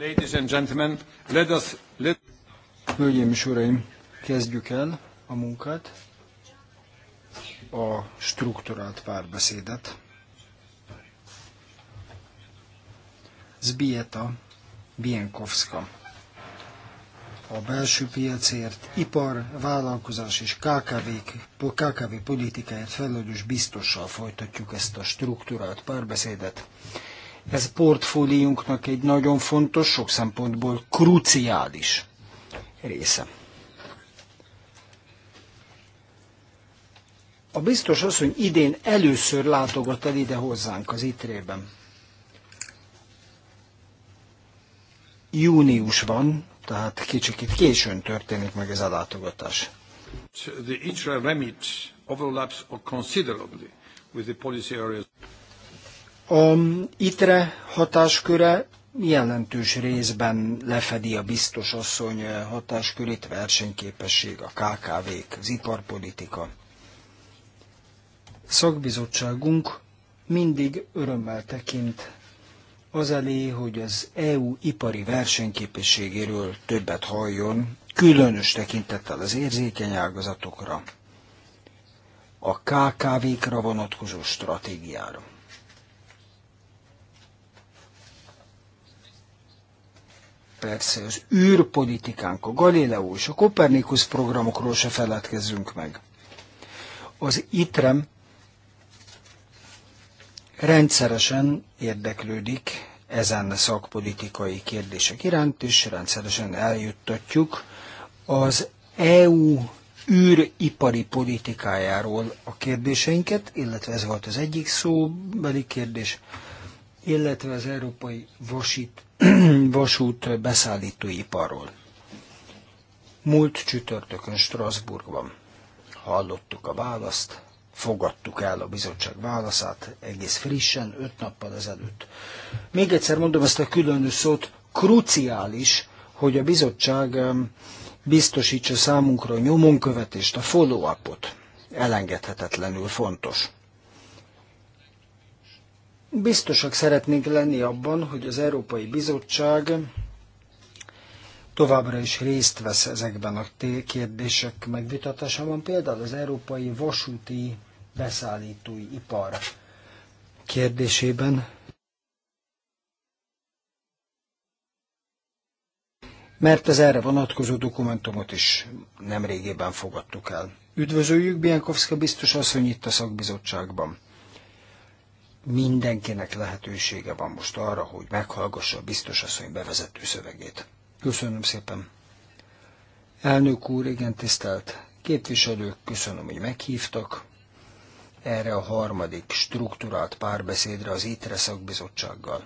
Ladies and gentlemen, let us... Let... Hölgyeim és uraim, kezdjük el a munkát, a strukturált párbeszédet. Zbieta Bienkowska a belső piacért, ipar, vállalkozás és KKV, KKV politikáért felelős biztossal folytatjuk ezt a struktúrált párbeszédet. Ez portfóliunknak egy nagyon fontos, sok szempontból kruciális része. A biztos az, hogy idén először látogat el ide hozzánk az ITRE-ben. Június van, tehát kicsikét későn történik meg ez a látogatás. The remit overlaps considerably with the policy areas. A ITRE hatásköre jelentős részben lefedi a biztos asszony hatáskörét, versenyképesség, a KKV-k, az iparpolitika. Szakbizottságunk mindig örömmel tekint az elé, hogy az EU ipari versenyképességéről többet halljon, különös tekintettel az érzékeny ágazatokra, a KKV-kra vonatkozó stratégiára. Persze az űrpolitikánk, a Galileo és a Kopernikus programokról se feledkezzünk meg. Az ITREM rendszeresen érdeklődik ezen a szakpolitikai kérdések iránt, és rendszeresen eljuttatjuk az EU űripari politikájáról a kérdéseinket, illetve ez volt az egyik szóbeli kérdés, illetve az európai vasít, vasút beszállítóiparról. Múlt csütörtökön Strasbourgban hallottuk a választ, fogadtuk el a bizottság válaszát egész frissen, öt nappal ezelőtt. Még egyszer mondom ezt a különös szót, kruciális, hogy a bizottság biztosítsa számunkra a nyomonkövetést, a follow-upot. Elengedhetetlenül fontos. Biztosak szeretnénk lenni abban, hogy az Európai Bizottság továbbra is részt vesz ezekben a kérdések megvitatásában, például az európai vasúti beszállítói ipar kérdésében. Mert az erre vonatkozó dokumentumot is nemrégében fogadtuk el. Üdvözöljük Biankovszka biztos asszony itt a szakbizottságban mindenkinek lehetősége van most arra, hogy meghallgassa a biztos asszony bevezető szövegét. Köszönöm szépen. Elnök úr, igen tisztelt képviselők, köszönöm, hogy meghívtak erre a harmadik struktúrált párbeszédre az ITRE szakbizottsággal.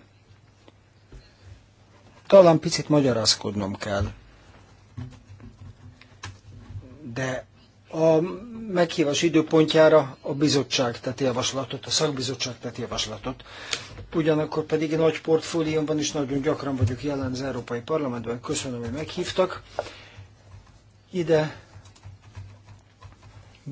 Talán picit magyarázkodnom kell, de a meghívás időpontjára a bizottság tett javaslatot, a szakbizottság tett javaslatot. Ugyanakkor pedig nagy portfóliómban is nagyon gyakran vagyok jelen az Európai Parlamentben. Köszönöm, hogy meghívtak. Ide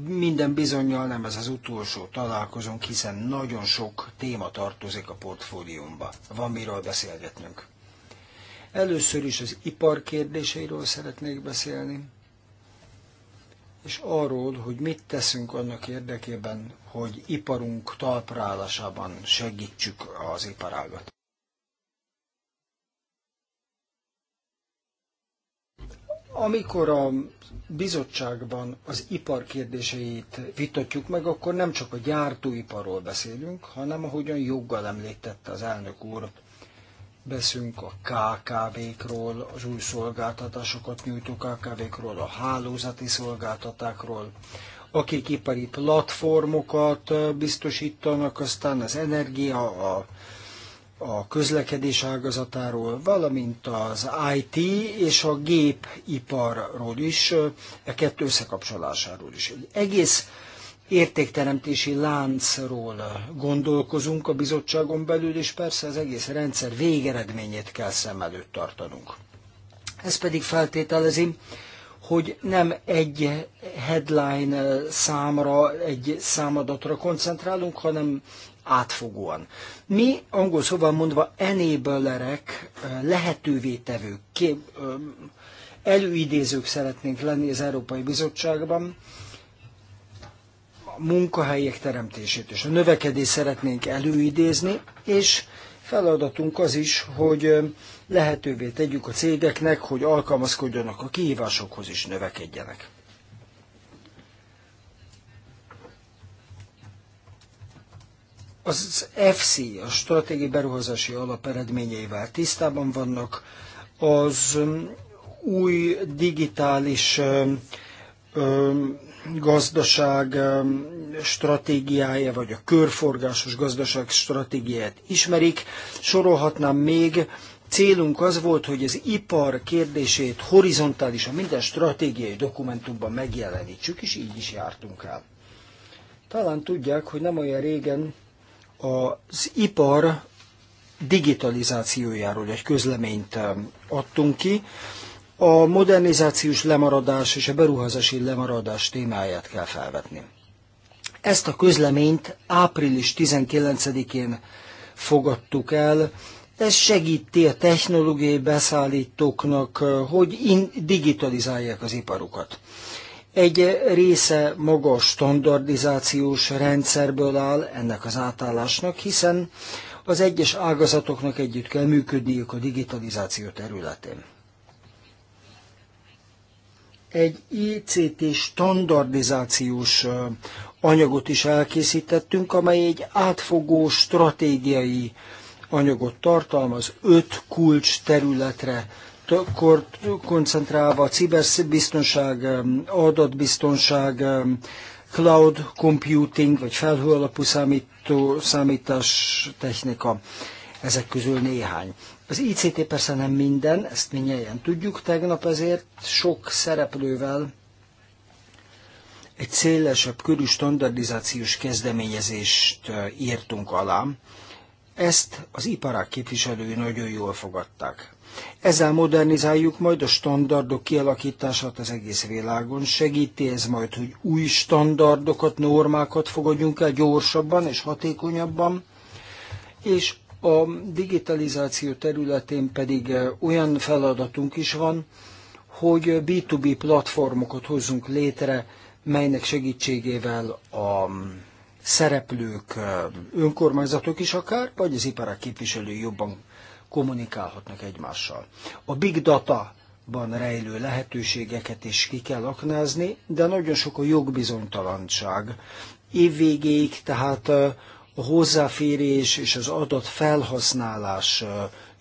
minden bizonyal nem ez az utolsó találkozónk, hiszen nagyon sok téma tartozik a portfóliómba. Van miről beszélgetnünk. Először is az ipar kérdéseiről szeretnék beszélni és arról, hogy mit teszünk annak érdekében, hogy iparunk talprálásában segítsük az iparágat. Amikor a bizottságban az ipar kérdéseit vitatjuk meg, akkor nem csak a gyártóiparról beszélünk, hanem ahogyan joggal említette az elnök úr, beszünk a KKV-król, az új szolgáltatásokat nyújtó KKV-król, a hálózati szolgáltatákról, akik ipari platformokat biztosítanak, aztán az energia, a, a közlekedés ágazatáról, valamint az IT és a gépiparról is, a e kettő összekapcsolásáról is. Egy egész értékteremtési láncról gondolkozunk a bizottságon belül, és persze az egész rendszer végeredményét kell szem előtt tartanunk. Ez pedig feltételezi, hogy nem egy headline számra, egy számadatra koncentrálunk, hanem átfogóan. Mi, angol szóval mondva, enablerek, lehetővé tevők, előidézők szeretnénk lenni az Európai Bizottságban, munkahelyek teremtését és a növekedést szeretnénk előidézni, és feladatunk az is, hogy lehetővé tegyük a cégeknek, hogy alkalmazkodjanak a kihívásokhoz és növekedjenek. Az FC, a Stratégiai Beruházási Alap eredményeivel tisztában vannak, az új digitális gazdaság stratégiája, vagy a körforgásos gazdaság stratégiáját ismerik. Sorolhatnám még, célunk az volt, hogy az ipar kérdését horizontálisan minden stratégiai dokumentumban megjelenítsük, és így is jártunk el. Talán tudják, hogy nem olyan régen az ipar digitalizációjáról egy közleményt adtunk ki, a modernizációs lemaradás és a beruházási lemaradás témáját kell felvetni. Ezt a közleményt április 19-én fogadtuk el. Ez segíti a technológiai beszállítóknak, eh, hogy digitalizálják az iparukat. Egy része maga standardizációs rendszerből áll ennek az átállásnak, hiszen az egyes ágazatoknak együtt kell működniük a digitalizáció területén egy ICT standardizációs anyagot is elkészítettünk, amely egy átfogó stratégiai anyagot tartalmaz, öt kulcs területre koncentrálva, ciberbiztonság, adatbiztonság, cloud computing, vagy felhő alapú számító, számítás technika, ezek közül néhány. Az ICT persze nem minden, ezt mindjárt tudjuk, tegnap ezért sok szereplővel egy szélesebb körű standardizációs kezdeményezést írtunk alá. Ezt az iparák képviselői nagyon jól fogadták. Ezzel modernizáljuk majd a standardok kialakítását az egész világon, segíti ez majd, hogy új standardokat, normákat fogadjunk el gyorsabban és hatékonyabban, és a digitalizáció területén pedig eh, olyan feladatunk is van, hogy B2B platformokat hozzunk létre, melynek segítségével a mm, szereplők, eh, önkormányzatok is akár, vagy az iparák képviselői jobban kommunikálhatnak egymással. A big data ban rejlő lehetőségeket is ki kell aknázni, de nagyon sok a jogbizonytalanság. év végéig, tehát eh, a hozzáférés és az adat felhasználás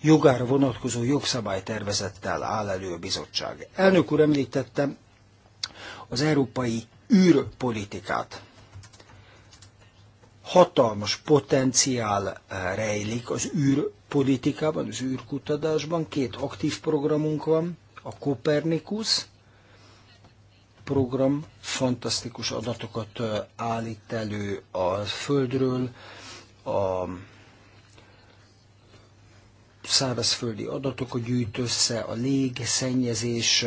jogára vonatkozó jogszabálytervezettel áll elő a bizottság. Elnök úr említette az európai űrpolitikát. Hatalmas potenciál rejlik az űrpolitikában, az űrkutatásban. Két aktív programunk van, a Kopernikus, program fantasztikus adatokat állít elő a Földről, a szárazföldi adatokat gyűjt össze, a légszennyezés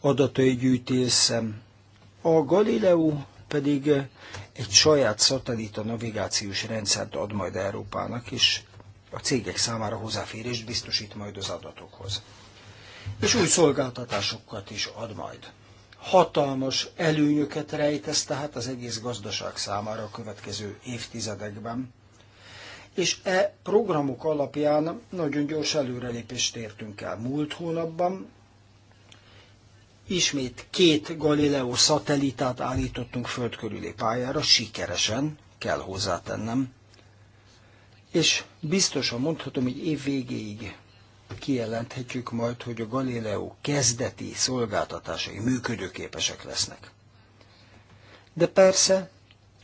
adatai gyűjti össze. A Galileo pedig egy saját szatellita navigációs rendszert ad majd Európának, és a cégek számára hozzáférést biztosít majd az adatokhoz. És új szolgáltatásokat is ad majd hatalmas előnyöket rejtesz tehát az egész gazdaság számára a következő évtizedekben. És e programok alapján nagyon gyors előrelépést értünk el múlt hónapban. Ismét két Galileo szatellitát állítottunk földkörüli pályára, sikeresen, kell hozzátennem. És biztosan mondhatom, hogy év végéig kijelenthetjük majd, hogy a Galileo kezdeti szolgáltatásai működőképesek lesznek. De persze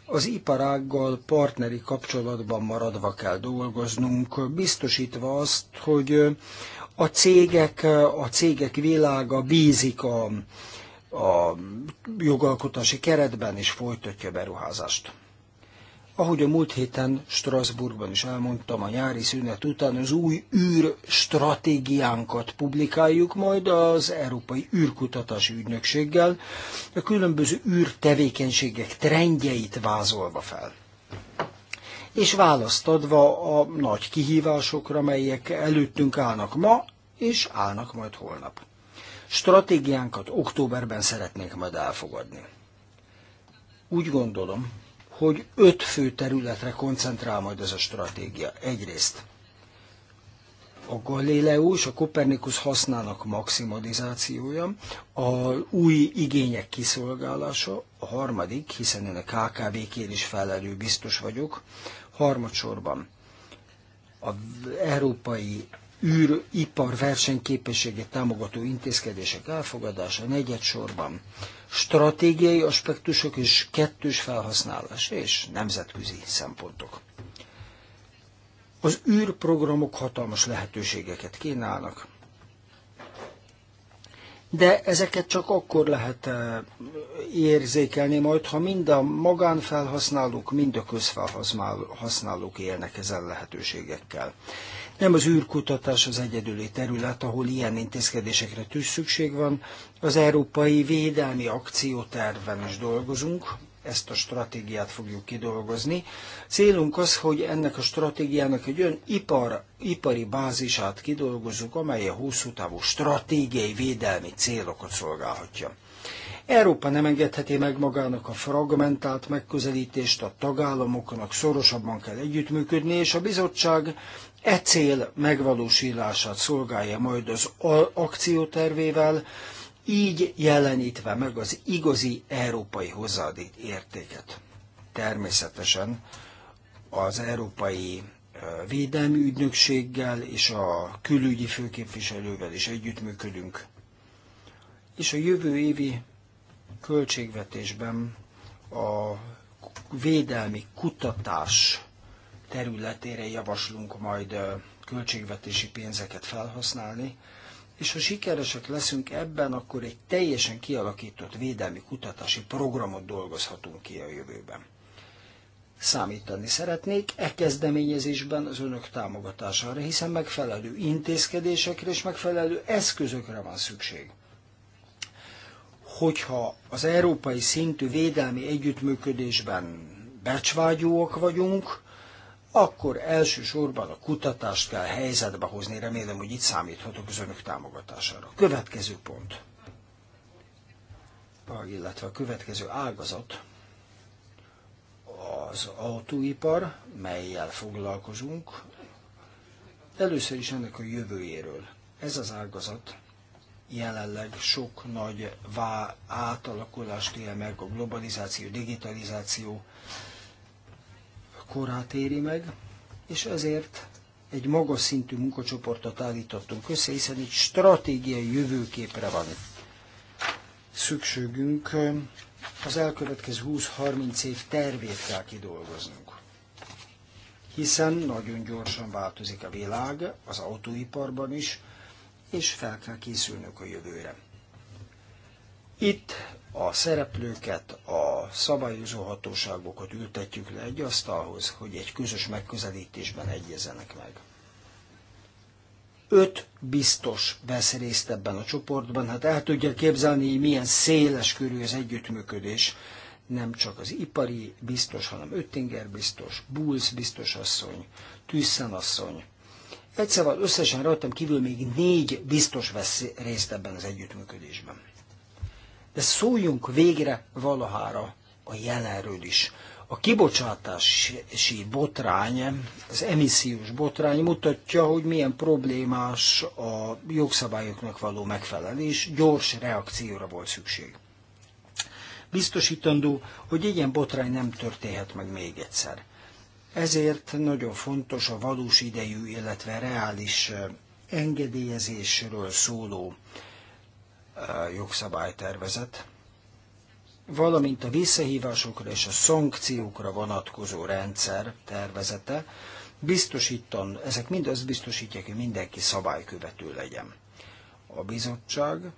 az iparággal partneri kapcsolatban maradva kell dolgoznunk, biztosítva azt, hogy a cégek, a cégek világa bízik a, a jogalkotási keretben és folytatja beruházást. Ahogy a múlt héten Strasbourgban is elmondtam, a nyári szünet után az új űr stratégiánkat publikáljuk majd az Európai űrkutatási ügynökséggel, a különböző tevékenységek trendjeit vázolva fel és választ adva a nagy kihívásokra, melyek előttünk állnak ma, és állnak majd holnap. Stratégiánkat októberben szeretnék majd elfogadni. Úgy gondolom, hogy öt fő területre koncentrál majd ez a stratégia. Egyrészt a Galileo és a Kopernikus használnak maximalizációja, a új igények kiszolgálása, a harmadik, hiszen én a KKV-kér is felelő biztos vagyok, harmadsorban az európai űripar versenyképességét támogató intézkedések elfogadása, negyedsorban stratégiai aspektusok és kettős felhasználás és nemzetközi szempontok. Az űrprogramok hatalmas lehetőségeket kínálnak, de ezeket csak akkor lehet eh, érzékelni majd, ha mind a magánfelhasználók, mind a közfelhasználók élnek ezen lehetőségekkel. Nem az űrkutatás az egyedüli terület, ahol ilyen intézkedésekre tűz szükség van. Az Európai Védelmi Akcióterven is dolgozunk, ezt a stratégiát fogjuk kidolgozni. Célunk az, hogy ennek a stratégiának egy olyan ipar, ipari bázisát kidolgozzuk, amely a hosszú távú stratégiai védelmi célokat szolgálhatja. Európa nem engedheti meg magának a fragmentált megközelítést, a tagállamoknak szorosabban kell együttműködni, és a bizottság E cél megvalósítását szolgálja majd az akciótervével, így jelenítve meg az igazi európai hozzáadott értéket. Természetesen az európai védelmi ügynökséggel és a külügyi főképviselővel is együttműködünk. És a jövő évi költségvetésben a védelmi kutatás területére javaslunk majd költségvetési pénzeket felhasználni, és ha sikeresek leszünk ebben, akkor egy teljesen kialakított védelmi kutatási programot dolgozhatunk ki a jövőben. Számítani szeretnék e kezdeményezésben az önök támogatására, hiszen megfelelő intézkedésekre és megfelelő eszközökre van szükség hogyha az európai szintű védelmi együttműködésben becsvágyóak vagyunk, akkor elsősorban a kutatást kell helyzetbe hozni, remélem, hogy itt számíthatok az önök támogatására. Következő pont, illetve a következő ágazat az autóipar, melyel foglalkozunk. Először is ennek a jövőjéről. Ez az ágazat jelenleg sok nagy vá átalakulást él meg a globalizáció, digitalizáció, korát éri meg, és ezért egy magas szintű munkacsoportot állítottunk össze, hiszen egy stratégiai jövőképre van szükségünk. Az elkövetkező 20-30 év tervét kell kidolgoznunk. Hiszen nagyon gyorsan változik a világ, az autóiparban is, és fel kell készülnünk a jövőre. Itt a szereplőket, a szabályozó hatóságokat ültetjük le egy asztalhoz, hogy egy közös megközelítésben egyezenek meg. Öt biztos vesz részt ebben a csoportban, hát el tudja képzelni, milyen széles körű az együttműködés, nem csak az ipari biztos, hanem Öttinger biztos, Bulls biztos asszony, Tűszen asszony. Egyszerűen szóval összesen rajtam kívül még négy biztos vesz részt ebben az együttműködésben de szóljunk végre valahára a jelenről is. A kibocsátási botrány, az emissziós botrány mutatja, hogy milyen problémás a jogszabályoknak való megfelelés, gyors reakcióra volt szükség. Biztosítandó, hogy ilyen botrány nem történhet meg még egyszer. Ezért nagyon fontos a valós idejű, illetve reális eh, engedélyezésről szóló Eh, jogszabálytervezet, valamint a visszahívásokra és a szankciókra vonatkozó rendszer tervezete, biztosítan, ezek mind azt biztosítják, hogy mindenki szabálykövető legyen. A bizottság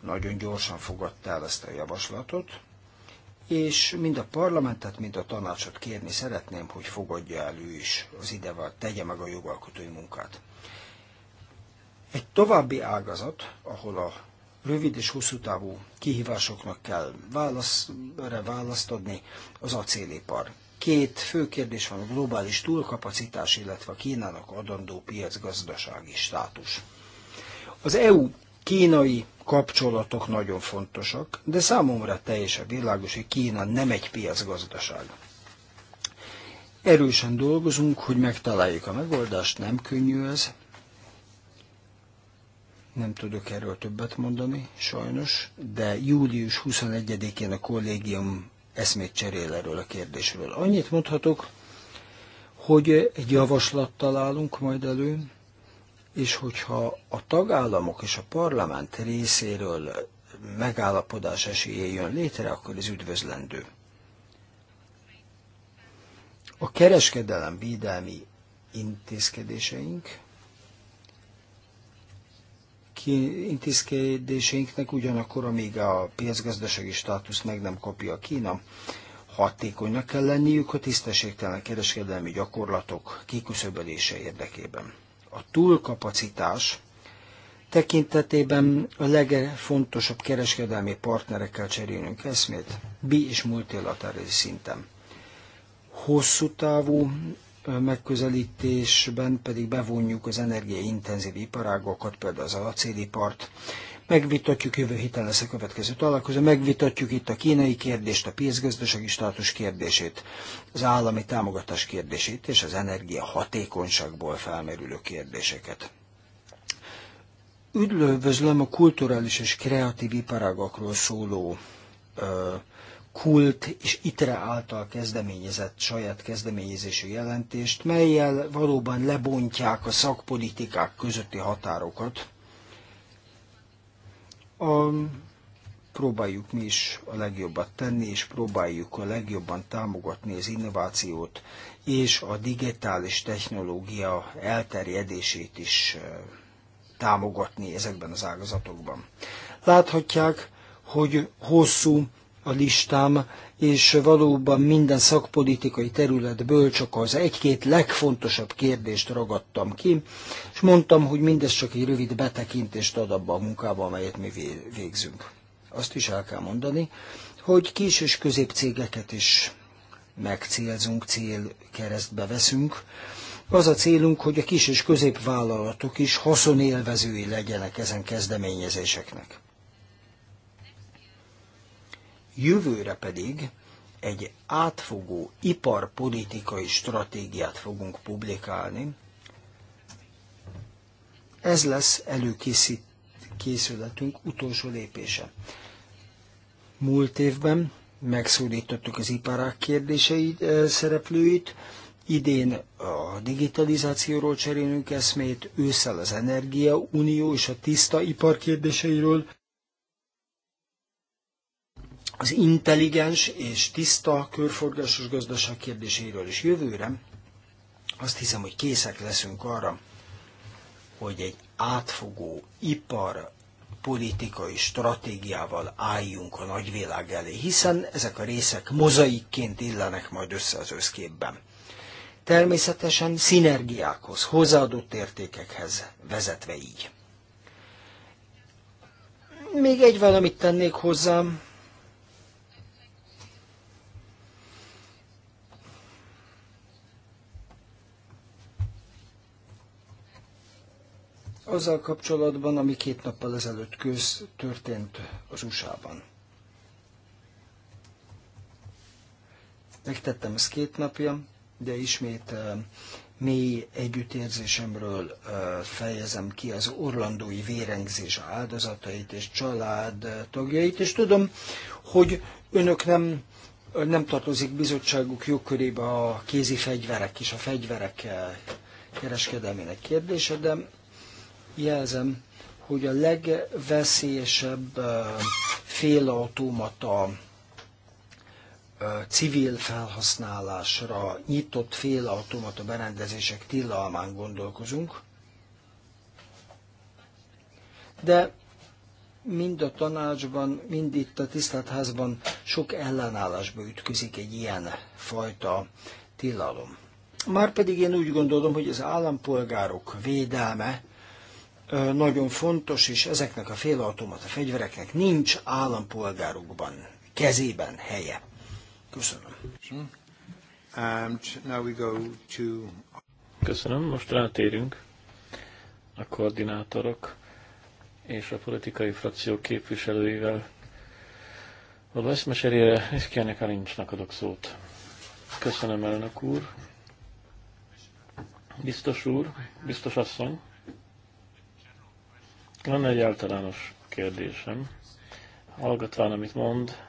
nagyon gyorsan fogadta el ezt a javaslatot, és mind a parlamentet, mind a tanácsot kérni szeretném, hogy fogadja el ő is az idevel, tegye meg a jogalkotói munkát. Egy további ágazat, ahol a rövid és hosszú távú kihívásoknak kell erre választ adni, az acélipar. Két fő kérdés van, a globális túlkapacitás, illetve a Kínának adandó piacgazdasági státus. Az EU kínai kapcsolatok nagyon fontosak, de számomra teljesen világos, hogy Kína nem egy piacgazdaság. Erősen dolgozunk, hogy megtaláljuk a megoldást, nem könnyű ez, nem tudok erről többet mondani, sajnos, de július 21-én a kollégium eszmét cserél erről a kérdésről. Annyit mondhatok, hogy egy javaslattal állunk majd elő, és hogyha a tagállamok és a parlament részéről megállapodás esélye jön létre, akkor ez üdvözlendő. A kereskedelem védelmi intézkedéseink intézkedéseinknek, ugyanakkor, amíg a piacgazdasági státusz meg nem kapja a Kína, hatékonynak kell lenniük a tisztességtelen kereskedelmi gyakorlatok kiküszöbölése érdekében. A túlkapacitás tekintetében a legfontosabb kereskedelmi partnerekkel cserélünk eszmét, bi- és multilaterális szinten. Hosszú távú megközelítésben pedig bevonjuk az energiaintenzív iparágokat, például az acélipart. Megvitatjuk, jövő héten lesz a következő találkozó, megvitatjuk itt a kínai kérdést, a pénzgazdasági státus kérdését, az állami támogatás kérdését és az energia hatékonyságból felmerülő kérdéseket. Üdvözlöm a kulturális és kreatív iparágakról szóló ö, kult és itre által kezdeményezett saját kezdeményezésű jelentést, melyel valóban lebontják a szakpolitikák közötti határokat. A, próbáljuk mi is a legjobbat tenni, és próbáljuk a legjobban támogatni az innovációt, és a digitális technológia elterjedését is támogatni ezekben az ágazatokban. Láthatják, hogy hosszú a listám, és valóban minden szakpolitikai területből csak az egy-két legfontosabb kérdést ragadtam ki, és mondtam, hogy mindez csak egy rövid betekintést ad abba a munkába, amelyet mi végzünk. Azt is el kell mondani, hogy kis és középcégeket is megcélzünk, célkeresztbe veszünk. Az a célunk, hogy a kis és középvállalatok is haszonélvezői legyenek ezen kezdeményezéseknek. Jövőre pedig egy átfogó iparpolitikai stratégiát fogunk publikálni. Ez lesz előkészületünk utolsó lépése. Múlt évben megszólítottuk az iparák kérdései szereplőit, idén a digitalizációról cserélünk eszmét, ősszel az energiaunió és a tiszta ipar kérdéseiről, az intelligens és tiszta körforgásos gazdaság kérdéséről is jövőre, azt hiszem, hogy készek leszünk arra, hogy egy átfogó ipar politikai stratégiával álljunk a nagyvilág elé, hiszen ezek a részek mozaikként illenek majd össze az összképben. Természetesen szinergiákhoz, hozzáadott értékekhez vezetve így. Még egy valamit tennék hozzám, azzal kapcsolatban, ami két nappal ezelőtt köz történt az USA-ban. Megtettem ezt két napja, de ismét eh, mély együttérzésemről eh, fejezem ki az orlandói vérengzés áldozatait és család eh, tagjait, és tudom, hogy önök nem nem tartozik bizottságuk jogkörébe a kézi fegyverek és a fegyverek kereskedelmének kérdése, de Jelzem, hogy a legveszélyesebb félautomata civil felhasználásra nyitott félautomata berendezések tilalmán gondolkozunk, de mind a tanácsban, mind itt a tisztelt sok ellenállásba ütközik egy ilyen fajta tilalom. Márpedig én úgy gondolom, hogy az állampolgárok védelme nagyon fontos, és ezeknek a félautomata fegyvereknek nincs állampolgárokban, kezében helye. Köszönöm. And now we go to... Köszönöm, most rátérünk a koordinátorok és a politikai frakció képviselőivel való eszmeserére, és a Alincsnak adok szót. Köszönöm, elnök úr. Biztos úr, biztos asszony. Van egy általános kérdésem. Hallgatván, amit mond,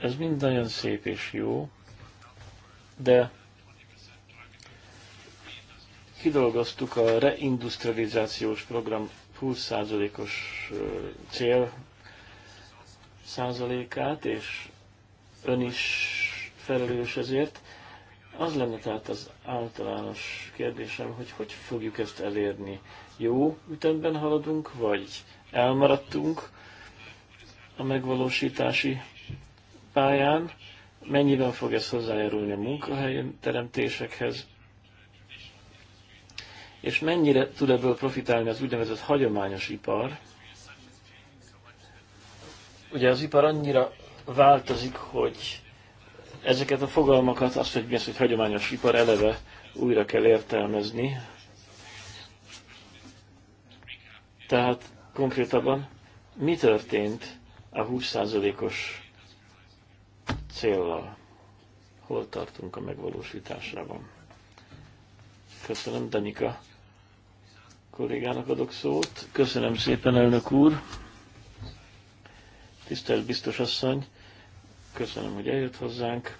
ez mind nagyon szép és jó, de kidolgoztuk a reindustrializációs program 20%-os cél százalékát, és ön is felelős ezért. Az lenne tehát az általános kérdésem, hogy hogy fogjuk ezt elérni jó ütemben haladunk, vagy elmaradtunk a megvalósítási pályán, mennyiben fog ez hozzájárulni a munkahelyen teremtésekhez, és mennyire tud ebből profitálni az úgynevezett hagyományos ipar. Ugye az ipar annyira változik, hogy ezeket a fogalmakat, azt, hogy mi az, hogy hagyományos ipar eleve újra kell értelmezni, Tehát konkrétabban mi történt a 20%-os céllal? Hol tartunk a megvalósításában? Köszönöm, Danika kollégának adok szót. Köszönöm szépen, elnök úr. Tisztelt biztos asszony, köszönöm, hogy eljött hozzánk.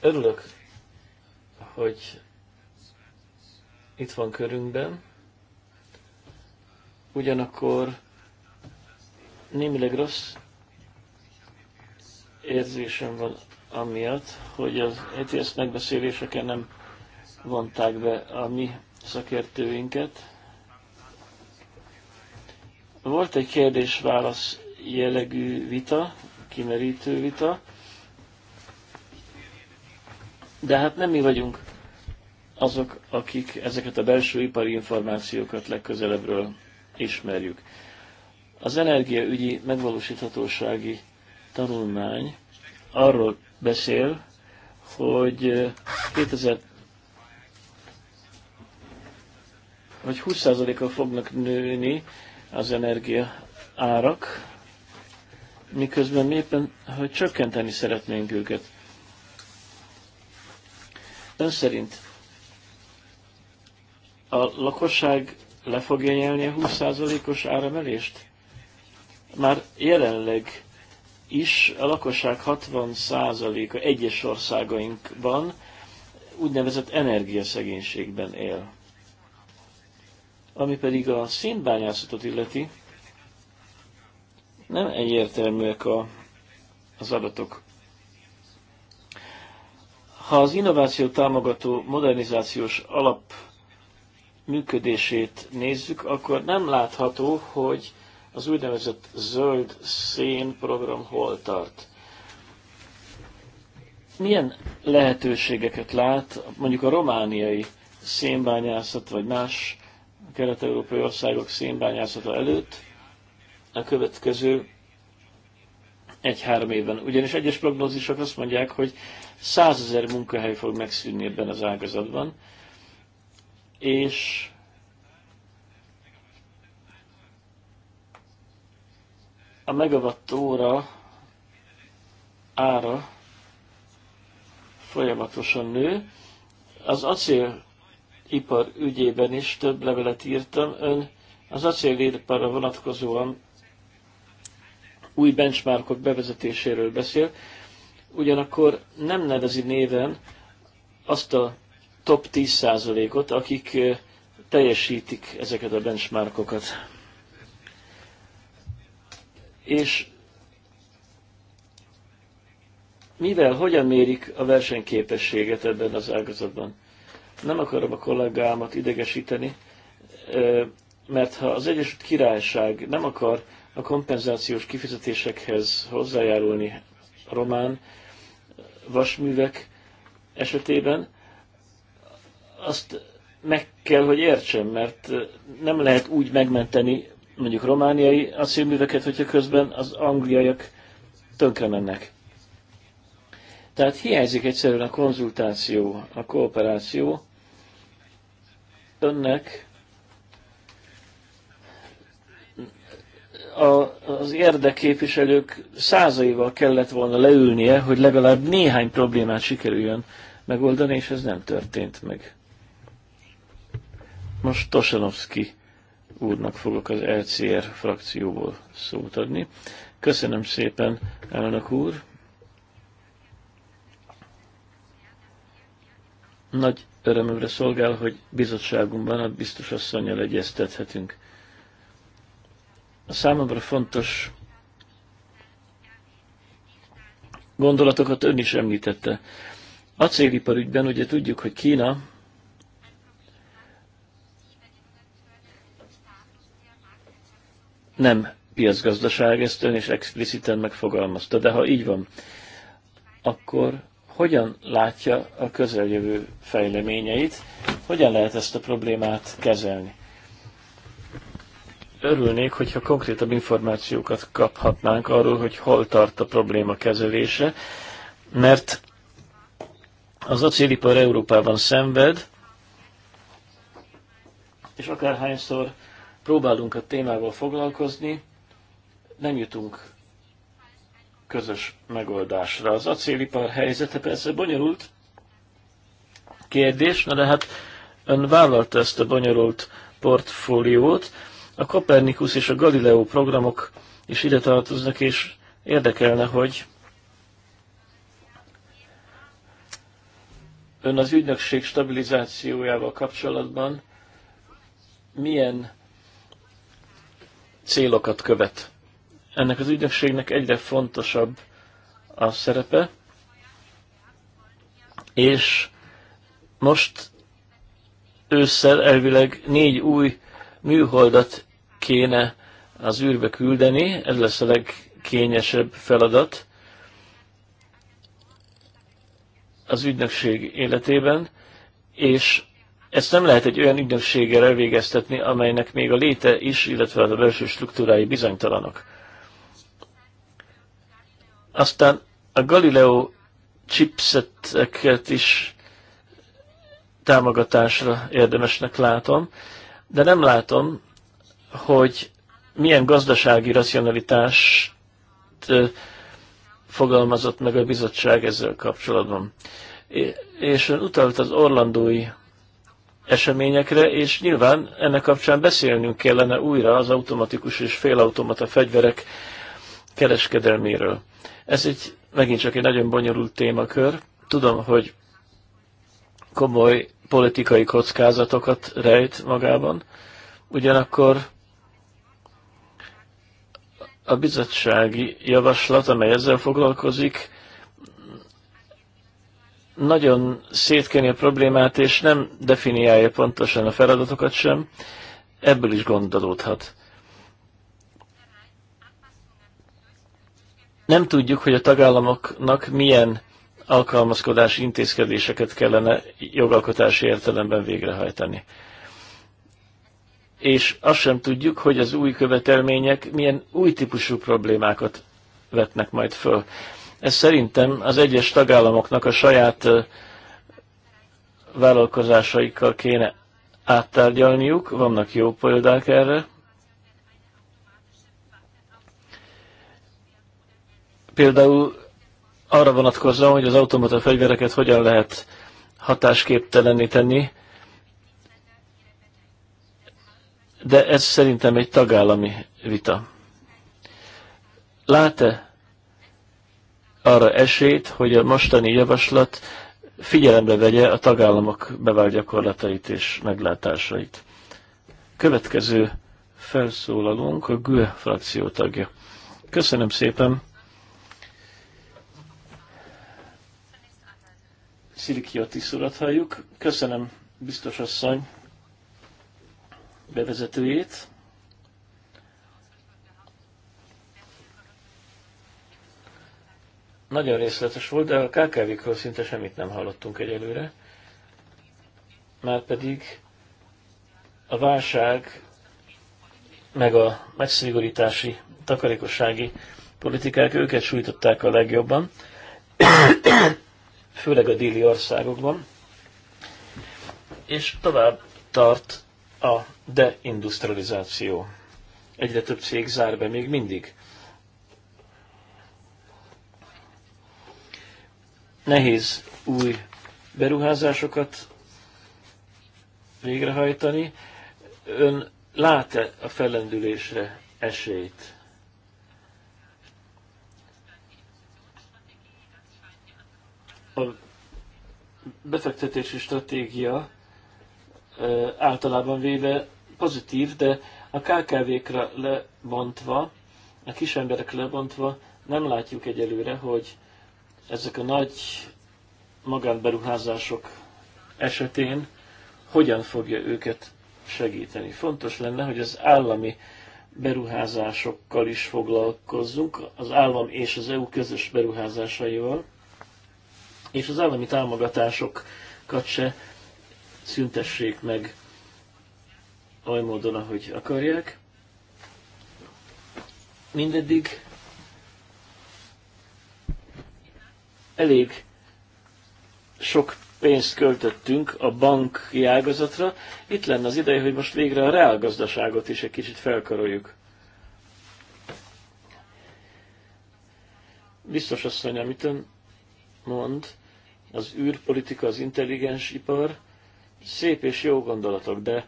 Örülök hogy itt van körünkben. Ugyanakkor némileg rossz érzésem van amiatt, hogy az ETS megbeszéléseken nem vonták be a mi szakértőinket. Volt egy kérdés-válasz jellegű vita, kimerítő vita, de hát nem mi vagyunk azok, akik ezeket a belső ipari információkat legközelebbről ismerjük. Az energiaügyi megvalósíthatósági tanulmány arról beszél, hogy 2000 eh, hogy 20%-kal fognak nőni az energia árak, miközben éppen, hogy csökkenteni szeretnénk őket. Ön szerint a lakosság le fogja nyelni a 20%-os áremelést? Már jelenleg is a lakosság 60%-a egyes országainkban úgynevezett energiaszegénységben él. Ami pedig a színbányászatot illeti, nem egyértelműek a, az adatok. Ha az innováció támogató modernizációs alap működését nézzük, akkor nem látható, hogy az úgynevezett zöld szén program hol tart. Milyen lehetőségeket lát mondjuk a romániai szénbányászat vagy más kelet-európai országok szénbányászata előtt a következő egy-három évben. Ugyanis egyes prognózisok azt mondják, hogy százezer munkahely fog megszűnni ebben az ágazatban, és a megawatt óra ára folyamatosan nő. Az acélipar ügyében is több levelet írtam. Ön az acélipara vonatkozóan új benchmarkok bevezetéséről beszél, ugyanakkor nem nevezi néven azt a top 10%-ot, akik teljesítik ezeket a benchmarkokat. És mivel, hogyan mérik a versenyképességet ebben az ágazatban? Nem akarom a kollégámat idegesíteni, mert ha az Egyesült Királyság nem akar a kompenzációs kifizetésekhez hozzájárulni a román vasművek esetében, azt meg kell, hogy értsem, mert nem lehet úgy megmenteni mondjuk romániai acélműveket, hogyha közben az angliaiak tönkre mennek. Tehát hiányzik egyszerűen a konzultáció, a kooperáció. Önnek a, az érdekképviselők százaival kellett volna leülnie, hogy legalább néhány problémát sikerüljön megoldani, és ez nem történt meg. Most Tosanovski úrnak fogok az LCR frakcióból szót adni. Köszönöm szépen, elnök úr! Nagy örömömre szolgál, hogy bizottságunkban a biztos asszonyjal egyeztethetünk számomra fontos gondolatokat ön is említette. Acélipar ügyben ugye tudjuk, hogy Kína nem piacgazdaság, ezt ön is expliciten megfogalmazta, de ha így van, akkor hogyan látja a közeljövő fejleményeit, hogyan lehet ezt a problémát kezelni? örülnék, hogyha konkrétabb információkat kaphatnánk arról, hogy hol tart a probléma kezelése, mert az acélipar Európában szenved, és akárhányszor próbálunk a témával foglalkozni, nem jutunk közös megoldásra. Az acélipar helyzete persze bonyolult kérdés, na de hát ön vállalta ezt a bonyolult portfóliót, a Kopernikus és a Galileo programok is ide tartoznak, és érdekelne, hogy ön az ügynökség stabilizációjával kapcsolatban milyen célokat követ. Ennek az ügynökségnek egyre fontosabb a szerepe, és most ősszel elvileg négy új műholdat kéne az űrbe küldeni, ez lesz a legkényesebb feladat az ügynökség életében, és ezt nem lehet egy olyan ügynökséggel elvégeztetni, amelynek még a léte is, illetve a belső struktúrái bizonytalanok. Aztán a Galileo chipseteket is támogatásra érdemesnek látom, de nem látom, hogy milyen gazdasági racionalitást fogalmazott meg a bizottság ezzel kapcsolatban. És ön utalt az orlandói eseményekre, és nyilván ennek kapcsán beszélnünk kellene újra az automatikus és félautomata fegyverek kereskedelméről. Ez egy megint csak egy nagyon bonyolult témakör. Tudom, hogy komoly politikai kockázatokat rejt magában, ugyanakkor a bizottsági javaslat, amely ezzel foglalkozik, nagyon szétkeni a problémát, és nem definiálja pontosan a feladatokat sem, ebből is gondolódhat. Nem tudjuk, hogy a tagállamoknak milyen alkalmazkodási intézkedéseket kellene jogalkotási értelemben végrehajtani és azt sem tudjuk, hogy az új követelmények milyen új típusú problémákat vetnek majd föl. Ez szerintem az egyes tagállamoknak a saját vállalkozásaikkal kéne áttárgyalniuk, vannak jó példák erre. Például arra vonatkozóan, hogy az automata fegyvereket hogyan lehet hatásképteleníteni. tenni, de ez szerintem egy tagállami vita. Lát-e arra esélyt, hogy a mostani javaslat figyelembe vegye a tagállamok bevált gyakorlatait és meglátásait? Következő felszólalónk a GUE frakció tagja. Köszönöm szépen! Szilkiot is halljuk. Köszönöm, biztos asszony, bevezetőjét. Nagyon részletes volt, de a KKV-kről szinte semmit nem hallottunk egyelőre. Márpedig a válság meg a megszigorítási, takarékossági politikák őket sújtották a legjobban, főleg a déli országokban, és tovább tart a deindustrializáció. Egyre több cég zár be még mindig. Nehéz új beruházásokat végrehajtani. Ön lát-e a fellendülésre esélyt? A befektetési stratégia általában véve pozitív, de a KKV-kra lebontva, a kis emberek lebontva nem látjuk egyelőre, hogy ezek a nagy magánberuházások esetén hogyan fogja őket segíteni. Fontos lenne, hogy az állami beruházásokkal is foglalkozzunk, az állam és az EU közös beruházásaival, és az állami támogatásokat se szüntessék meg oly módon, ahogy akarják. Mindeddig elég sok pénzt költöttünk a banki ágazatra. Itt lenne az ideje, hogy most végre a reálgazdaságot is egy kicsit felkaroljuk. Biztos asszony, amit ön mond, az űrpolitika, az intelligens ipar, szép és jó gondolatok, de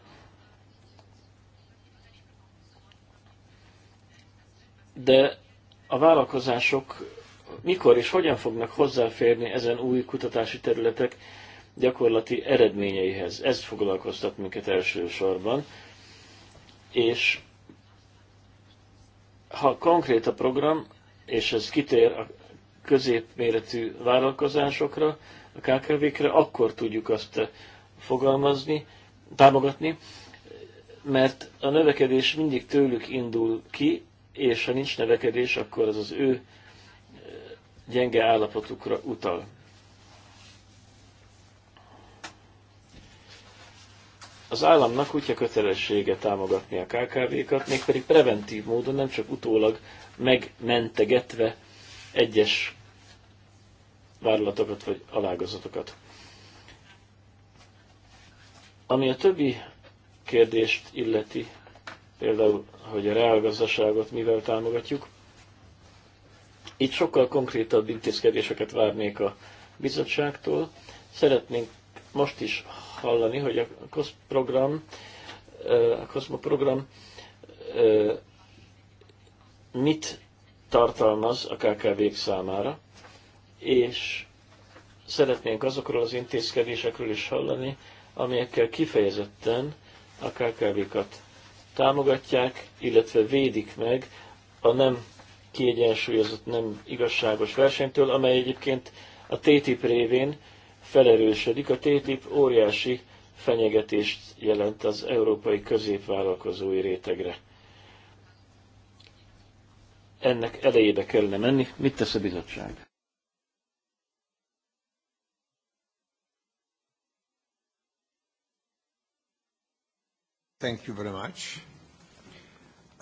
de a vállalkozások mikor és hogyan fognak hozzáférni ezen új kutatási területek gyakorlati eredményeihez. Ez foglalkoztat minket elsősorban. És ha konkrét a program, és ez kitér a középméretű vállalkozásokra, a KKV-kre, akkor tudjuk azt fogalmazni, támogatni, mert a növekedés mindig tőlük indul ki, és ha nincs növekedés, akkor az az ő gyenge állapotukra utal. Az államnak kutya kötelessége támogatni a KKV-kat, mégpedig preventív módon, nem csak utólag megmentegetve egyes vállalatokat vagy alágazatokat. Ami a többi kérdést illeti, például, hogy a reálgazdaságot mivel támogatjuk, itt sokkal konkrétabb intézkedéseket várnék a bizottságtól. Szeretnénk most is hallani, hogy a COSZ program, a COSMO program mit tartalmaz a kkv számára, és szeretnénk azokról az intézkedésekről is hallani, amelyekkel kifejezetten a KKV-kat támogatják, illetve védik meg a nem kiegyensúlyozott, nem igazságos versenytől, amely egyébként a TTIP révén felerősödik. A TTIP óriási fenyegetést jelent az európai középvállalkozói rétegre. Ennek elejébe kellene menni. Mit tesz a bizottság? Thank you very much.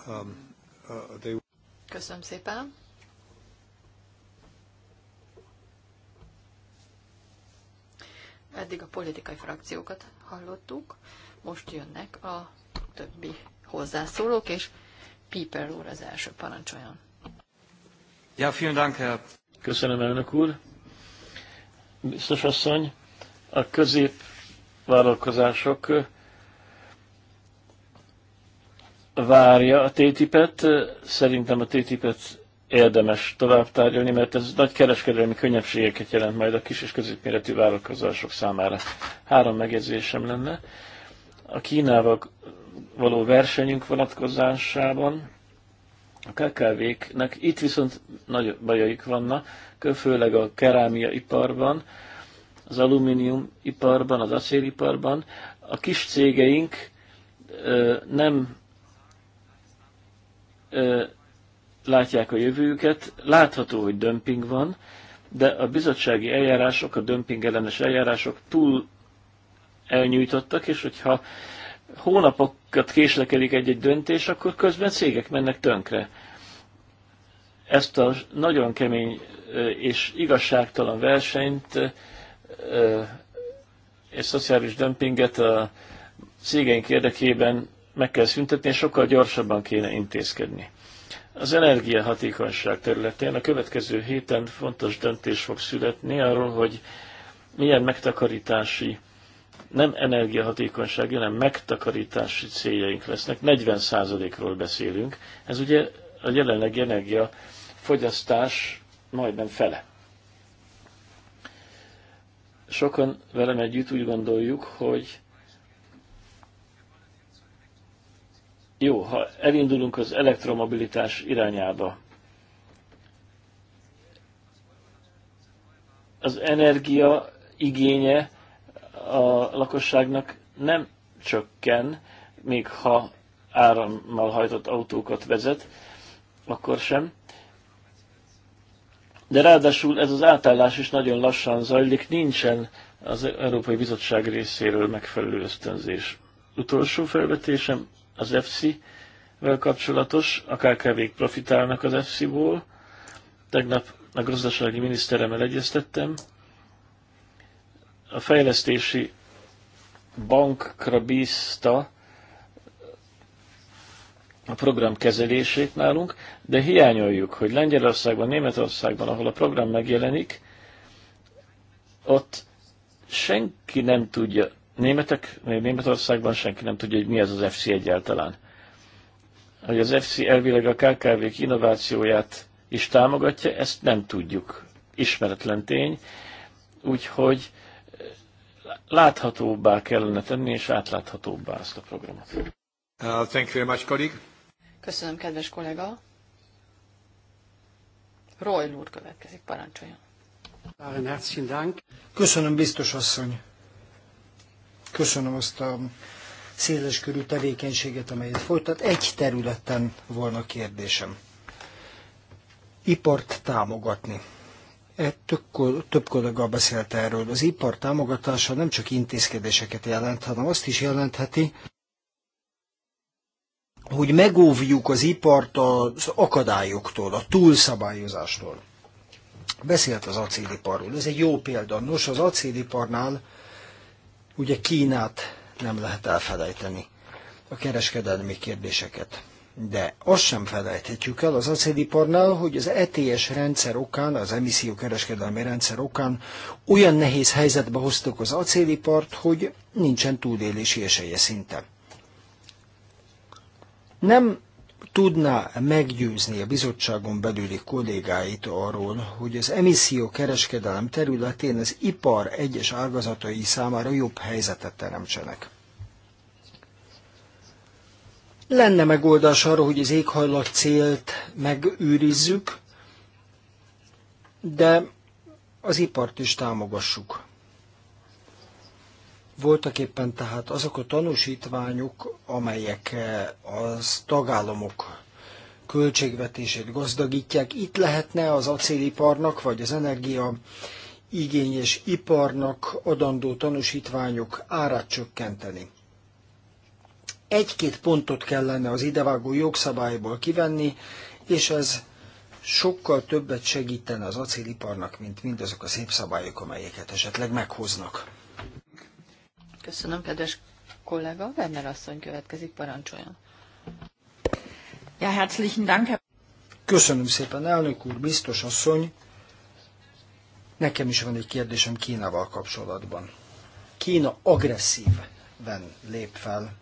Um, uh, they... Köszönöm szépen. Eddig a politikai frakciókat hallottuk, most jönnek a többi hozzászólók, és Piper úr az első parancsoljon. Ja, vielen Dank, Herr. Köszönöm, elnök úr. Biztos asszony, a középvállalkozások várja a TTIP-et. Szerintem a TTIP-et érdemes tovább tárgyalni, mert ez nagy kereskedelmi könnyebbségeket jelent majd a kis és középméretű vállalkozások számára. Három megjegyzésem lenne. A Kínával való versenyünk vonatkozásában a KKV-knek itt viszont nagy bajaik vannak, főleg a kerámia iparban, az alumínium iparban, az acéliparban. A kis cégeink nem látják a jövőjüket, látható, hogy dömping van, de a bizottsági eljárások, a dömping ellenes eljárások túl elnyújtottak, és hogyha hónapokat késlekedik egy-egy döntés, akkor közben cégek mennek tönkre. Ezt a nagyon kemény és igazságtalan versenyt és szociális dömpinget a cégeink érdekében meg kell szüntetni, és sokkal gyorsabban kéne intézkedni. Az energiahatékonyság területén a következő héten fontos döntés fog születni arról, hogy milyen megtakarítási, nem energiahatékonysági, hanem megtakarítási céljaink lesznek. 40%-ról beszélünk. Ez ugye a jelenlegi energiafogyasztás majdnem fele. Sokan velem együtt úgy gondoljuk, hogy Jó, ha elindulunk az elektromobilitás irányába, az energia igénye a lakosságnak nem csökken, még ha árammal hajtott autókat vezet, akkor sem. De ráadásul ez az átállás is nagyon lassan zajlik, nincsen az Európai Bizottság részéről megfelelő ösztönzés. Utolsó felvetésem, az EFSI-vel kapcsolatos, a kkv profitálnak az EFSI-ból. Tegnap a gazdasági miniszteremmel egyeztettem. A fejlesztési bankra bízta a program kezelését nálunk, de hiányoljuk, hogy Lengyelországban, Németországban, ahol a program megjelenik, ott senki nem tudja németek, Németországban senki nem tudja, hogy mi az az FC egyáltalán. Hogy az FC elvileg a KKV-k innovációját is támogatja, ezt nem tudjuk. Ismeretlen tény. Úgyhogy eh, láthatóbbá kellene tenni, és átláthatóbbá ezt a programot. Uh, thank you very much, colleague. Köszönöm, kedves kollega. Roy úr következik, parancsoljon. Köszönöm, biztos asszony. Köszönöm azt a széleskörű tevékenységet, amelyet folytat. Egy területen volna kérdésem. Ipart támogatni. E, több, több kollega beszélt erről. Az ipar támogatása nem csak intézkedéseket jelent, hanem azt is jelentheti, hogy megóvjuk az ipart az akadályoktól, a túlszabályozástól. Beszélt az acéliparról. Ez egy jó példa. Nos, az acéliparnál Ugye Kínát nem lehet elfelejteni, a kereskedelmi kérdéseket. De azt sem felejthetjük el az acéliparnál, hogy az ETS rendszer okán, az emissziókereskedelmi rendszer okán olyan nehéz helyzetbe hoztuk az acélipart, hogy nincsen túlélési esélye szinte. Nem tudná meggyőzni a bizottságon belüli kollégáit arról, hogy az emisszió kereskedelem területén az ipar egyes ágazatai számára jobb helyzetet teremtsenek. Lenne megoldás arra, hogy az éghajlat célt megőrizzük, de az ipart is támogassuk. Voltak éppen tehát azok a tanúsítványok, amelyek eh, az tagállamok költségvetését gazdagítják. Itt lehetne az acéliparnak, vagy az energia igényes iparnak adandó tanúsítványok árát csökkenteni. Egy-két pontot kellene az idevágó jogszabályból kivenni, és ez sokkal többet segítene az acéliparnak, mint mindazok a szép szabályok, amelyeket esetleg meghoznak. Köszönöm, kedves kollega. Werner asszony következik, parancsoljon. Ja, herzlichen Dank. Köszönöm szépen, elnök úr, biztos asszony. Nekem is van egy kérdésem Kínával kapcsolatban. Kína agresszíven lép fel.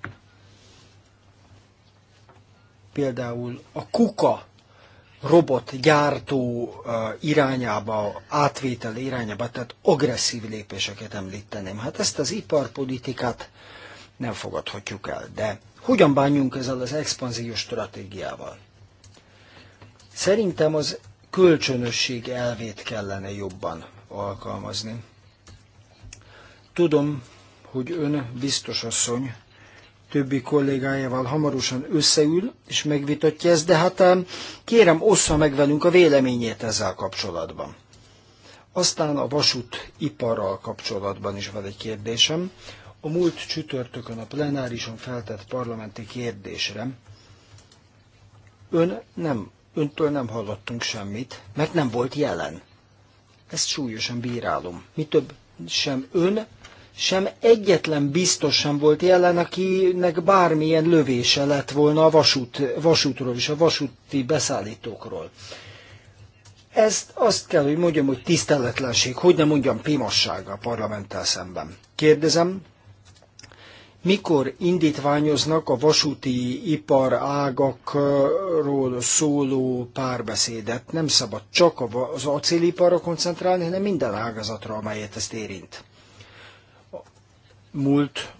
Például a kuka robotgyártó irányába, átvétel irányába, tehát agresszív lépéseket említeném. Hát ezt az iparpolitikát nem fogadhatjuk el, de hogyan bánjunk ezzel az expanziós stratégiával? Szerintem az kölcsönösség elvét kellene jobban alkalmazni. Tudom, hogy ön biztos asszony többi kollégájával hamarosan összeül, és megvitatja ezt, de hát kérem, ossza meg velünk a véleményét ezzel kapcsolatban. Aztán a iparral kapcsolatban is van egy kérdésem. A múlt csütörtökön a plenárison feltett parlamenti kérdésre ön nem, öntől nem hallottunk semmit, mert nem volt jelen. Ezt súlyosan bírálom. Mi több, sem ön, sem egyetlen biztos sem volt jelen, akinek bármilyen lövése lett volna a vasút, vasútról és a vasúti beszállítókról. Ezt azt kell, hogy mondjam, hogy tiszteletlenség, hogy ne mondjam pimasság a parlamenttel szemben. Kérdezem, mikor indítványoznak a vasúti ipar ágakról szóló párbeszédet? Nem szabad csak az acéliparra koncentrálni, hanem minden ágazatra, amelyet ezt érint múlt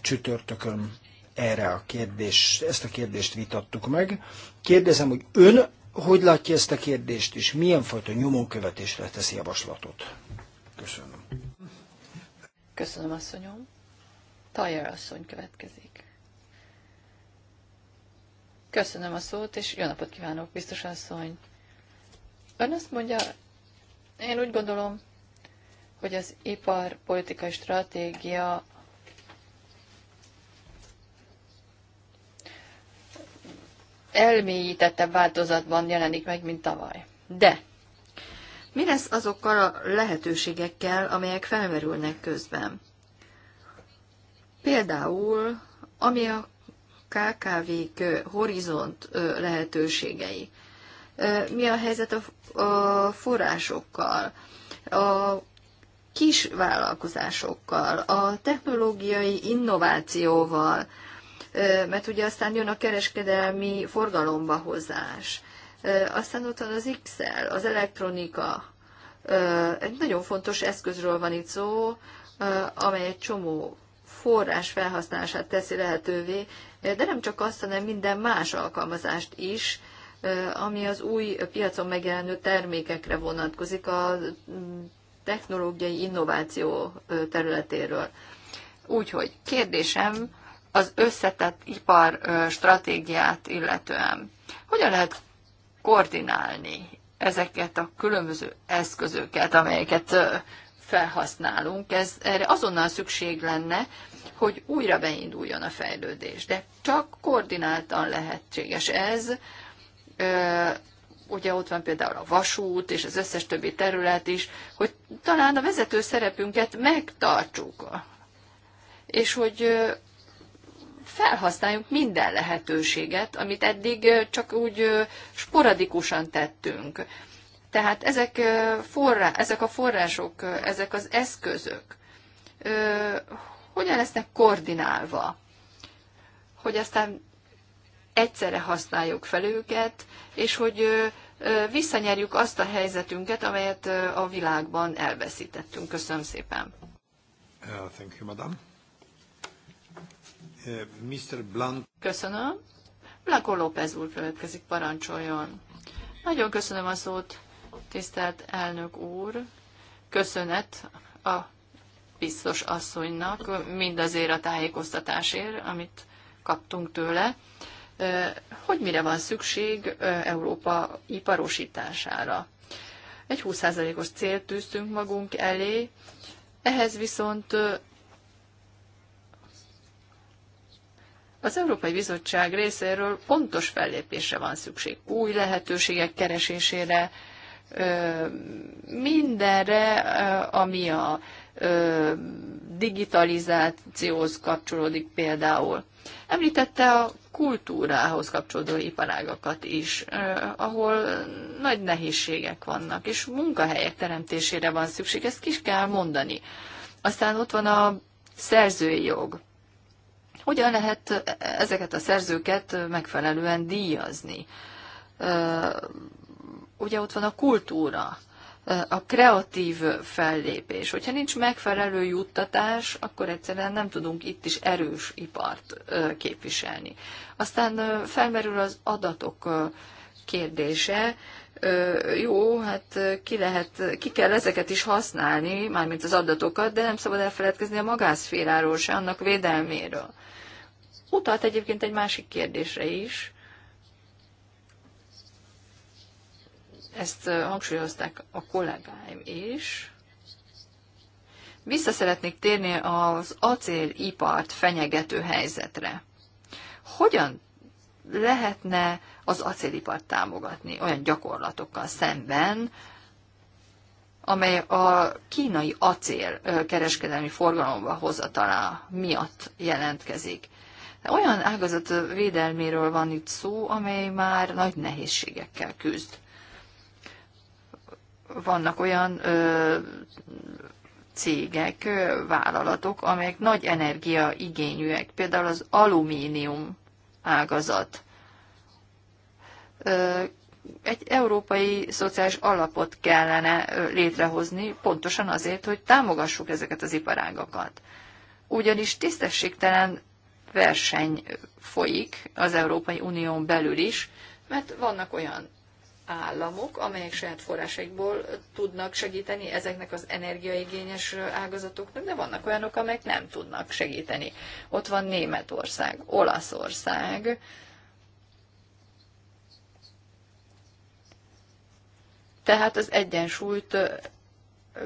csütörtökön erre a kérdés, ezt a kérdést vitattuk meg. Kérdezem, hogy ön hogy látja ezt a kérdést, és milyen fajta nyomonkövetésre teszi javaslatot? Köszönöm. Köszönöm, asszonyom. Tajer asszony következik. Köszönöm a szót, és jó napot kívánok, biztos asszony. Ön azt mondja, én úgy gondolom, hogy az iparpolitikai stratégia elmélyítettebb változatban jelenik meg, mint tavaly. De mi lesz azokkal a lehetőségekkel, amelyek felmerülnek közben? Például, ami a KKV-k horizont lehetőségei. Mi a helyzet a forrásokkal? A kis vállalkozásokkal, a technológiai innovációval, mert ugye aztán jön a kereskedelmi forgalomba hozás. Aztán ott van az XL, az elektronika. Egy nagyon fontos eszközről van itt szó, amely egy csomó forrás felhasználását teszi lehetővé, de nem csak azt, hanem minden más alkalmazást is, ami az új piacon megjelenő termékekre vonatkozik a technológiai innováció területéről. Úgyhogy kérdésem az összetett ipar stratégiát illetően. Hogyan lehet koordinálni ezeket a különböző eszközöket, amelyeket felhasználunk, ez erre azonnal szükség lenne, hogy újra beinduljon a fejlődés. De csak koordináltan lehetséges ez, ugye ott van például a vasút és az összes többi terület is, hogy talán a vezető szerepünket megtartsuk, és hogy felhasználjuk minden lehetőséget, amit eddig csak úgy sporadikusan tettünk. Tehát ezek, forrá, ezek a források, ezek az eszközök hogyan lesznek koordinálva, hogy aztán egyszerre használjuk fel őket, és hogy visszanyerjük azt a helyzetünket, amelyet a világban elveszítettünk. Köszönöm szépen. Uh, thank you, madam. Uh, Mr. Blanco. Köszönöm. Blanco López úr következik, parancsoljon. Nagyon köszönöm a szót, tisztelt elnök úr. Köszönet a biztos asszonynak mindazért a tájékoztatásért, amit kaptunk tőle hogy mire van szükség Európa iparosítására. Egy 20%-os célt tűztünk magunk elé, ehhez viszont Az Európai Bizottság részéről pontos fellépésre van szükség, új lehetőségek keresésére, mindenre, ami a digitalizációhoz kapcsolódik például. Említette a kultúrához kapcsolódó iparágakat is, ahol nagy nehézségek vannak, és munkahelyek teremtésére van szükség, ezt kis kell mondani. Aztán ott van a szerzői jog. Hogyan lehet ezeket a szerzőket megfelelően díjazni? Ugye ott van a kultúra, a kreatív fellépés. Hogyha nincs megfelelő juttatás, akkor egyszerűen nem tudunk itt is erős ipart képviselni. Aztán felmerül az adatok kérdése. Jó, hát ki, lehet, ki kell ezeket is használni, mármint az adatokat, de nem szabad elfeledkezni a magászféráról se, annak védelméről. Utalt egyébként egy másik kérdésre is, ezt hangsúlyozták a kollégáim is. Vissza szeretnék térni az acélipart fenyegető helyzetre. Hogyan lehetne az acélipart támogatni olyan gyakorlatokkal szemben, amely a kínai acél kereskedelmi forgalomba hozatalá miatt jelentkezik. Olyan ágazat védelméről van itt szó, amely már nagy nehézségekkel küzd vannak olyan ö, cégek, ö, vállalatok, amelyek nagy energia például az alumínium ágazat. Ö, egy európai szociális alapot kellene létrehozni, pontosan azért, hogy támogassuk ezeket az iparágakat. Ugyanis tisztességtelen verseny folyik az Európai Unión belül is, mert vannak olyan államok, amelyek saját forrásaikból tudnak segíteni ezeknek az energiaigényes ágazatoknak, de vannak olyanok, amelyek nem tudnak segíteni. Ott van Németország, Olaszország, tehát az egyensúlyt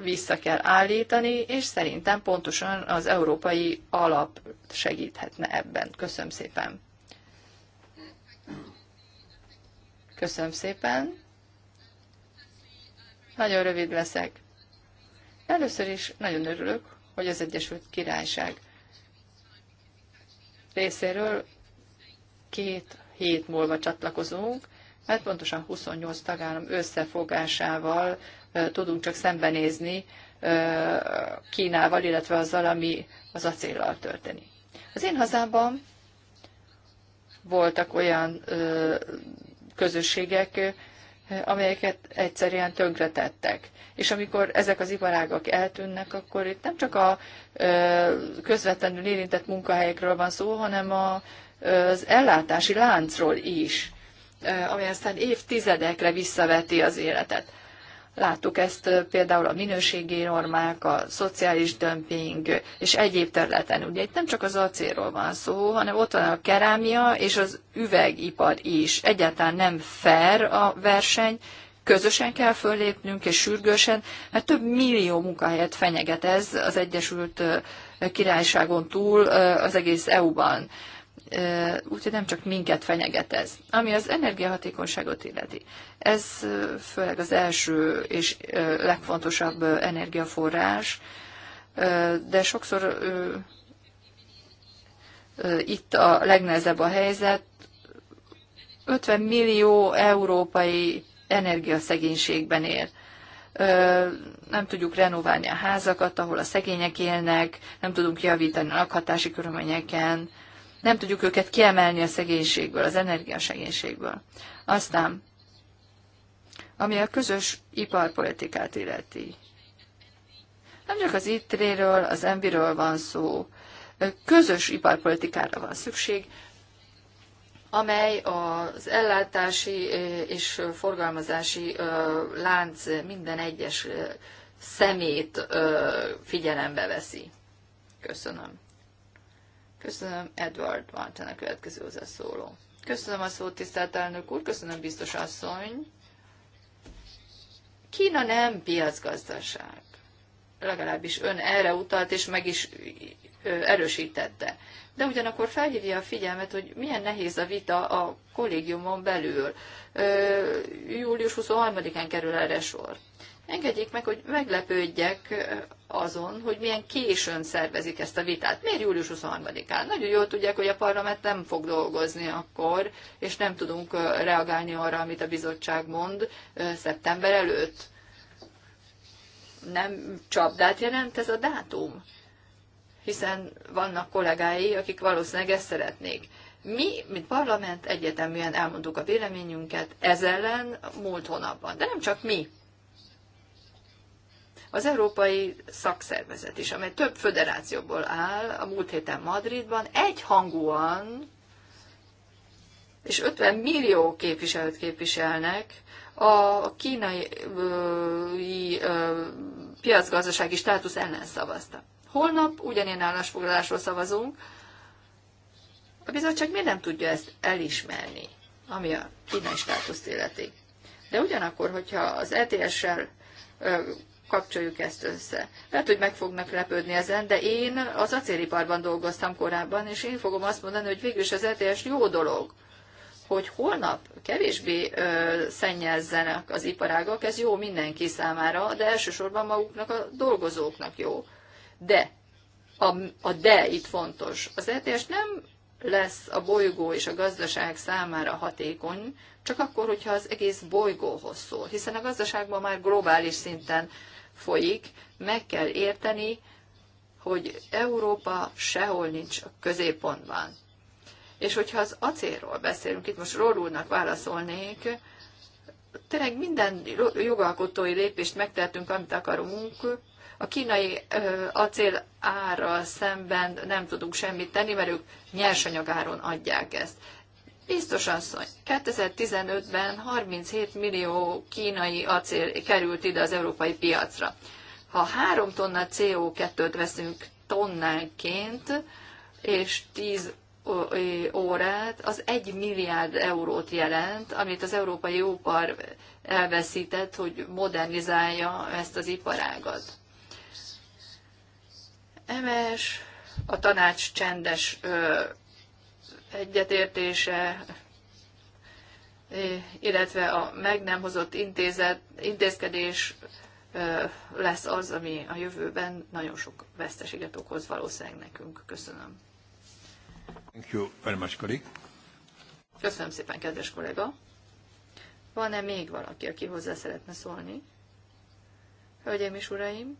vissza kell állítani, és szerintem pontosan az európai alap segíthetne ebben. Köszönöm szépen. Köszönöm szépen. Nagyon rövid leszek. Először is nagyon örülök, hogy az Egyesült Királyság részéről két hét múlva csatlakozunk, mert pontosan 28 tagállam összefogásával tudunk csak szembenézni Kínával, illetve azzal, ami az acéllal történik. Az én hazámban voltak olyan közösségek, eh, amelyeket egyszerűen tönkretettek. És amikor ezek az iparágak eltűnnek, akkor itt nem csak a eh, közvetlenül érintett munkahelyekről van szó, hanem a, eh, az ellátási láncról is, ami aztán évtizedekre visszaveti az életet. Láttuk ezt például a minőségi normák, a szociális dömping és egyéb területen. Ugye itt nem csak az acélról van szó, hanem ott van a kerámia és az üvegipar is. Egyáltalán nem fair a verseny, közösen kell föllépnünk, és sürgősen, mert több millió munkahelyet fenyeget ez az Egyesült Királyságon túl az egész EU-ban úgyhogy nem csak minket fenyeget ez. Ami az energiahatékonyságot illeti, ez főleg az első és legfontosabb energiaforrás, de sokszor itt a legnehezebb a helyzet. 50 millió európai energiaszegénységben él. Nem tudjuk renoválni a házakat, ahol a szegények élnek, nem tudunk javítani a lakhatási körülményeken, nem tudjuk őket kiemelni a szegénységből, az energiasegénységből. Aztán, ami a közös iparpolitikát illeti. Nem csak az itre ről az ENVI-ről van szó, közös iparpolitikára van szükség, amely az ellátási és forgalmazási lánc minden egyes szemét figyelembe veszi. Köszönöm. Köszönöm, Edward Martin a következő hozzászóló. Köszönöm a szót, tisztelt elnök úr, köszönöm, biztos asszony. Kína nem piacgazdaság. Legalábbis ön erre utalt, és meg is erősítette. De ugyanakkor felhívja a figyelmet, hogy milyen nehéz a vita a kollégiumon belül. Július 23-án kerül erre sor. Engedjék meg, hogy meglepődjek azon, hogy milyen későn szervezik ezt a vitát. Miért július 23-án? Nagyon jól tudják, hogy a parlament nem fog dolgozni akkor, és nem tudunk reagálni arra, amit a bizottság mond szeptember előtt. Nem csapdát jelent ez a dátum? Hiszen vannak kollégái, akik valószínűleg ezt szeretnék. Mi, mint parlament, egyeteműen elmondtuk a véleményünket ez ellen múlt hónapban. De nem csak mi, az Európai Szakszervezet is, amely több föderációból áll, a múlt héten Madridban egyhangúan és 50 millió képviselőt képviselnek, a kínai ö, ö, piacgazdasági státusz ellen szavazta. Holnap ugyanilyen állásfoglalásról szavazunk. A bizottság miért nem tudja ezt elismerni, ami a kínai státuszt illeti? De ugyanakkor, hogyha az ETS-sel kapcsoljuk ezt össze. Lehet, hogy meg fognak lepődni ezen, de én az acéliparban dolgoztam korábban, és én fogom azt mondani, hogy végülis az ETS jó dolog hogy holnap kevésbé ö, szennyezzenek az iparágak, ez jó mindenki számára, de elsősorban maguknak a dolgozóknak jó. De, a, a de itt fontos. Az ETS nem lesz a bolygó és a gazdaság számára hatékony, csak akkor, hogyha az egész bolygóhoz szól, hiszen a gazdaságban már globális szinten folyik, meg kell érteni, hogy Európa sehol nincs a középpontban. És hogyha az acélról beszélünk, itt most Rólulnak válaszolnék, tényleg minden jogalkotói lépést megtettünk, amit akarunk. A kínai acél árral szemben nem tudunk semmit tenni, mert ők nyersanyagáron adják ezt. Biztos asszony, 2015-ben 37 millió kínai acél került ide az európai piacra. Ha 3 tonna CO2-t veszünk tonnánként, és 10 órát, az 1 milliárd eurót jelent, amit az európai ópar elveszített, hogy modernizálja ezt az iparágat. Emes, a tanács csendes egyetértése, illetve a meg nem hozott intézet, intézkedés lesz az, ami a jövőben nagyon sok veszteséget okoz valószínűleg nekünk. Köszönöm. Thank you very much, Köszönöm szépen, kedves kollega. Van-e még valaki, aki hozzá szeretne szólni? Hölgyeim és uraim,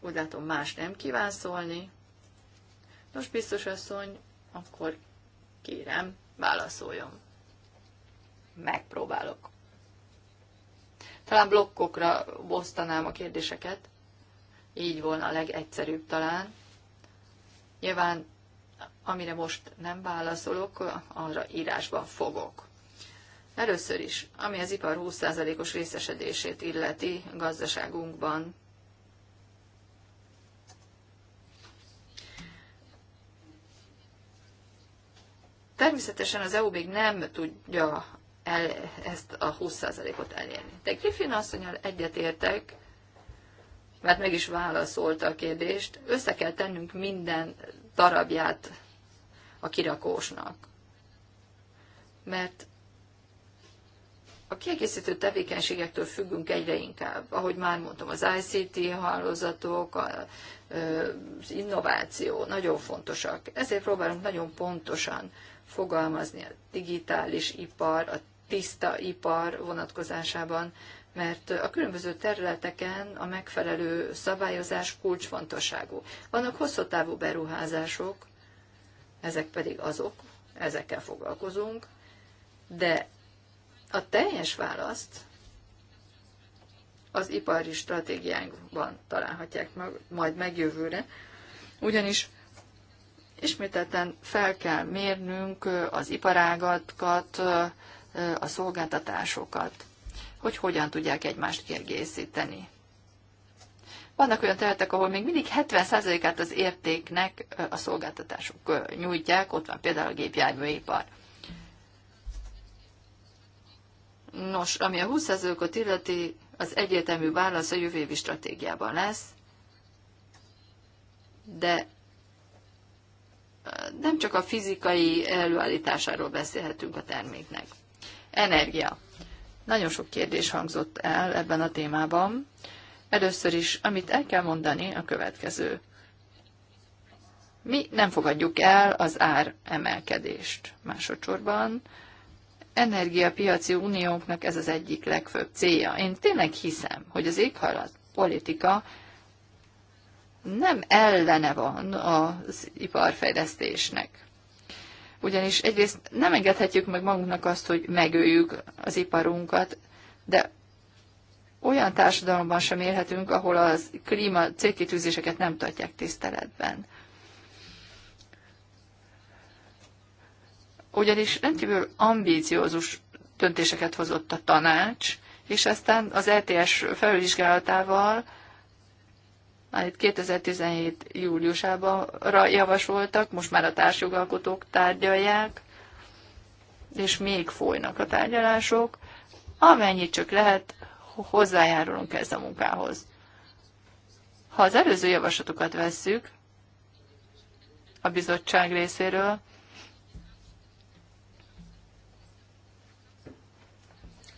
úgy látom, más nem kíván szólni. Nos, biztos asszony, akkor Kérem, válaszoljon. Megpróbálok. Talán blokkokra bosztanám a kérdéseket. Így volna a legegyszerűbb talán. Nyilván, amire most nem válaszolok, arra írásban fogok. Először is, ami az ipar 20%-os részesedését illeti gazdaságunkban, Természetesen az EU még nem tudja el, ezt a 20%-ot elérni. De Griffin asszonyal egyetértek, mert meg is válaszolta a kérdést, össze kell tennünk minden darabját a kirakósnak. Mert a kiegészítő tevékenységektől függünk egyre inkább. Ahogy már mondtam, az ICT hálózatok, az innováció nagyon fontosak. Ezért próbálunk nagyon pontosan fogalmazni a digitális ipar, a tiszta ipar vonatkozásában, mert a különböző területeken a megfelelő szabályozás kulcsfontosságú. Vannak hosszatávú beruházások, ezek pedig azok, ezekkel foglalkozunk, de a teljes választ az ipari stratégiánkban találhatják majd megjövőre, ugyanis Ismételten fel kell mérnünk az iparágatkat, a szolgáltatásokat, hogy hogyan tudják egymást kiegészíteni. Vannak olyan területek, ahol még mindig 70%-át az értéknek a szolgáltatások nyújtják, ott van például a gépjárműipar. Nos, ami a 20%-ot illeti, az egyértelmű válasz a jövő évi stratégiában lesz, de nem csak a fizikai előállításáról beszélhetünk a terméknek. Energia. Nagyon sok kérdés hangzott el ebben a témában. Először is, amit el kell mondani, a következő. Mi nem fogadjuk el az ár emelkedést. Másodszorban energiapiaci uniónknak ez az egyik legfőbb célja. Én tényleg hiszem, hogy az éghajlat politika nem ellene van az iparfejlesztésnek. Ugyanis egyrészt nem engedhetjük meg magunknak azt, hogy megöljük az iparunkat, de olyan társadalomban sem élhetünk, ahol a klíma célkitűzéseket nem tartják tiszteletben. Ugyanis rendkívül ambíciózus döntéseket hozott a tanács, és aztán az LTS e felvizsgálatával már itt 2017 júliusában javasoltak, most már a társjogalkotók tárgyalják, és még folynak a tárgyalások, amennyit csak lehet, hozzájárulunk ez a munkához. Ha az előző javaslatokat vesszük a bizottság részéről,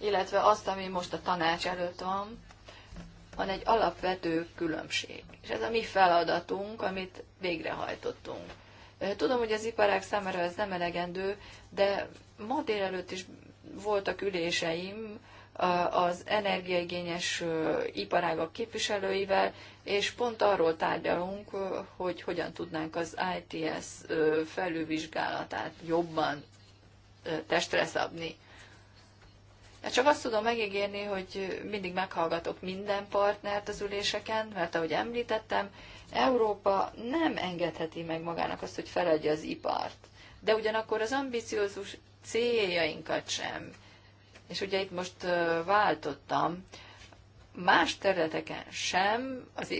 illetve azt, ami most a tanács előtt van, van egy alapvető különbség. És ez a mi feladatunk, amit végrehajtottunk. Tudom, hogy az iparák számára ez nem elegendő, de ma délelőtt is voltak üléseim az energiaigényes iparágak képviselőivel, és pont arról tárgyalunk, hogy hogyan tudnánk az ITS felülvizsgálatát jobban testre szabni. Hát csak azt tudom megígérni, hogy mindig meghallgatok minden partnert az üléseken, mert ahogy említettem, Európa nem engedheti meg magának azt, hogy feladja az ipart. De ugyanakkor az ambiciózus céljainkat sem. És ugye itt most váltottam, más területeken sem, az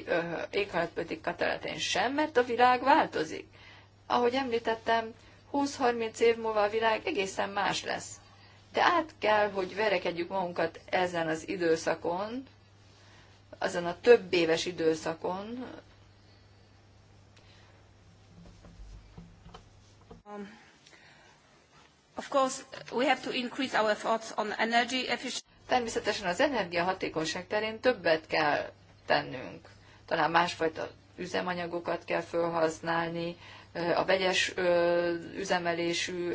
éghajlatpolitika területén sem, mert a világ változik. Ahogy említettem, 20-30 év múlva a világ egészen más lesz. De át kell, hogy verekedjük magunkat ezen az időszakon, azon a több éves időszakon. Um, of course, we have to increase our efforts on energy efficiency. Természetesen az energiahatékonyság terén többet kell tennünk. Talán másfajta üzemanyagokat kell felhasználni, a vegyes üzemelésű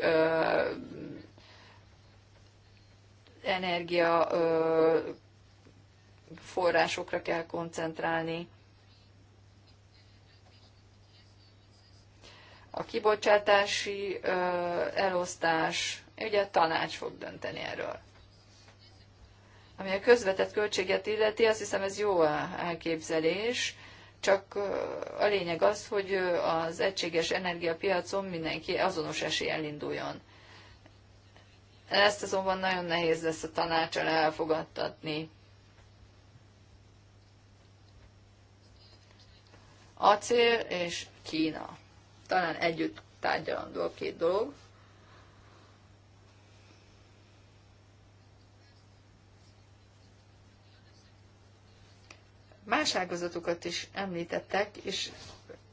energia forrásokra kell koncentrálni. A kibocsátási elosztás, ugye a tanács fog dönteni erről. Ami a közvetett költséget illeti, azt hiszem ez jó elképzelés, csak a lényeg az, hogy az egységes energiapiacon mindenki azonos esélyen induljon. Ezt azonban nagyon nehéz lesz a tanácsal elfogadtatni. Acél és Kína. Talán együtt tárgyalandó a két dolog. Más ágazatokat is említettek, és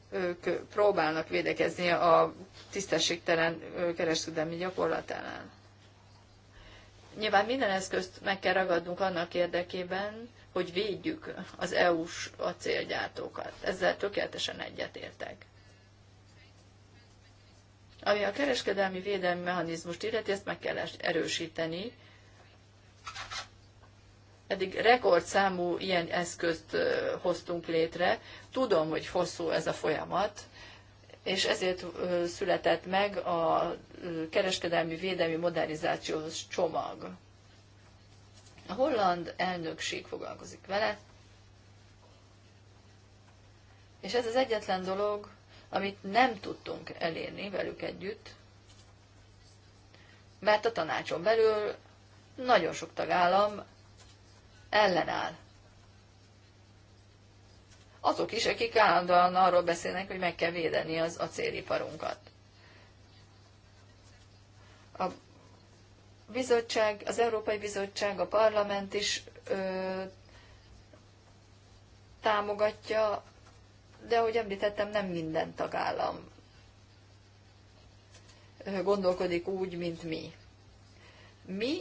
ők próbálnak védekezni a tisztességtelen kereskedelmi gyakorlat ellen. Nyilván minden eszközt meg kell ragadnunk annak érdekében, hogy védjük az EU-s acélgyártókat. Ezzel tökéletesen egyetértek. Ami a kereskedelmi védelmi mechanizmust illeti, ezt meg kell erősíteni. Eddig rekordszámú ilyen eszközt hoztunk létre. Tudom, hogy hosszú ez a folyamat, és ezért született meg a kereskedelmi védelmi modernizációhoz csomag. A holland elnökség foglalkozik vele, és ez az egyetlen dolog, amit nem tudtunk elérni velük együtt, mert a tanácson belül nagyon sok tagállam ellenáll azok is, akik állandóan arról beszélnek, hogy meg kell védeni az acéliparunkat. A bizottság, az Európai Bizottság, a parlament is ö, támogatja, de ahogy említettem, nem minden tagállam gondolkodik úgy, mint mi. Mi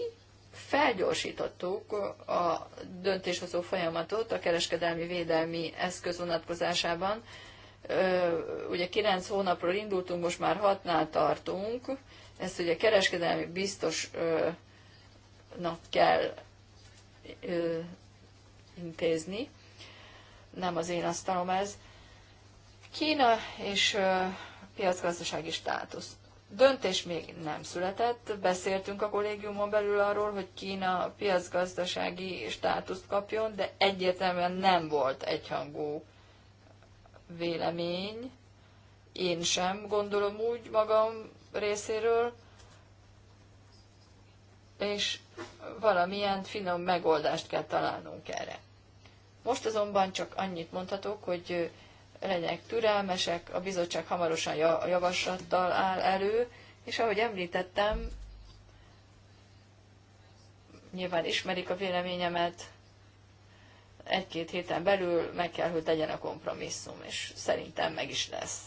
felgyorsítottuk a döntéshozó folyamatot a kereskedelmi védelmi eszköz vonatkozásában. Ugye 9 hónapról indultunk, most már 6-nál tartunk. Ezt ugye kereskedelmi biztosnak kell intézni. Nem az én asztalom ez. Kína és piacgazdasági státusz. Döntés még nem született, beszéltünk a kollégiumon belül arról, hogy Kína piacgazdasági státuszt kapjon, de egyértelműen nem volt egyhangú vélemény. Én sem gondolom úgy magam részéről, és valamilyen finom megoldást kell találnunk erre. Most azonban csak annyit mondhatok, hogy legyenek türelmesek, a bizottság hamarosan javaslattal áll elő, és ahogy említettem, nyilván ismerik a véleményemet, egy-két héten belül meg kell, hogy legyen a kompromisszum, és szerintem meg is lesz.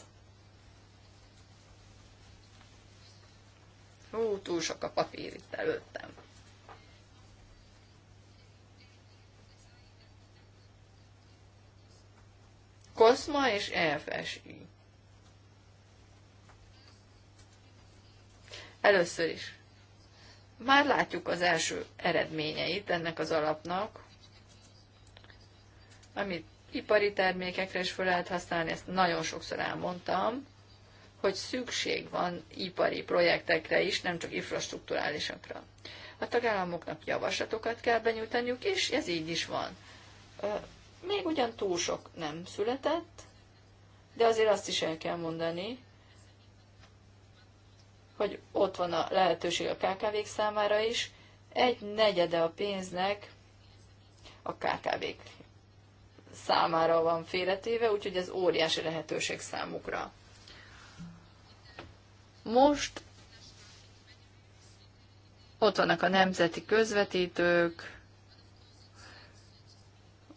Hú, túl sok a papír itt előttem. COSMA és EFSI. Először is. Már látjuk az első eredményeit ennek az alapnak, amit ipari termékekre is fel lehet használni, ezt nagyon sokszor elmondtam, hogy szükség van ipari projektekre is, nem csak infrastruktúrálisakra. A tagállamoknak javaslatokat kell benyújtaniuk, és ez így is van. Még ugyan túl sok nem született, de azért azt is el kell mondani, hogy ott van a lehetőség a KKV-k számára is. Egy negyede a pénznek a KKV-k számára van félretéve, úgyhogy ez óriási lehetőség számukra. Most ott vannak a nemzeti közvetítők,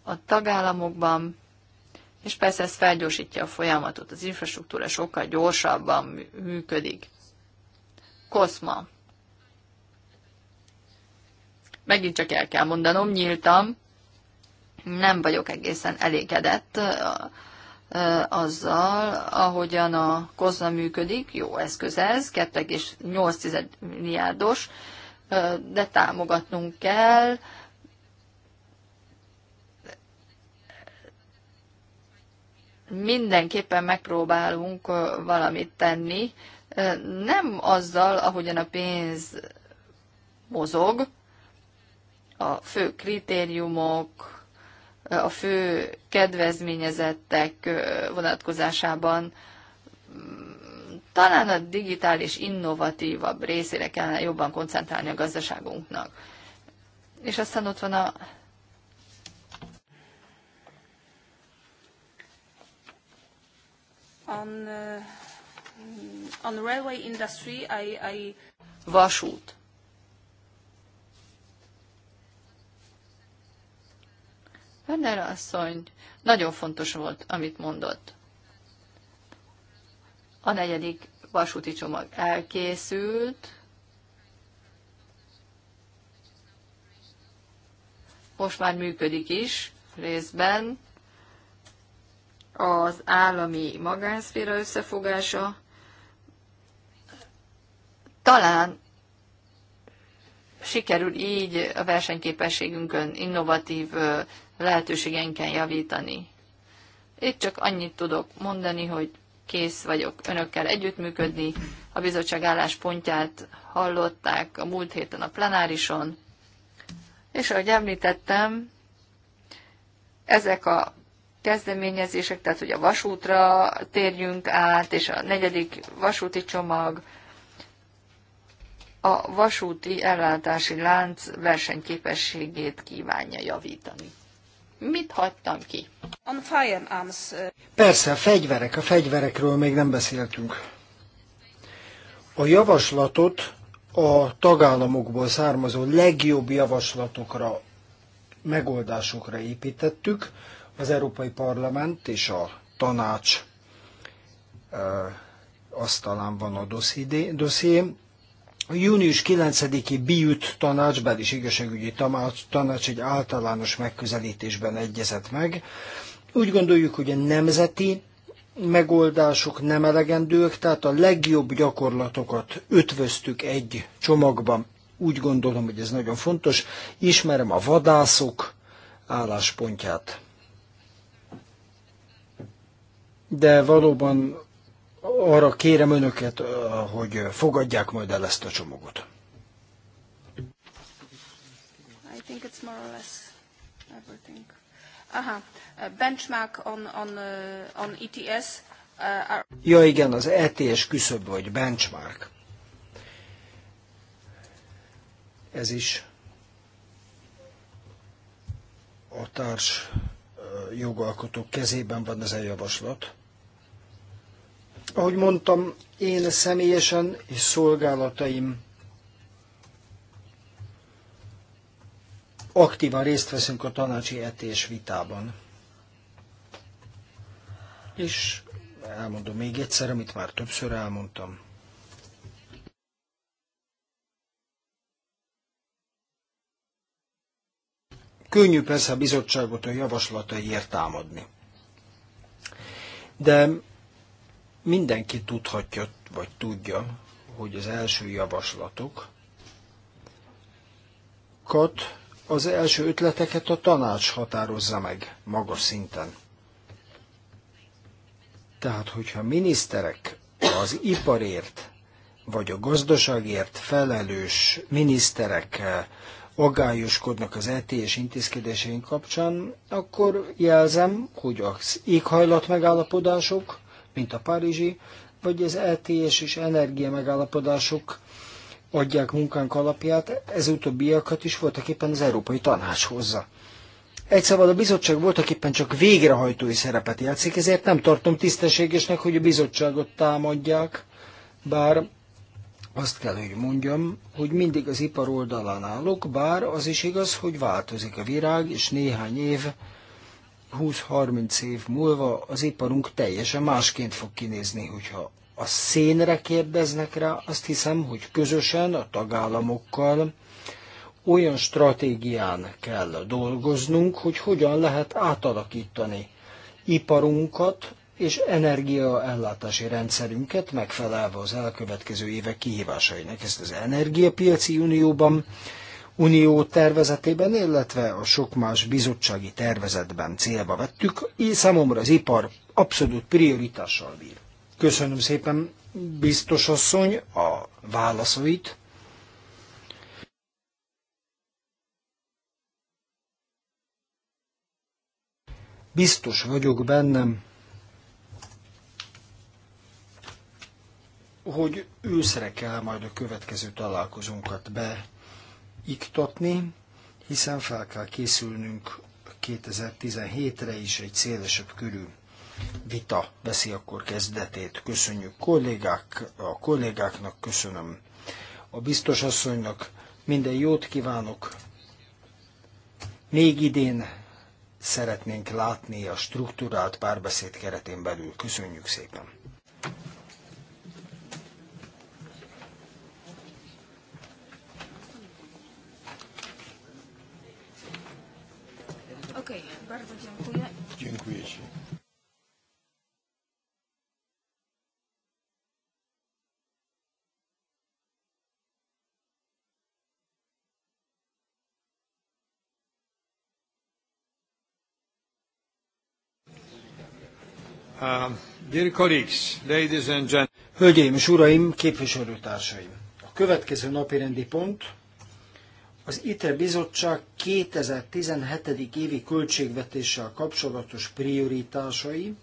a tagállamokban, és persze ez felgyorsítja a folyamatot, az infrastruktúra sokkal gyorsabban működik. Koszma. Megint csak el kell mondanom, nyíltam, nem vagyok egészen elégedett azzal, ahogyan a kozna működik, jó eszköz ez, 2,8 milliárdos, de támogatnunk kell, mindenképpen megpróbálunk valamit tenni, nem azzal, ahogyan a pénz mozog, a fő kritériumok, a fő kedvezményezettek vonatkozásában mm, talán a digitális, innovatívabb részére kellene jobban koncentrálni a gazdaságunknak. És aztán ott van a on, uh, on railway industry, I, I... Vasút. Vendel asszony, nagyon fontos volt, amit mondott. A negyedik vasúti csomag elkészült, most már működik is részben, az állami magánszféra összefogása, talán sikerül így a versenyképességünkön innovatív lehetőségenken javítani. Itt csak annyit tudok mondani, hogy kész vagyok önökkel együttműködni. A bizottság álláspontját hallották a múlt héten a plenárison, és ahogy említettem, ezek a kezdeményezések, tehát hogy a vasútra térjünk át, és a negyedik vasúti csomag, a vasúti ellátási lánc versenyképességét kívánja javítani. Mit hagytam ki? On firearms. Persze, a fegyverek, a fegyverekről még nem beszéltünk. A javaslatot a tagállamokból származó legjobb javaslatokra, megoldásokra építettük, az Európai Parlament és a tanács asztalán van a dosszié. A június 9-i BIUT tanács, bel- és igazságügyi tanács, tanács egy általános megközelítésben egyezett meg. Úgy gondoljuk, hogy a nemzeti megoldások nem elegendőek, tehát a legjobb gyakorlatokat ötvöztük egy csomagban. Úgy gondolom, hogy ez nagyon fontos. Ismerem a vadászok álláspontját de valóban arra kérem önöket, hogy fogadják majd el ezt a csomagot. I think it's more or less everything. Aha, benchmark on, on, uh, on ETS. Uh, ja igen, az ETS küszöb vagy benchmark. Ez is a társ jogalkotók kezében van ez a javaslat. Ahogy mondtam, én személyesen és szolgálataim aktívan részt veszünk a tanácsi etés vitában. És elmondom még egyszer, amit már többször elmondtam. Könnyű persze a bizottságot a javaslataiért támadni. De Mindenki tudhatja, vagy tudja, hogy az első javaslatok, kat az első ötleteket a tanács határozza meg magas szinten. Tehát, hogyha miniszterek az iparért vagy a gazdaságért felelős miniszterek eh, agályoskodnak az ET és intézkedéseink kapcsán, akkor jelzem, hogy az megállapodások mint a párizsi, vagy az LTS e és energia megállapodások adják munkánk alapját, ez utóbbiakat is voltak éppen az Európai Tanács hozza. Egy szabad szóval a bizottság voltak éppen csak végrehajtói szerepet játszik, ezért nem tartom tisztességesnek, hogy a bizottságot támadják, bár azt kell, hogy mondjam, hogy mindig az ipar oldalán állok, bár az is igaz, hogy változik a virág, és néhány év 20-30 év múlva az iparunk teljesen másként fog kinézni, hogyha a szénre kérdeznek rá, azt hiszem, hogy közösen a tagállamokkal olyan stratégián kell dolgoznunk, hogy hogyan lehet átalakítani iparunkat és energiaellátási rendszerünket megfelelve az elkövetkező évek kihívásainak. Ezt az energiapiaci unióban Unió tervezetében, illetve a sok más bizottsági tervezetben célba vettük, így számomra az ipar abszolút prioritással bír. Köszönöm szépen, biztos asszony, a válaszait. Biztos vagyok bennem, hogy őszre kell majd a következő találkozónkat be iktatni, hiszen fel kell készülnünk 2017-re is egy szélesebb körű vita veszi akkor kezdetét. Köszönjük kollégák, a kollégáknak, köszönöm a biztos asszonynak, minden jót kívánok. Még idén szeretnénk látni a struktúrált párbeszéd keretén belül. Köszönjük szépen! Dziękuję Ci. Um, Hölgyeim és uraim, képviselőtársaim! A következő napi rendi pont az ITER bizottság 2017. évi költségvetéssel kapcsolatos prioritásai.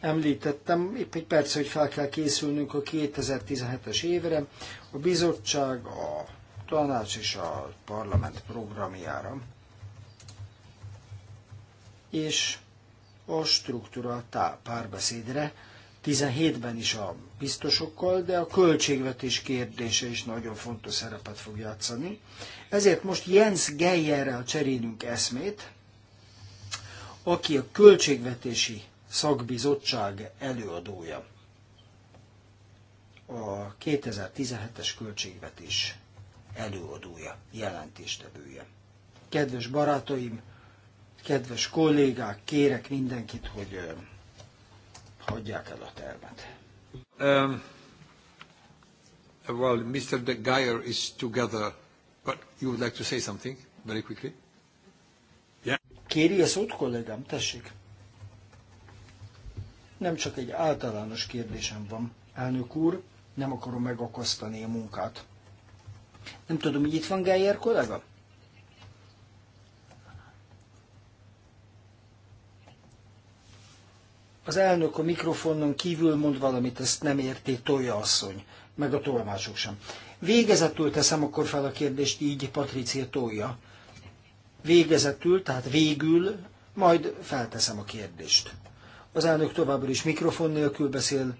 Említettem, épp egy perc, hogy fel kell készülnünk a 2017-es évre. A bizottság a tanács és a parlament programjára. És a struktúra párbeszédre, 17-ben is a biztosokkal, de a költségvetés kérdése is nagyon fontos szerepet fog játszani. Ezért most Jens Geyerrel cserélünk eszmét, aki a költségvetési szakbizottság előadója a 2017-es költségvetés előadója, jelentéstevője. Kedves barátaim, kedves kollégák, kérek mindenkit, hogy hagyják el a termet. Um, well, Mr. De Geyer is together, but you would like to say something very quickly? Yeah. Kéri a szót, kollégám, tessék. Nem csak egy általános kérdésem van, elnök úr, nem akarom megakasztani a munkát. Nem tudom, hogy itt van Geyer kollega? Az elnök a mikrofonon kívül mond valamit, ezt nem érti Tolja asszony, meg a tolmácsok sem. Végezetül teszem akkor fel a kérdést, így Patricia tolja. Végezetül, tehát végül, majd felteszem a kérdést. Az elnök továbbra is mikrofon nélkül beszél,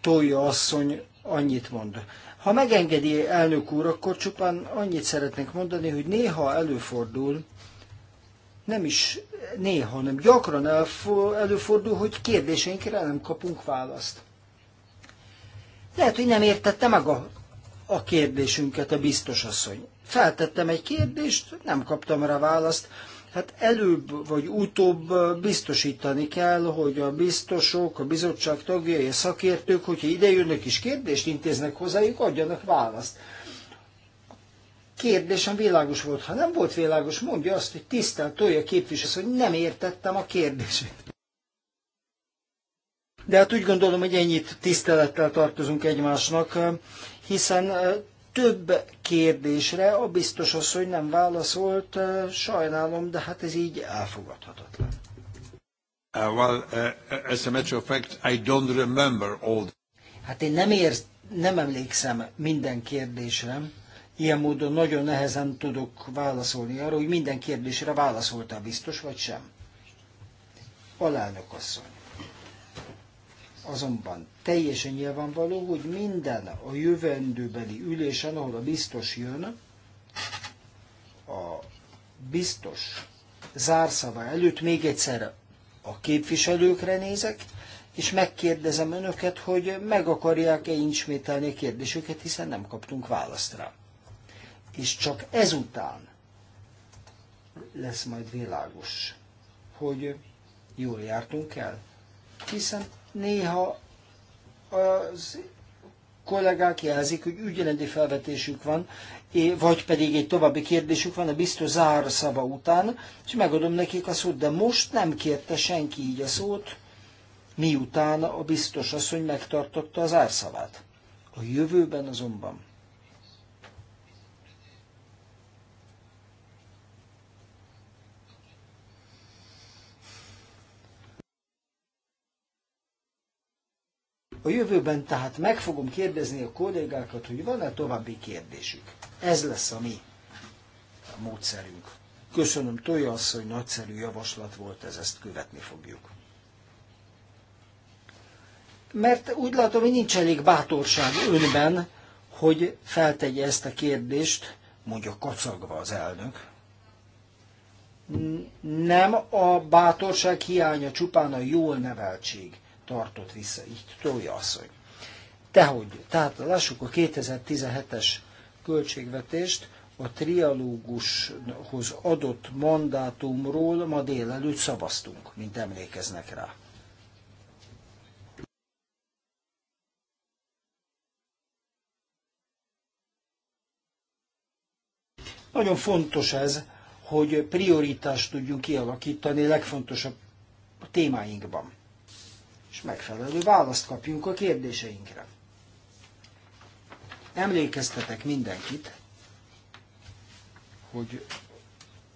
Tolja asszony annyit mond. Ha megengedi elnök úr, akkor csupán annyit szeretnék mondani, hogy néha előfordul, nem is néha, hanem gyakran előfordul, hogy kérdéseinkre nem kapunk választ. Lehet, hogy nem értette meg a, a kérdésünket a biztos asszony. Feltettem egy kérdést, nem kaptam rá választ. Hát előbb vagy utóbb biztosítani kell, hogy a biztosok, a bizottság tagjai, a szakértők, hogyha ide jönnek és kérdést intéznek hozzájuk, adjanak választ kérdésem világos volt. Ha nem volt világos, mondja azt, hogy tisztelt tolja képviselő, hogy nem értettem a kérdését. De hát úgy gondolom, hogy ennyit tisztelettel tartozunk egymásnak, hiszen több kérdésre a biztos az, hogy nem válaszolt, sajnálom, de hát ez így elfogadhatatlan. Uh, well, uh, uh, as a matter of fact, I don't remember all. Hát én nem, ér, nem emlékszem minden kérdésre, Ilyen módon nagyon nehezen tudok válaszolni arra, hogy minden kérdésre válaszoltál biztos, vagy sem. Alelnök asszony. Azonban teljesen nyilvánvaló, hogy minden a jövendőbeli ülésen, ahol a biztos jön, a biztos zárszava előtt még egyszer a képviselőkre nézek, és megkérdezem önöket, hogy meg akarják-e ismételni a kérdésüket, hiszen nem kaptunk választ rá és csak ezután lesz majd világos, hogy jól jártunk el. Hiszen néha az kollégák jelzik, hogy ügyelendi felvetésük van, vagy pedig egy további kérdésük van a biztos zár szava után, és megadom nekik a szót, de most nem kérte senki így a szót, miután a biztos asszony megtartotta az árszavát. A jövőben azonban A jövőben tehát meg fogom kérdezni a kollégákat, hogy van-e további kérdésük. Ez lesz a mi a módszerünk. Köszönöm, Tolja asszony, nagyszerű javaslat volt ez, ezt követni fogjuk. Mert úgy látom, hogy nincs elég bátorság önben, hogy feltegye ezt a kérdést, mondja kacagva az elnök. Nem a bátorság hiánya, csupán a jól neveltség tartott vissza, így tolja asszony. Tehogy, tehát lássuk a 2017-es költségvetést, a trialógushoz adott mandátumról ma délelőtt szavaztunk, mint emlékeznek rá. Nagyon fontos ez, hogy prioritást tudjunk kialakítani legfontosabb témáinkban megfelelő választ kapjunk a kérdéseinkre. Emlékeztetek mindenkit, hogy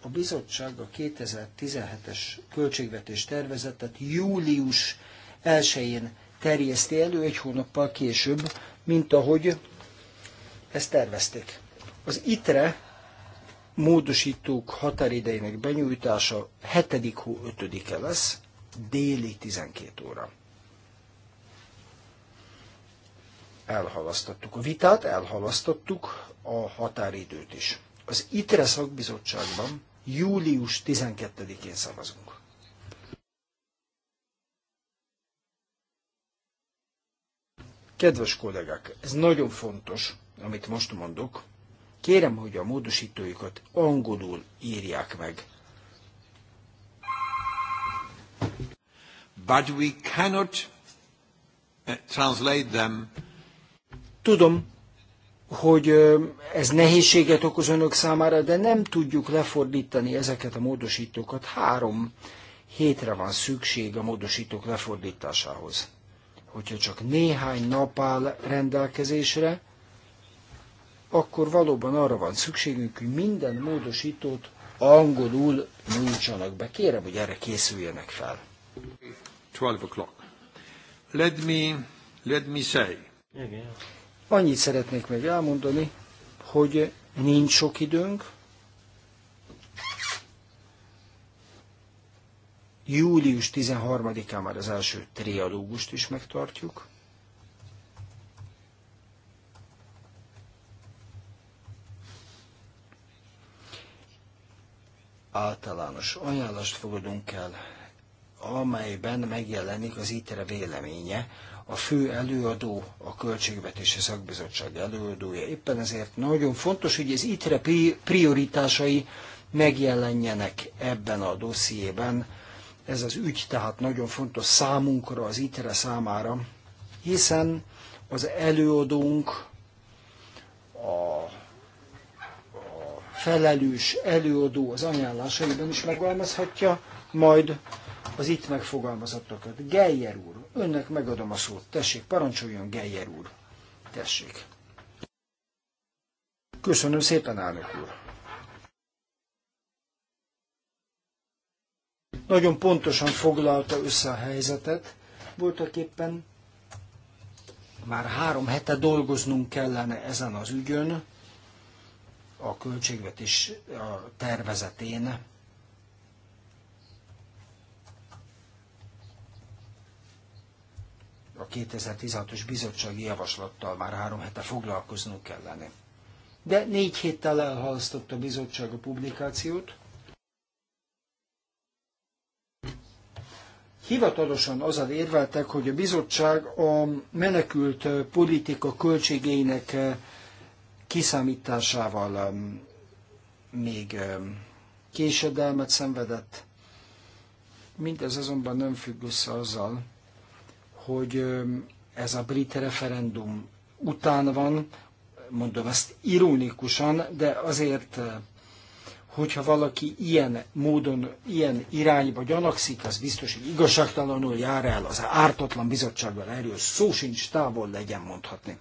a bizottság a 2017-es költségvetés tervezetet július 1-én terjeszti elő egy hónappal később, mint ahogy ezt tervezték. Az ITRE módosítók határidejének benyújtása 7. hó 5-e lesz, déli 12 óra. elhalasztottuk a vitát, elhalasztottuk a határidőt is. Az ITRE szakbizottságban július 12-én szavazunk. Kedves kollégák, ez nagyon fontos, amit most mondok. Kérem, hogy a módosítóikat angolul írják meg. But we cannot eh, translate them Tudom, hogy ez nehézséget okoz önök számára, de nem tudjuk lefordítani ezeket a módosítókat. Három hétre van szükség a módosítók lefordításához. Hogyha csak néhány nap áll rendelkezésre, akkor valóban arra van szükségünk, hogy minden módosítót angolul nyújtsanak be. Kérem, hogy erre készüljenek fel. 12 o'clock. Let me, let me say. yeah. Annyit szeretnék még elmondani, hogy nincs sok időnk. Július 13-án már az első triadógust is megtartjuk. Általános ajánlást fogadunk el, amelyben megjelenik az ítere véleménye a fő előadó, a Költségvetési Szakbizottság előadója. Éppen ezért nagyon fontos, hogy az ITRE prioritásai megjelenjenek ebben a dossziében. Ez az ügy tehát nagyon fontos számunkra, az ITRE számára, hiszen az előadónk a felelős előadó az ajánlásaiban is megfogalmazhatja, majd az itt megfogalmazottakat. Geyer úr, önnek megadom a szót. Tessék, parancsoljon, Geyer úr. Tessék. Köszönöm szépen, elnök úr. Nagyon pontosan foglalta össze a helyzetet. Voltak éppen már három hete dolgoznunk kellene ezen az ügyön, a költségvetés tervezetén, a 2016-os bizottsági javaslattal már három hete foglalkoznunk kellene. De négy héttel elhalasztott a bizottság a publikációt. Hivatalosan az érveltek, hogy a bizottság a menekült politika költségeinek eh, kiszámításával eh, még eh, késedelmet szenvedett. Mindez azonban nem függ össze azzal, hogy ez a brit referendum után van, mondom ezt ironikusan, de azért, hogyha valaki ilyen módon, ilyen irányba gyanakszik, az biztos, hogy igazságtalanul jár el az ártatlan bizottsággal erről szó sincs, távol legyen mondhatni.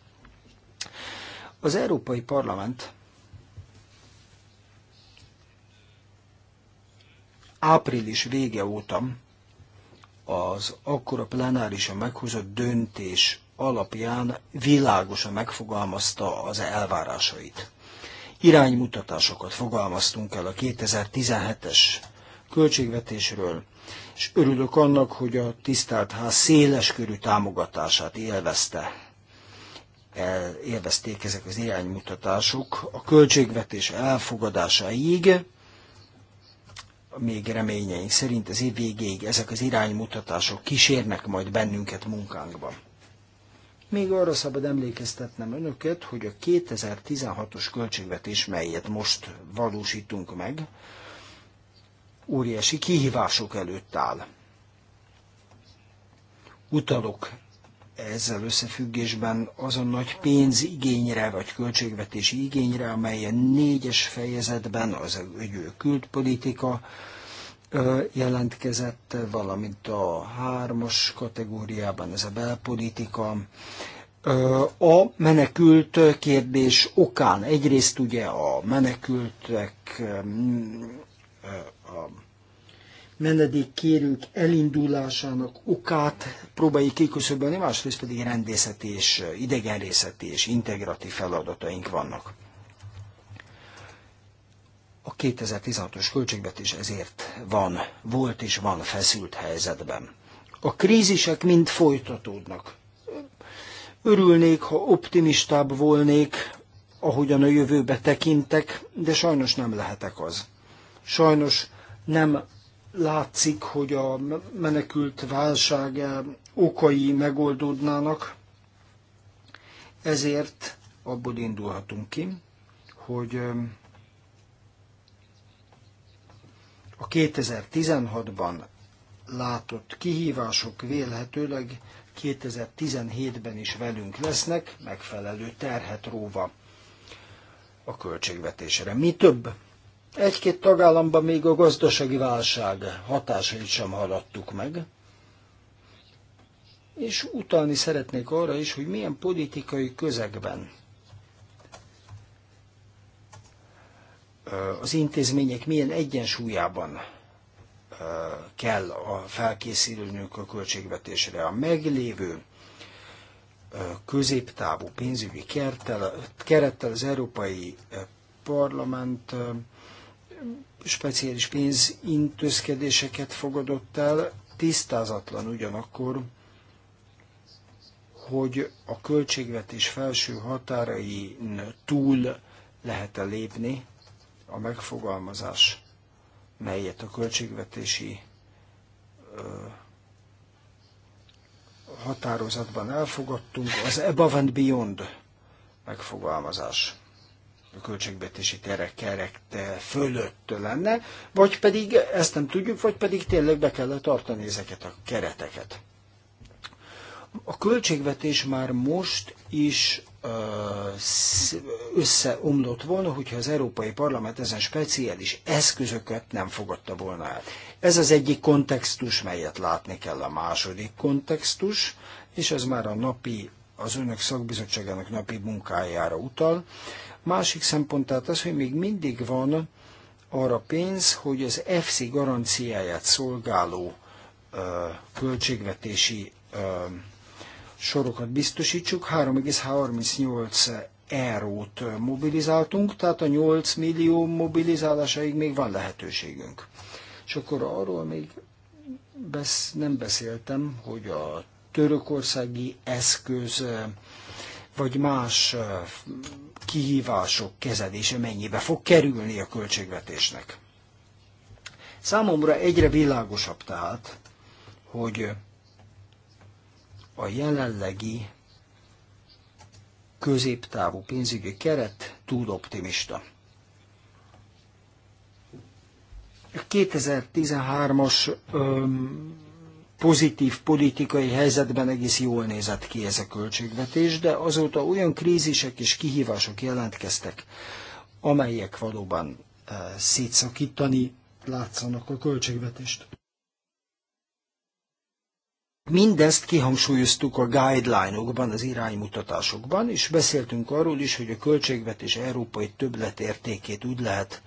Az Európai Parlament április vége óta az akkora plenárisan meghozott döntés alapján világosan megfogalmazta az elvárásait. Iránymutatásokat fogalmaztunk el a 2017-es költségvetésről, és örülök annak, hogy a tisztelt ház széles körű támogatását élvezte. El, élvezték ezek az iránymutatások a költségvetés elfogadásáig, még reményeink szerint az év végéig ezek az iránymutatások kísérnek majd bennünket munkánkban. Még arra szabad emlékeztetnem önöket, hogy a 2016-os költségvetés, melyet most valósítunk meg, óriási kihívások előtt áll. Utalok ezzel összefüggésben az a nagy pénzigényre vagy költségvetési igényre, amely a négyes fejezetben az ügyő külpolitika jelentkezett, valamint a hármas kategóriában ez a belpolitika. A menekült kérdés okán egyrészt ugye a menekültek a menedékkérők elindulásának okát próbáljuk kiköszöbölni, másrészt pedig rendészeti és idegenrészeti és integratív feladataink vannak. A 2016-os költségvetés ezért van, volt és van feszült helyzetben. A krízisek mind folytatódnak. Örülnék, ha optimistább volnék, ahogyan a jövőbe tekintek, de sajnos nem lehetek az. Sajnos nem látszik, hogy a menekült válság okai megoldódnának, ezért abból indulhatunk ki, hogy um, a 2016-ban látott kihívások vélhetőleg 2017-ben is velünk lesznek, megfelelő terhet róva a költségvetésre. Mi több, egy-két tagállamban még a gazdasági válság hatásait sem haladtuk meg. És utalni szeretnék arra is, hogy milyen politikai közegben az intézmények milyen egyensúlyában kell a felkészülnünk a költségvetésre. A meglévő középtávú pénzügyi kerettel, kerettel az Európai Parlament speciális pénzintézkedéseket fogadott el, tisztázatlan ugyanakkor, hogy a költségvetés felső határain túl lehet-e lépni a megfogalmazás, melyet a költségvetési határozatban elfogadtunk, az above and beyond megfogalmazás a költségvetési terek kerek fölött lenne, vagy pedig ezt nem tudjuk, vagy pedig tényleg be kellett tartani ezeket a kereteket. A költségvetés már most is összeomlott volna, hogyha az Európai Parlament ezen speciális eszközöket nem fogadta volna el. Ez az egyik kontextus, melyet látni kell a második kontextus, és ez már a napi, az önök szakbizottságának napi munkájára utal. Másik szempont tehát az, hogy még mindig van arra pénz, hogy az FC garanciáját szolgáló ö, költségvetési ö, sorokat biztosítsuk. 3,38 eurót mobilizáltunk, tehát a 8 millió mobilizálásaig még van lehetőségünk. És akkor arról még besz, nem beszéltem, hogy a törökországi eszköz vagy más kihívások kezelése mennyibe fog kerülni a költségvetésnek. Számomra egyre világosabb tehát, hogy a jelenlegi középtávú pénzügyi keret túl optimista. A 2013-as pozitív politikai helyzetben egész jól nézett ki ez a költségvetés, de azóta olyan krízisek és kihívások jelentkeztek, amelyek valóban eh, szétszakítani látszanak a költségvetést. Mindezt kihangsúlyoztuk a guideline-okban, az iránymutatásokban, és beszéltünk arról is, hogy a költségvetés európai többletértékét úgy lehet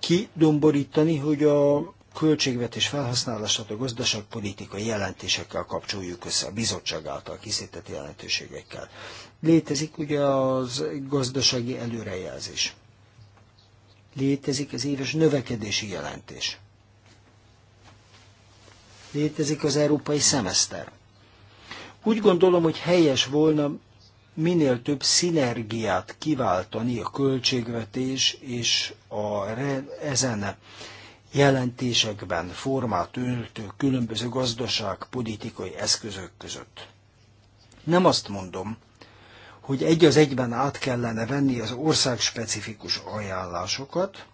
kidomborítani, hogy a költségvetés felhasználását a gazdaságpolitikai jelentésekkel kapcsoljuk össze, a bizottság által készített jelentőségekkel. Létezik ugye az gazdasági előrejelzés. Létezik az éves növekedési jelentés. Létezik az európai szemeszter. Úgy gondolom, hogy helyes volna minél több szinergiát kiváltani a költségvetés és a ezen jelentésekben formát öltő különböző gazdaságpolitikai eszközök között. Nem azt mondom, hogy egy az egyben át kellene venni az ország-specifikus ajánlásokat,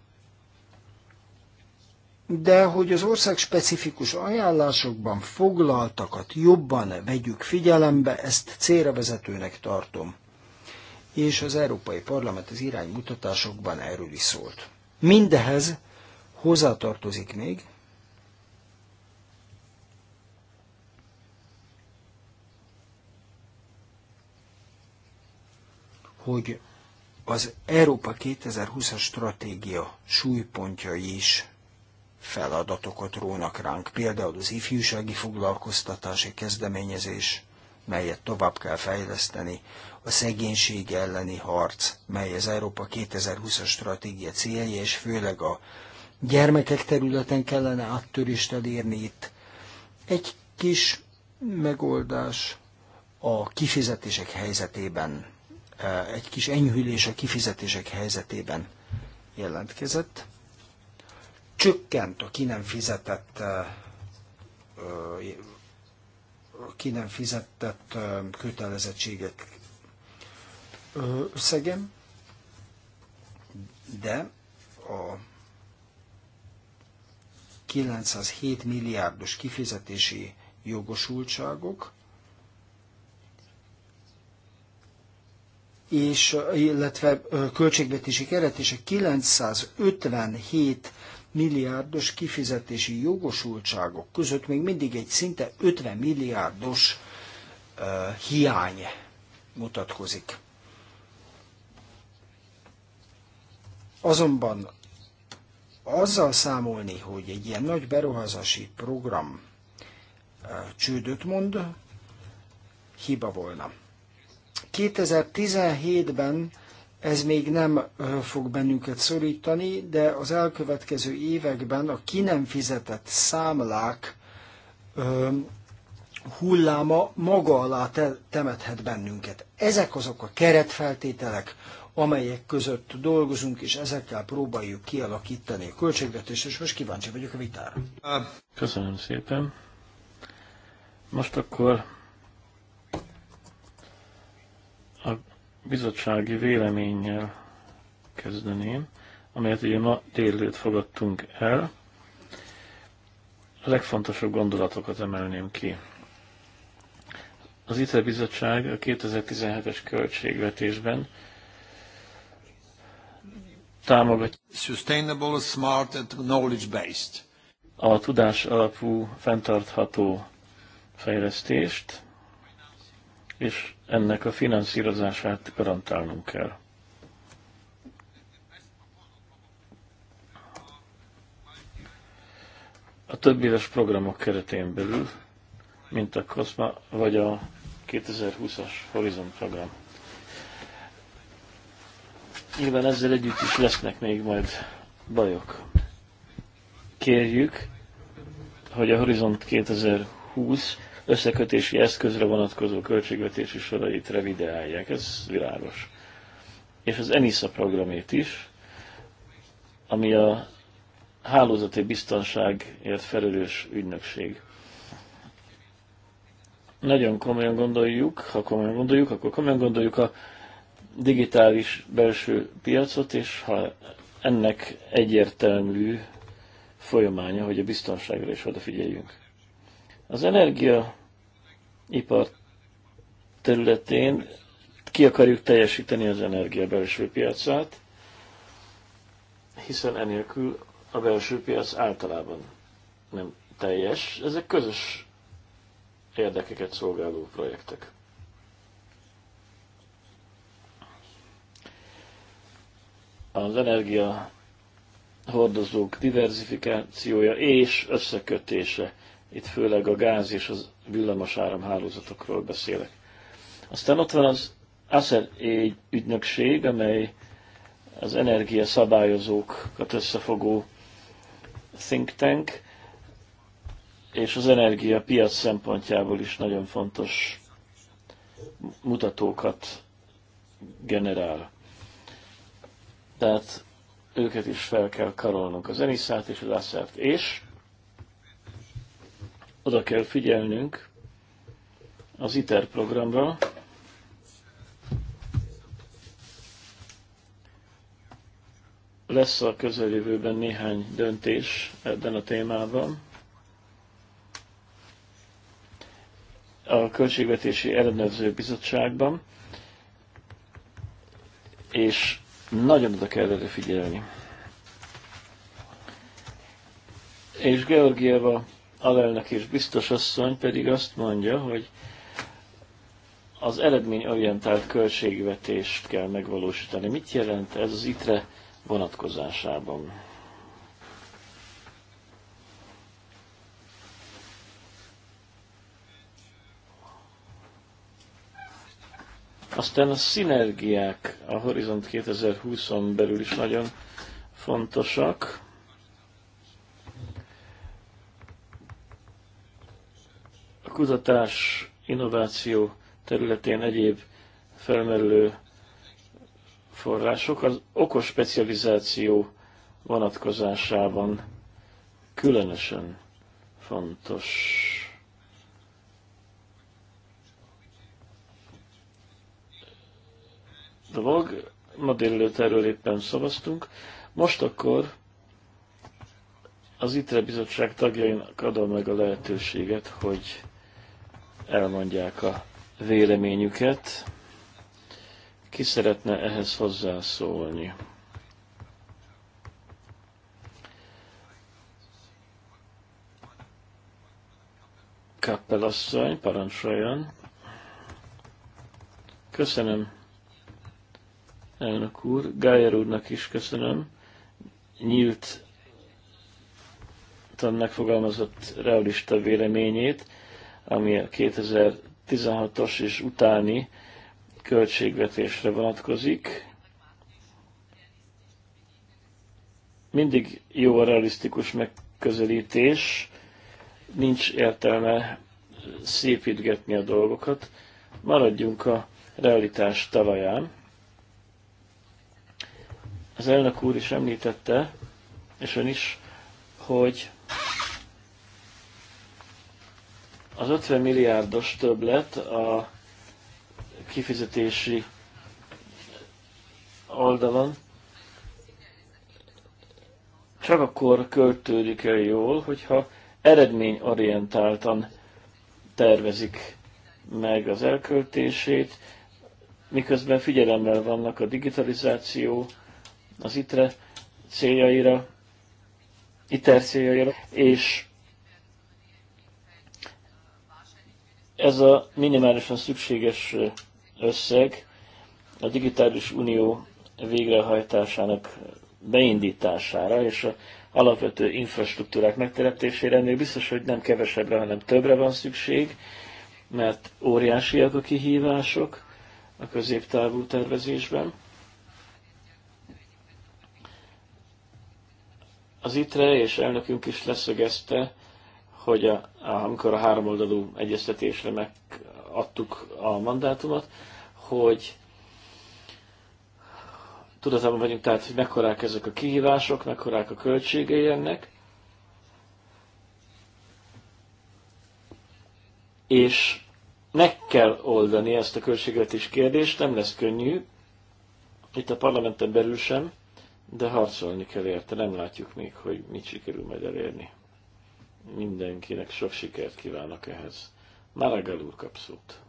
de hogy az ország specifikus ajánlásokban foglaltakat jobban vegyük figyelembe, ezt célra vezetőnek tartom. És az Európai Parlament az iránymutatásokban erről is szólt. Mindehez Hozzátartozik még, hogy az Európa 2020-as stratégia súlypontjai is feladatokat rónak ránk, például az ifjúsági foglalkoztatási kezdeményezés, melyet tovább kell fejleszteni, a szegénység elleni harc, mely az Európa 2020-as stratégia célja, és főleg a gyermekek területen kellene áttörést elérni itt. Egy kis megoldás a kifizetések helyzetében, e, egy kis enyhülés a kifizetések helyzetében jelentkezett. Csökkent a ki nem fizetett e, e, ki nem fizetett kötelezettségek összegem, de a 907 milliárdos kifizetési jogosultságok, és, illetve költségvetési keret és a 957 milliárdos kifizetési jogosultságok között még mindig egy szinte 50 milliárdos uh, hiány mutatkozik. Azonban azzal számolni, hogy egy ilyen nagy beruházási program csődöt mond, hiba volna. 2017-ben ez még nem fog bennünket szorítani, de az elkövetkező években a ki nem fizetett számlák hulláma maga alá temethet bennünket. Ezek azok a keretfeltételek, amelyek között dolgozunk, és ezekkel próbáljuk kialakítani a költségvetést, és most kíváncsi vagyok a vitára. Köszönöm szépen. Most akkor a bizottsági véleménnyel kezdeném, amelyet ugye ma délőtt fogadtunk el. A legfontosabb gondolatokat emelném ki. Az ITER bizottság a 2017-es költségvetésben támogatja. Sustainable, smart and knowledge-based. A tudás alapú fenntartható fejlesztést, és ennek a finanszírozását garantálnunk kell. A több éves programok keretén belül, mint a COSMA vagy a 2020-as Horizon program. Nyilván ezzel együtt is lesznek még majd bajok. Kérjük, hogy a Horizont 2020 összekötési eszközre vonatkozó költségvetési sorait revideálják. Ez világos. És az ENISA programét is, ami a hálózati biztonságért felelős ügynökség. Nagyon komolyan gondoljuk, ha komolyan gondoljuk, akkor komolyan gondoljuk a digitális belső piacot, és ha ennek egyértelmű folyamánya, hogy a biztonságra is odafigyeljünk. Az energiaipar területén ki akarjuk teljesíteni az energia belső piacát, hiszen enélkül a belső piac általában nem teljes. Ezek közös érdekeket szolgáló projektek. az energia hordozók diversifikációja és összekötése. Itt főleg a gáz és az villamos áramhálózatokról beszélek. Aztán ott van az ASZER ügynökség, amely az energia szabályozókat összefogó think tank, és az energia piac szempontjából is nagyon fontos mutatókat generál. Tehát őket is fel kell karolnunk, az Enisszát és az Asszát, és oda kell figyelnünk az ITER programra, lesz a közeljövőben néhány döntés ebben a témában. A Költségvetési Ellenőrző Bizottságban, és nagyon oda kell erre figyelni. És Georgieva alelnök és biztos asszony pedig azt mondja, hogy az eredményorientált költségvetést kell megvalósítani. Mit jelent ez az ITRE vonatkozásában? Aztán a szinergiák a Horizont 2020-on belül is nagyon fontosak. A kutatás, innováció területén egyéb felmerülő források az okos specializáció vonatkozásában különösen fontos. dolog. Ma délelőtt erről éppen szavaztunk. Most akkor az ITRE bizottság tagjainak adom meg a lehetőséget, hogy elmondják a véleményüket. Ki szeretne ehhez hozzászólni? Kappelasszony, parancsoljon. Köszönöm, elnök úr. Gájer úrnak is köszönöm. Nyílt megfogalmazott realista véleményét, ami a 2016-os és utáni költségvetésre vonatkozik. Mindig jó a realisztikus megközelítés, nincs értelme szépítgetni a dolgokat, maradjunk a realitás talaján. Az elnök úr is említette, és ön is, hogy az 50 milliárdos többlet a kifizetési oldalon csak akkor költődik el jól, hogyha eredményorientáltan tervezik meg az elköltését, miközben figyelemmel vannak a digitalizáció, az ITRE céljaira, ITER céljaira, és ez a minimálisan szükséges összeg a digitális unió végrehajtásának beindítására és a alapvető infrastruktúrák megteremtésére még biztos, hogy nem kevesebbre, hanem többre van szükség, mert óriásiak a kihívások a középtávú tervezésben. Az ITRE és elnökünk is leszögezte, hogy a, amikor a háromoldalú egyeztetésre megadtuk a mandátumot, hogy tudatában vagyunk tehát, hogy mekkorák ezek a kihívások, mekkorák a költségei ennek, és meg kell oldani ezt a költségvetés kérdést, nem lesz könnyű, itt a parlamenten belül sem, de harcolni kell érte, nem látjuk még, hogy mit sikerül majd elérni. Mindenkinek sok sikert kívánok ehhez. Maragall úr kap szót.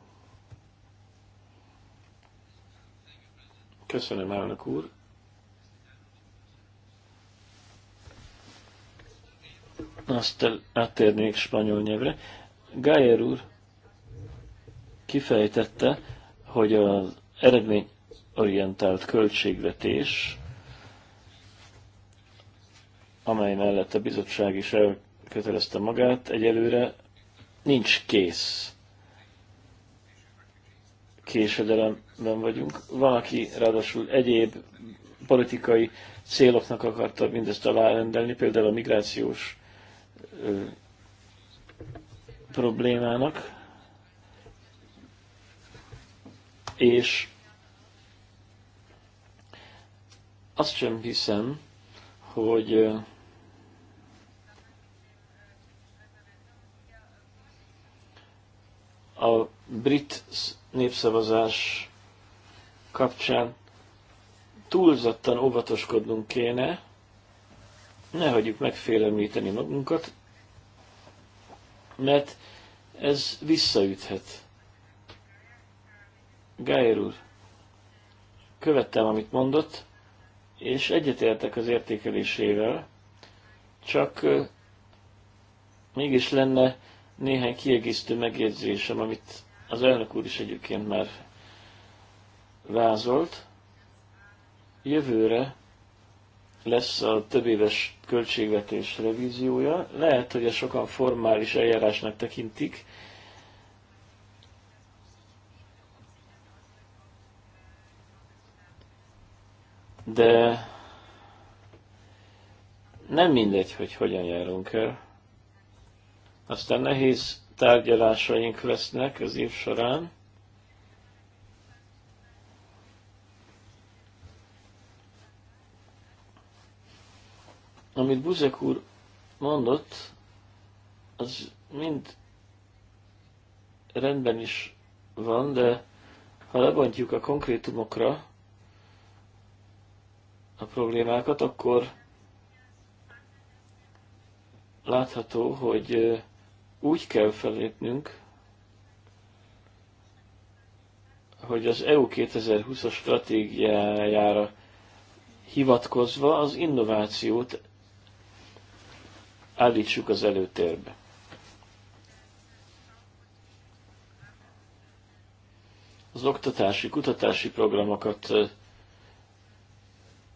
Köszönöm, elnök úr. Azt áttérnék spanyol nyelvre. Gájer úr kifejtette, hogy az eredményorientált költségvetés amely mellett a bizottság is elkötelezte magát, egyelőre nincs kész. Késedelemben vagyunk. Van, aki ráadásul egyéb politikai céloknak akarta mindezt alárendelni, például a migrációs ö, problémának, és azt sem hiszem, hogy A brit népszavazás kapcsán túlzottan óvatoskodnunk kéne, ne hagyjuk megfélemlíteni magunkat, mert ez visszaüthet. Gájer úr, követtem, amit mondott, és egyetértek az értékelésével, csak mégis lenne néhány kiegészítő megjegyzésem, amit az elnök úr is egyébként már vázolt. Jövőre lesz a többéves költségvetés revíziója. Lehet, hogy ezt sokan formális eljárásnak tekintik, de nem mindegy, hogy hogyan járunk el. Aztán nehéz tárgyalásaink lesznek az év során. Amit Buzek úr mondott, az mind rendben is van, de ha lebontjuk a konkrétumokra a problémákat, akkor látható, hogy úgy kell felépnünk, hogy az EU 2020-as stratégiájára hivatkozva az innovációt állítsuk az előtérbe. Az oktatási, kutatási programokat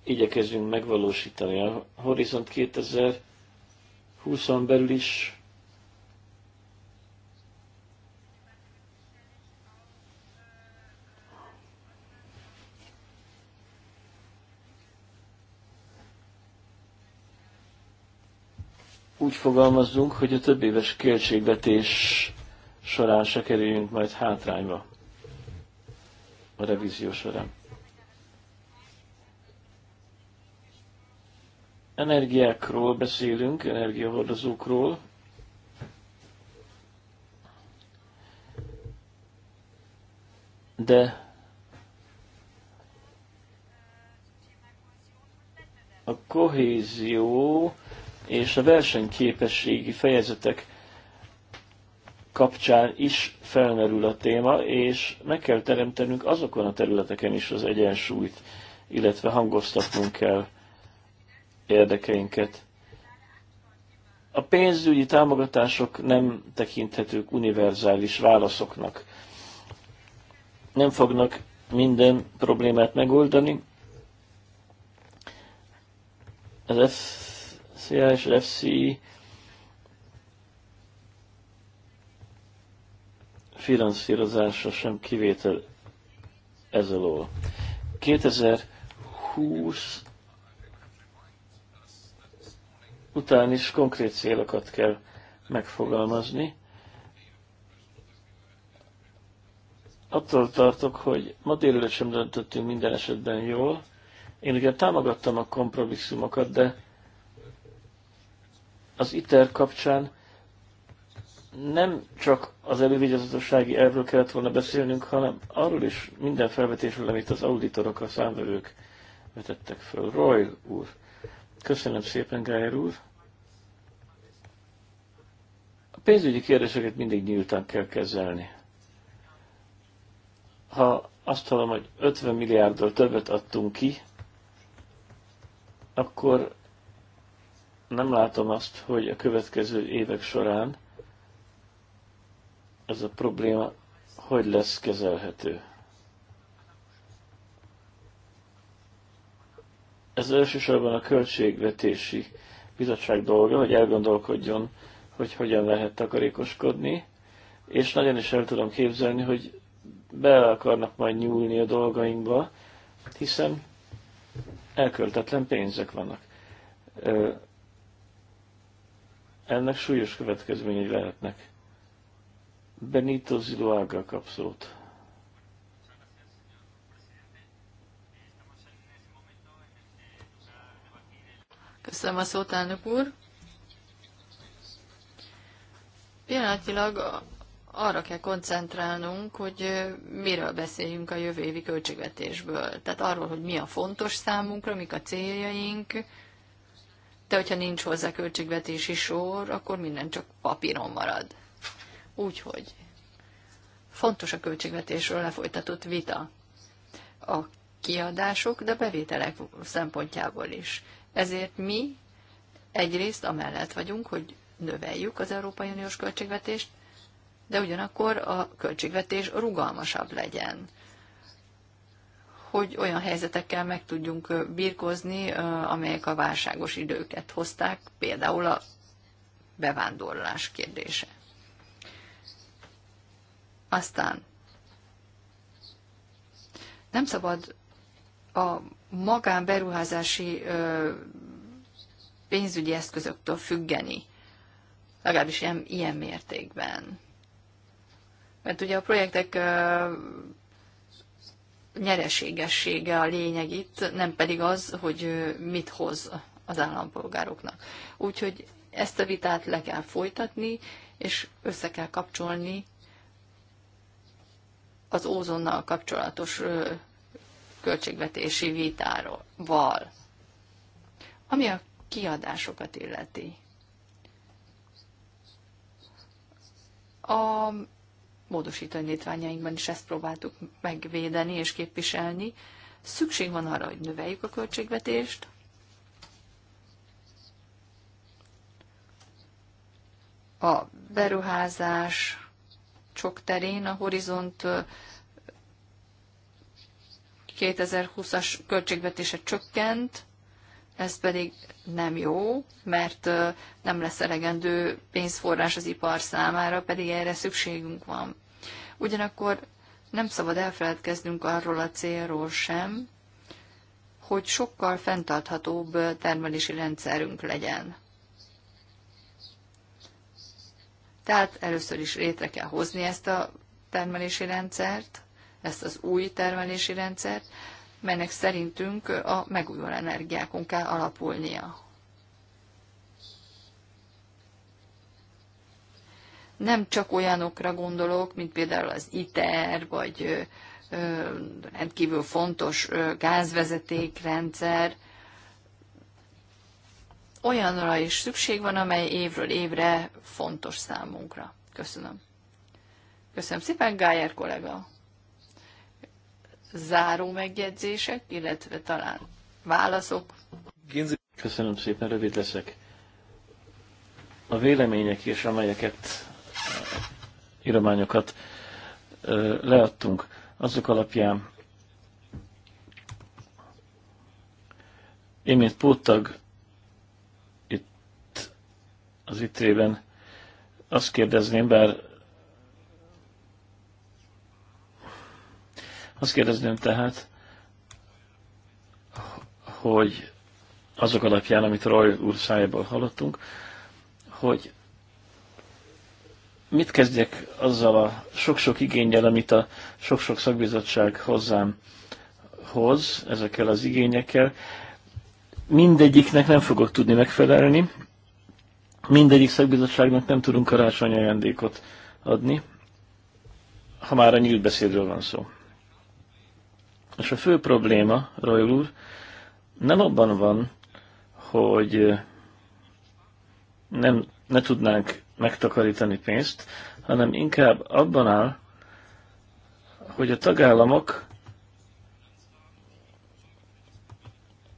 igyekezünk megvalósítani. A Horizont 2020-on belül is úgy fogalmazzunk, hogy a több éves költségvetés során se kerüljünk majd hátrányba a revízió során. Energiákról beszélünk, energiahordozókról. De a kohézió és a versenyképességi fejezetek kapcsán is felmerül a téma, és meg kell teremtenünk azokon a területeken is az egyensúlyt, illetve hangoztatnunk kell érdekeinket. A pénzügyi támogatások nem tekinthetők univerzális válaszoknak. Nem fognak minden problémát megoldani. Ez FC finanszírozása sem kivétel ez alól. 2020 után is konkrét célokat kell megfogalmazni. Attól tartok, hogy ma délelőtt sem döntöttünk minden esetben jól. Én ugye támogattam a kompromisszumokat, de az ITER kapcsán nem csak az elővigyázatossági elvről kellett volna beszélnünk, hanem arról is minden felvetésről, amit az auditorok, a számvevők vetettek föl. Roy úr, köszönöm szépen, Geyer úr. A pénzügyi kérdéseket mindig nyíltan kell kezelni. Ha azt hallom, hogy 50 milliárddal többet adtunk ki, akkor nem látom azt, hogy a következő évek során ez a probléma hogy lesz kezelhető. Ez elsősorban a költségvetési bizottság dolga, hogy elgondolkodjon, hogy hogyan lehet takarékoskodni, és nagyon is el tudom képzelni, hogy be akarnak majd nyúlni a dolgainkba, hiszen elköltetlen pénzek vannak ennek súlyos következményei lehetnek. Benito Ziloaga kap szót. Köszönöm a szót, elnök úr. Pillanatilag arra kell koncentrálnunk, hogy miről beszéljünk a jövő évi költségvetésből. Tehát arról, hogy mi a fontos számunkra, mik a céljaink, de hogyha nincs hozzá költségvetési sor, akkor minden csak papíron marad. Úgyhogy fontos a költségvetésről lefolytatott vita a kiadások, de bevételek szempontjából is. Ezért mi egyrészt amellett vagyunk, hogy növeljük az Európai Uniós költségvetést, de ugyanakkor a költségvetés rugalmasabb legyen hogy olyan helyzetekkel meg tudjunk birkozni, amelyek a válságos időket hozták, például a bevándorlás kérdése. Aztán nem szabad a magánberuházási pénzügyi eszközöktől függeni, legalábbis ilyen, ilyen mértékben. Mert ugye a projektek nyereségessége a lényeg itt, nem pedig az, hogy mit hoz az állampolgároknak. Úgyhogy ezt a vitát le kell folytatni, és össze kell kapcsolni az ózonnal kapcsolatos költségvetési vitáról. Val. Ami a kiadásokat illeti. A módosító indítványainkban is ezt próbáltuk megvédeni és képviselni. Szükség van arra, hogy növeljük a költségvetést, a beruházás sok terén a Horizont 2020-as költségvetése csökkent, ez pedig nem jó, mert nem lesz elegendő pénzforrás az ipar számára, pedig erre szükségünk van. Ugyanakkor nem szabad elfeledkeznünk arról a célról sem, hogy sokkal fenntarthatóbb termelési rendszerünk legyen. Tehát először is létre kell hozni ezt a termelési rendszert, ezt az új termelési rendszert, melynek szerintünk a megújuló energiákon kell alapulnia. Nem csak olyanokra gondolok, mint például az ITER, vagy rendkívül fontos gázvezetékrendszer, olyanra is szükség van, amely évről évre fontos számunkra. Köszönöm. Köszönöm szépen, Gájer kollega. Záró megjegyzések, illetve talán válaszok. Köszönöm szépen, rövid leszek. A vélemények is, amelyeket írományokat leadtunk, azok alapján én, mint póttag itt az ittében azt kérdezném, bár azt kérdezném tehát, hogy azok alapján, amit Roy úr szájából hallottunk, hogy mit kezdjek azzal a sok-sok igényel, amit a sok-sok szakbizottság hozzám hoz, ezekkel az igényekkel. Mindegyiknek nem fogok tudni megfelelni, mindegyik szakbizottságnak nem tudunk karácsony ajándékot adni, ha már a nyílt beszédről van szó. És a fő probléma, Royal úr, nem abban van, hogy nem, ne tudnánk megtakarítani pénzt, hanem inkább abban áll, hogy a tagállamok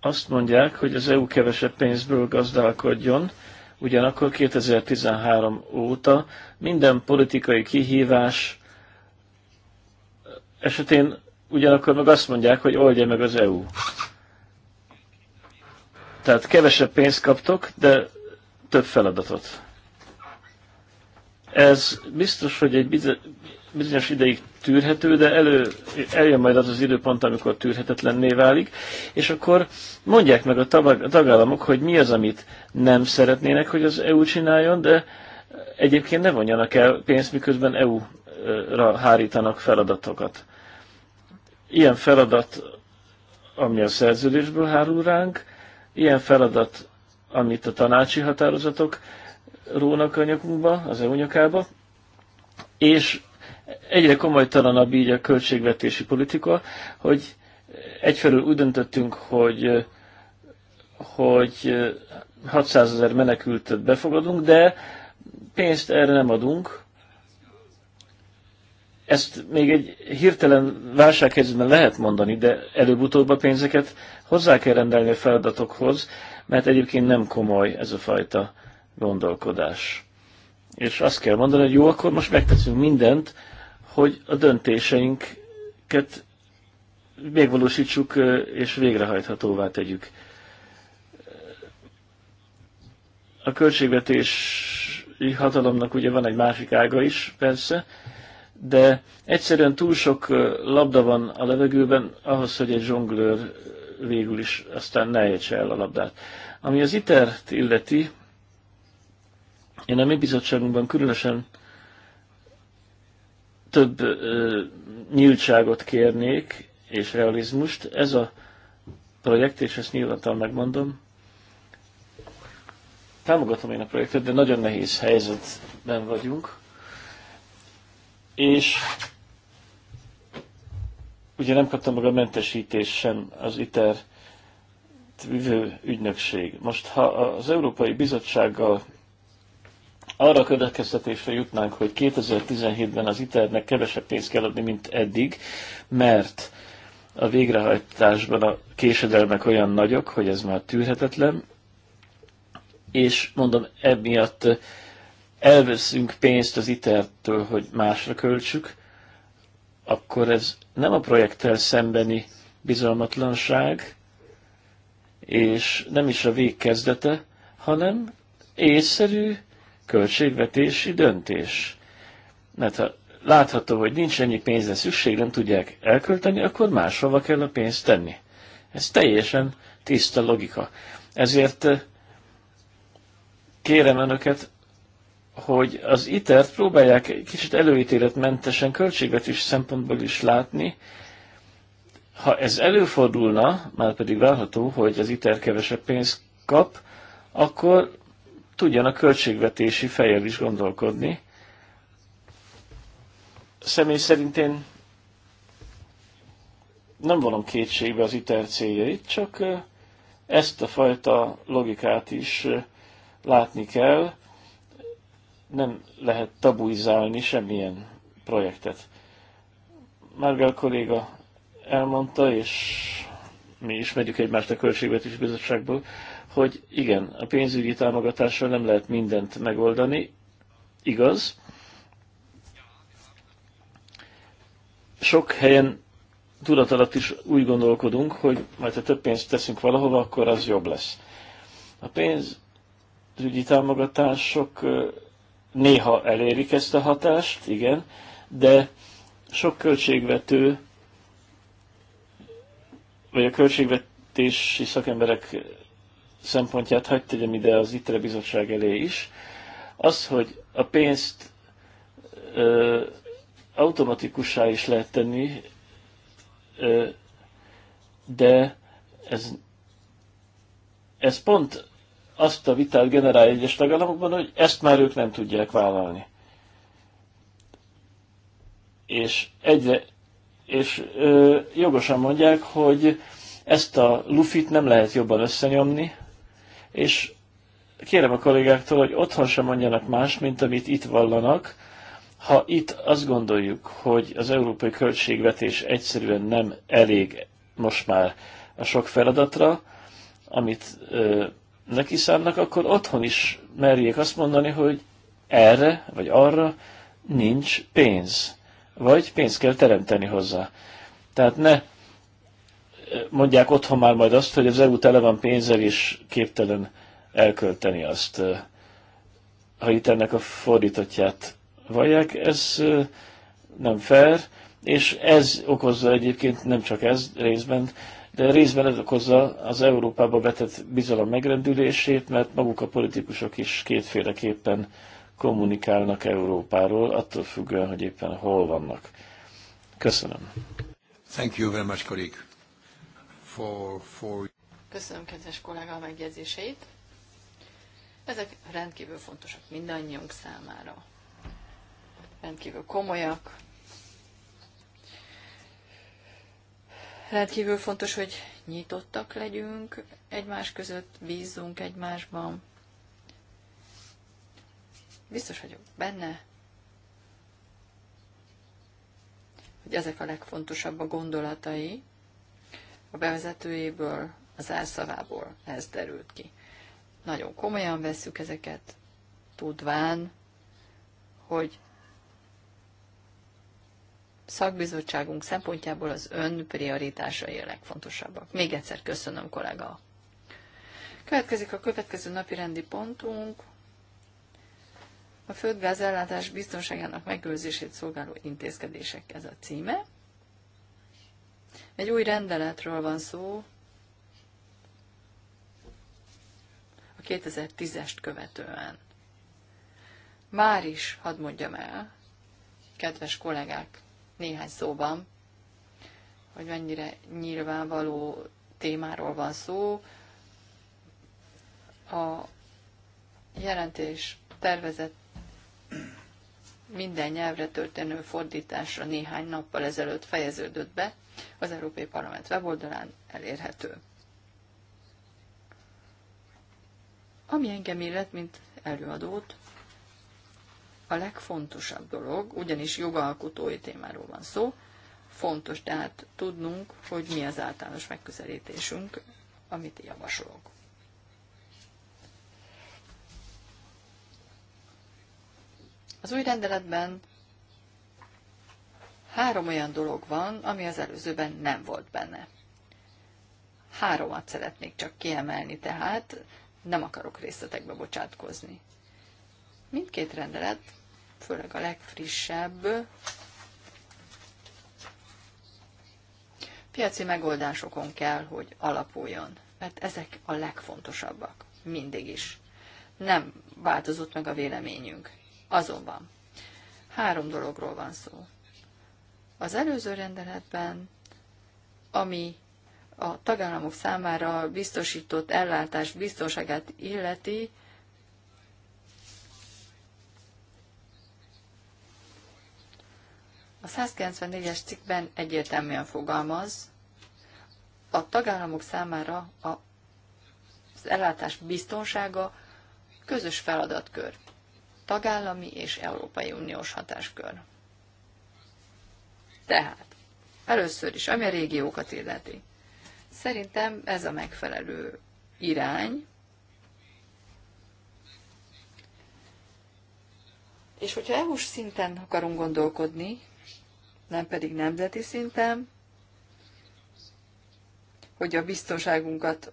azt mondják, hogy az EU kevesebb pénzből gazdálkodjon, ugyanakkor 2013 óta minden politikai kihívás esetén ugyanakkor meg azt mondják, hogy oldja meg az EU. Tehát kevesebb pénzt kaptok, de több feladatot. Ez biztos, hogy egy bizonyos ideig tűrhető, de elő, eljön majd az az időpont, amikor tűrhetetlenné válik, és akkor mondják meg a tagállamok, hogy mi az, amit nem szeretnének, hogy az EU csináljon, de egyébként ne vonjanak el pénzt, miközben EU-ra hárítanak feladatokat. Ilyen feladat, ami a szerződésből hárul ránk, ilyen feladat, amit a tanácsi határozatok rónak a nyakunkba, az EU nyakába, és egyre komolytalanabb így a költségvetési politika, hogy egyfelől úgy döntöttünk, hogy, hogy 600 ezer menekültet befogadunk, de pénzt erre nem adunk. Ezt még egy hirtelen válsághelyzetben lehet mondani, de előbb-utóbb a pénzeket hozzá kell rendelni a feladatokhoz, mert egyébként nem komoly ez a fajta gondolkodás. És azt kell mondani, hogy jó, akkor most megteszünk mindent, hogy a döntéseinket megvalósítsuk és végrehajthatóvá tegyük. A költségvetési hatalomnak ugye van egy másik ága is, persze, de egyszerűen túl sok labda van a levegőben ahhoz, hogy egy zsonglőr végül is aztán ne el a labdát. Ami az itert illeti, én a mi bizottságunkban különösen több ö, nyíltságot kérnék, és realizmust. Ez a projekt, és ezt nyilvántal megmondom, támogatom én a projektet, de nagyon nehéz helyzetben vagyunk. És ugye nem kaptam meg a mentesítés sem az ITER vívő ügynökség. Most, ha az Európai Bizottsággal arra a következtetésre jutnánk, hogy 2017-ben az ITER-nek kevesebb pénzt kell adni, mint eddig, mert a végrehajtásban a késedelmek olyan nagyok, hogy ez már tűrhetetlen, és mondom, emiatt elveszünk pénzt az itertől, hogy másra költsük, akkor ez nem a projekttel szembeni bizalmatlanság, és nem is a végkezdete, hanem észszerű, költségvetési döntés. Mert ha látható, hogy nincs ennyi pénzre szükség, nem tudják elkölteni, akkor máshova kell a pénzt tenni. Ez teljesen tiszta logika. Ezért eh, kérem önöket, hogy az ITER-t e próbálják egy kicsit előítéletmentesen költségvetés szempontból is látni. Ha ez előfordulna, már pedig várható, hogy az ITER kevesebb pénzt kap, akkor tudjanak költségvetési fejjel is gondolkodni. Személy szerint én nem vonom kétségbe az ITER céljait, csak ezt a fajta logikát is látni kell. Nem lehet tabuizálni semmilyen projektet. Márgál kolléga elmondta, és mi ismerjük egymást a Költségvetési Bizottságból, hogy igen, a pénzügyi támogatással nem lehet mindent megoldani, igaz. Sok helyen tudat alatt is úgy gondolkodunk, hogy majd ha több pénzt teszünk valahova, akkor az jobb lesz. A pénzügyi támogatások néha elérik ezt a hatást, igen, de sok költségvető, vagy a költségvetési szakemberek szempontját hagyd tegyem ide az ITRE bizottság elé is. Az, hogy a pénzt ö, automatikussá is lehet tenni, ö, de ez, ez pont azt a vitát generál egyes tagállamokban, hogy ezt már ők nem tudják vállalni. És egyre, és ö, jogosan mondják, hogy ezt a lufit nem lehet jobban összenyomni, és kérem a kollégáktól, hogy otthon sem mondjanak más, mint amit itt vallanak. Ha itt azt gondoljuk, hogy az európai költségvetés egyszerűen nem elég most már a sok feladatra, amit ö, neki szánnak, akkor otthon is merjék azt mondani, hogy erre vagy arra nincs pénz, vagy pénzt kell teremteni hozzá. Tehát ne mondják otthon már majd azt, hogy az EU tele van pénzzel, és képtelen elkölteni azt, ha itt ennek a fordítottját vallják. Ez nem fair, és ez okozza egyébként nem csak ez részben, de részben ez okozza az Európába vetett bizalom megrendülését, mert maguk a politikusok is kétféleképpen kommunikálnak Európáról, attól függően, hogy éppen hol vannak. Köszönöm. Thank you very much, colleague for, for... Köszönöm, kedves kollega, a megjegyzéseit. Ezek rendkívül fontosak mindannyiunk számára. Rendkívül komolyak. Rendkívül fontos, hogy nyitottak legyünk egymás között, bízzunk egymásban. Biztos vagyok benne, hogy ezek a legfontosabb a gondolatai a bevezetőjéből, az elszavából ez derült ki. Nagyon komolyan vesszük ezeket, tudván, hogy szakbizottságunk szempontjából az ön prioritásai a legfontosabbak. Még egyszer köszönöm, kollega. Következik a következő napi rendi pontunk, a földgázellátás biztonságának megőrzését szolgáló intézkedések ez a címe. Egy új rendeletről van szó, a 2010-est követően. Már is, hadd mondjam el, kedves kollégák, néhány szóban, hogy mennyire nyilvánvaló témáról van szó. A jelentés tervezett minden nyelvre történő fordításra néhány nappal ezelőtt fejeződött be, az Európai Parlament weboldalán elérhető. Ami engem illet, mint előadót, a legfontosabb dolog, ugyanis jogalkotói témáról van szó, fontos tehát tudnunk, hogy mi az általános megközelítésünk, amit javasolok. Az új rendeletben három olyan dolog van, ami az előzőben nem volt benne. Háromat szeretnék csak kiemelni, tehát nem akarok részletekbe bocsátkozni. Mindkét rendelet, főleg a legfrissebb, piaci megoldásokon kell, hogy alapuljon, mert ezek a legfontosabbak, mindig is. Nem változott meg a véleményünk. Azonban három dologról van szó. Az előző rendeletben, ami a tagállamok számára biztosított ellátás biztonságát illeti, A 194-es cikkben egyértelműen fogalmaz, a tagállamok számára az ellátás biztonsága közös feladatkör tagállami és Európai Uniós hatáskör. Tehát, először is, ami a régiókat illeti. Szerintem ez a megfelelő irány, És hogyha EU-s szinten akarunk gondolkodni, nem pedig nemzeti szinten, hogy a biztonságunkat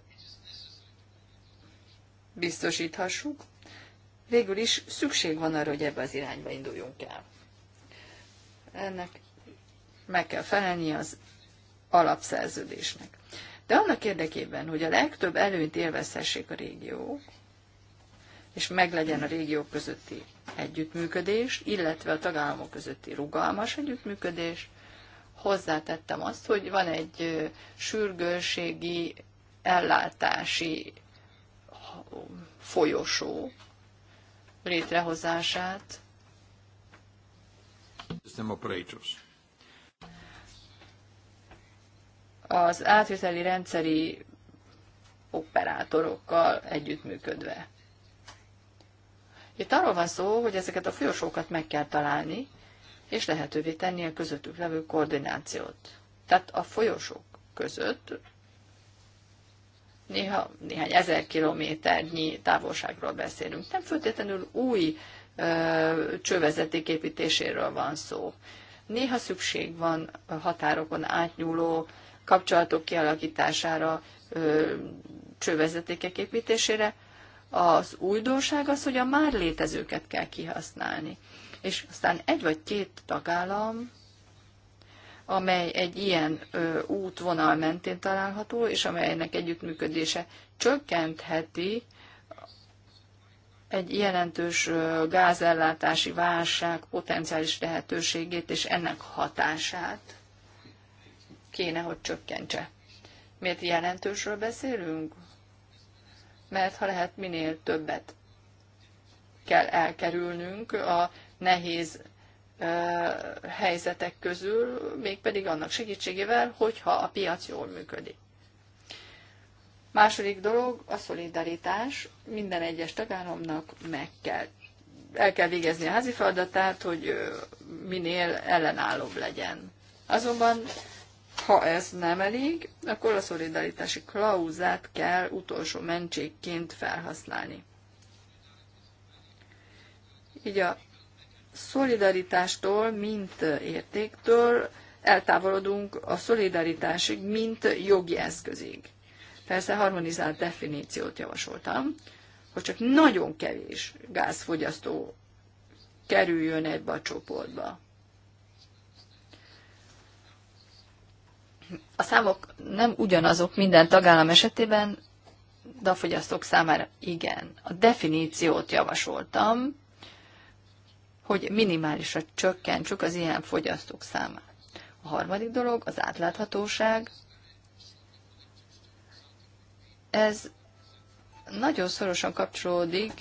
biztosíthassuk, végül is szükség van arra, hogy ebbe az irányba induljunk el. Ennek meg kell felelni az alapszerződésnek. De annak érdekében, hogy a legtöbb előnyt élvezhessék a régió, és meglegyen a régiók közötti együttműködés, illetve a tagállamok közötti rugalmas együttműködés, hozzátettem azt, hogy van egy sürgőségi ellátási folyosó, létrehozását. Az átvételi rendszeri operátorokkal együttműködve. Itt arról van szó, hogy ezeket a folyosókat meg kell találni, és lehetővé tenni a közöttük levő koordinációt. Tehát a folyosók között néha néhány ezer kilométernyi távolságról beszélünk. Nem feltétlenül új ö, csővezeték építéséről van szó. Néha szükség van határokon átnyúló kapcsolatok kialakítására, ö, csővezetékek építésére. Az újdonság az, hogy a már létezőket kell kihasználni. És aztán egy vagy két tagállam amely egy ilyen ö, útvonal mentén található, és amelynek együttműködése csökkentheti egy jelentős ö, gázellátási válság potenciális lehetőségét és ennek hatását kéne, hogy csökkentse. Miért jelentősről beszélünk? Mert ha lehet, minél többet kell elkerülnünk a nehéz helyzetek közül, mégpedig annak segítségével, hogyha a piac jól működik. Második dolog a szolidaritás. Minden egyes tagállamnak meg kell, el kell végezni a házi feladatát, hogy minél ellenállóbb legyen. Azonban, ha ez nem elég, akkor a szolidaritási klauzát kell utolsó mentségként felhasználni. Így a szolidaritástól, mint értéktől eltávolodunk a szolidaritásig, mint jogi eszközig. Persze harmonizált definíciót javasoltam, hogy csak nagyon kevés gázfogyasztó kerüljön ebbe a csoportba. A számok nem ugyanazok minden tagállam esetében, de a fogyasztók számára igen. A definíciót javasoltam, hogy minimálisra csökkentsük az ilyen fogyasztók számát. A harmadik dolog az átláthatóság. Ez nagyon szorosan kapcsolódik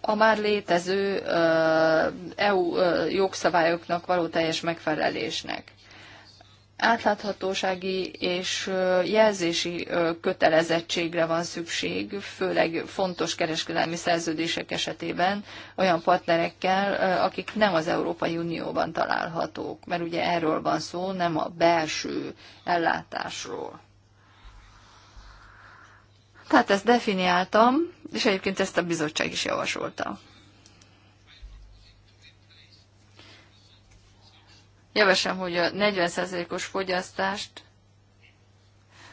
a már létező EU jogszabályoknak való teljes megfelelésnek átláthatósági és jelzési kötelezettségre van szükség, főleg fontos kereskedelmi szerződések esetében olyan partnerekkel, akik nem az Európai Unióban találhatók, mert ugye erről van szó, nem a belső ellátásról. Tehát ezt definiáltam, és egyébként ezt a bizottság is javasolta. Javaslom, hogy a 40%-os fogyasztást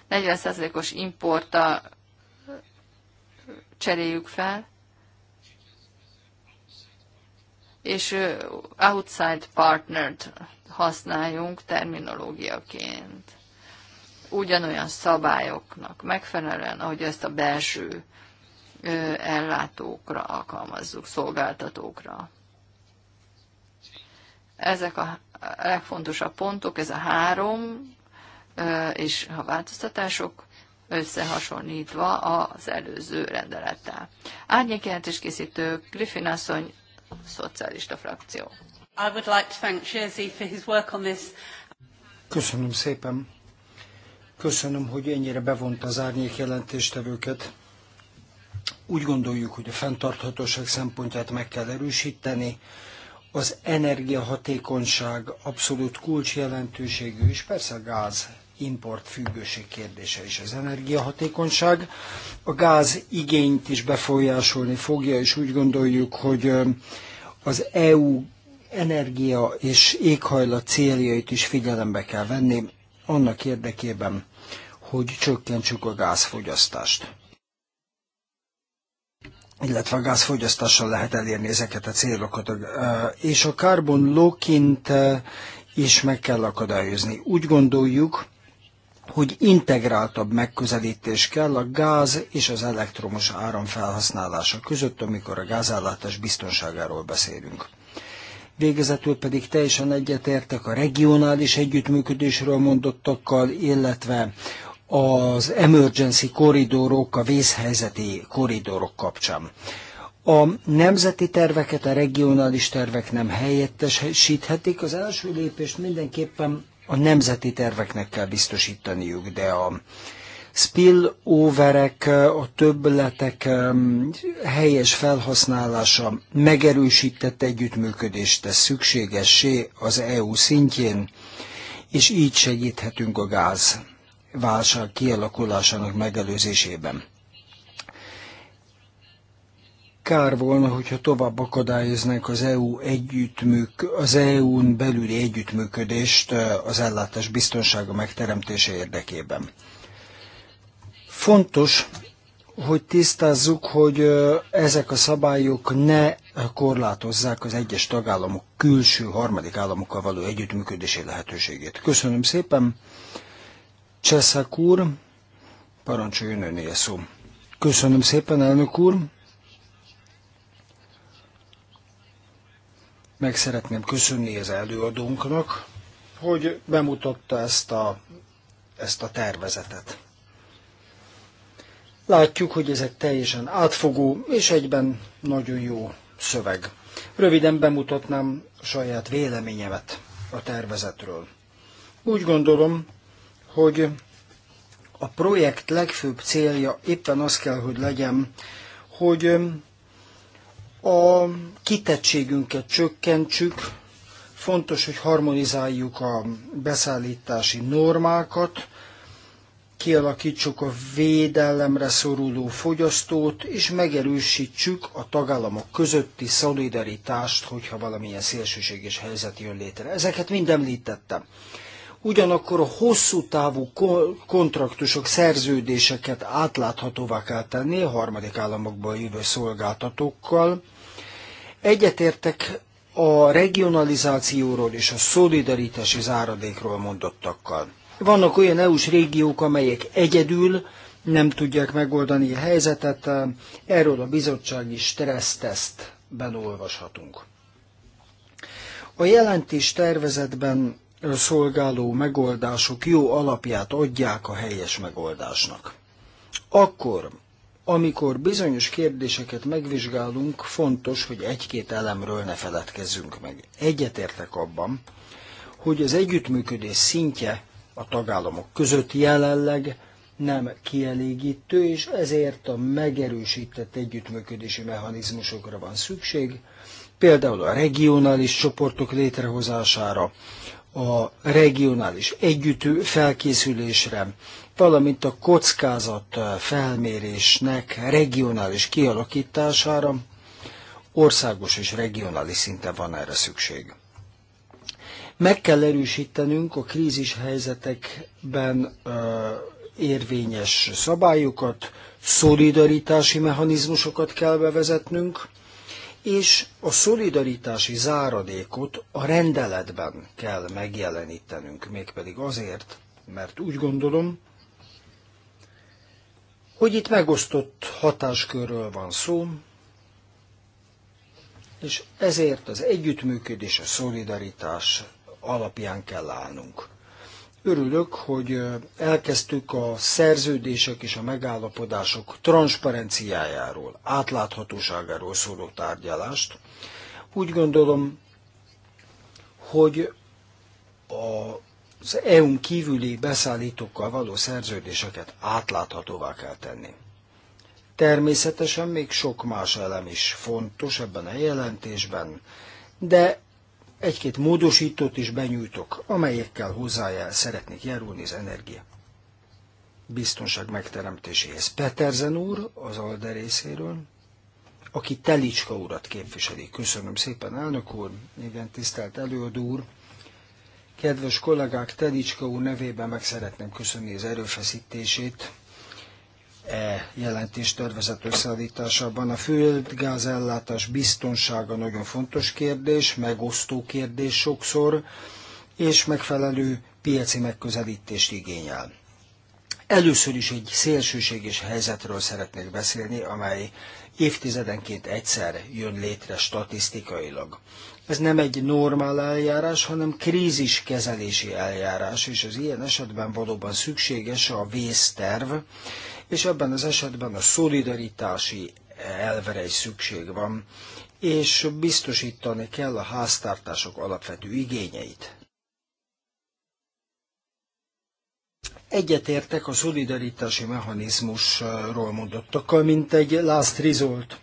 40%-os importa cseréljük fel, és outside partnert használjunk terminológiaként. Ugyanolyan szabályoknak megfelelően, ahogy ezt a belső ellátókra alkalmazzuk, szolgáltatókra. Ezek a legfontosabb pontok, ez a három, és a változtatások összehasonlítva az előző rendelettel. Árnyékjelentés készítő Griffin asszony, szocialista frakció. I would like to thank Jerzy for his work on this. Köszönöm szépen. Köszönöm, hogy ennyire bevonta az árnyék jelentéstevőket. Úgy gondoljuk, hogy a fenntarthatóság szempontját meg kell erősíteni, az energiahatékonyság abszolút kulcsjelentőségű, és persze a gáz import függőség kérdése is az energiahatékonyság. A gáz igényt is befolyásolni fogja, és úgy gondoljuk, hogy az EU energia és éghajlat céljait is figyelembe kell venni annak érdekében, hogy csökkentsük a gázfogyasztást illetve a gázfogyasztással lehet elérni ezeket a célokat. És a carbon lokint is meg kell akadályozni. Úgy gondoljuk, hogy integráltabb megközelítés kell a gáz és az elektromos áram felhasználása között, amikor a gázállátás biztonságáról beszélünk. Végezetül pedig teljesen egyetértek a regionális együttműködésről mondottakkal, illetve az emergency koridorok, a vészhelyzeti koridorok kapcsán. A nemzeti terveket a regionális tervek nem helyettesíthetik. Az első lépést mindenképpen a nemzeti terveknek kell biztosítaniuk, de a spillóverek, a többletek helyes felhasználása megerősített együttműködést tesz szükségessé az EU szintjén, és így segíthetünk a gáz válság kialakulásának megelőzésében. Kár volna, hogyha tovább akadályoznak az EU együttműk, az EU-n belüli együttműködést eh, az ellátás biztonsága megteremtése érdekében. Fontos, hogy tisztázzuk, hogy eh, ezek a szabályok ne korlátozzák az egyes tagállamok külső harmadik államokkal való együttműködési lehetőségét. Köszönöm szépen, Cseszek úr, parancsoljon ön szó. Köszönöm szépen, elnök úr. Meg szeretném köszönni az előadónknak, hogy bemutatta ezt a, ezt a tervezetet. Látjuk, hogy ez egy teljesen átfogó és egyben nagyon jó szöveg. Röviden bemutatnám a saját véleményemet a tervezetről. Úgy gondolom, hogy a projekt legfőbb célja éppen az kell, hogy legyen, hogy um, a kitettségünket csökkentsük, fontos, hogy harmonizáljuk a beszállítási normákat, kialakítsuk a védelemre szoruló fogyasztót, és megerősítsük a tagállamok közötti szolidaritást, hogyha valamilyen szélsőséges helyzet jön létre. Ezeket mind említettem ugyanakkor a hosszú távú kontraktusok, szerződéseket átláthatóvá kell tenni a harmadik államokból jövő szolgáltatókkal. Egyetértek a regionalizációról és a szolidaritási záradékról mondottakkal. Vannak olyan EU-s régiók, amelyek egyedül nem tudják megoldani a helyzetet, erről a bizottsági stressztesztben olvashatunk. A jelentés tervezetben szolgáló megoldások jó alapját adják a helyes megoldásnak. Akkor, amikor bizonyos kérdéseket megvizsgálunk, fontos, hogy egy-két elemről ne feledkezzünk meg. Egyetértek abban, hogy az együttműködés szintje a tagállamok között jelenleg nem kielégítő, és ezért a megerősített együttműködési mechanizmusokra van szükség, például a regionális csoportok létrehozására, a regionális együttű felkészülésre, valamint a kockázat eh, felmérésnek regionális kialakítására, országos és regionális szinten van erre szükség. Meg kell erősítenünk a krízis helyzetekben eh, érvényes szabályokat, szolidaritási mechanizmusokat kell bevezetnünk, és a szolidaritási záradékot a rendeletben kell megjelenítenünk, mégpedig azért, mert úgy gondolom, hogy itt megosztott hatáskörről van szó, és ezért az együttműködés, a szolidaritás alapján kell állnunk. Örülök, hogy elkezdtük a szerződések és a megállapodások transzparenciájáról, átláthatóságáról szóló tárgyalást. Úgy gondolom, hogy az EU-n kívüli beszállítókkal való szerződéseket átláthatóvá kell tenni. Természetesen még sok más elem is fontos ebben a jelentésben, de egy-két módosítót is benyújtok, amelyekkel hozzájel szeretnék járulni az energia biztonság megteremtéséhez. Peterzen úr az ALDE részéről, aki Telicska urat képviseli. Köszönöm szépen, elnök úr, igen, tisztelt előadó úr. Kedves kollégák, Telicska úr nevében meg szeretném köszönni az erőfeszítését, e jelentés tervezett összeállításában. A földgázellátás biztonsága nagyon fontos kérdés, megosztó kérdés sokszor, és megfelelő piaci megközelítést igényel. Először is egy szélsőséges helyzetről szeretnék beszélni, amely évtizedenként egyszer jön létre statisztikailag. Ez nem egy normál eljárás, hanem kríziskezelési eljárás, és az ilyen esetben valóban szükséges a vészterv, és ebben az esetben a szolidaritási elvere is szükség van, és biztosítani kell a háztartások alapvető igényeit. Egyetértek a szolidaritási mechanizmusról mondottakkal, mint egy last resort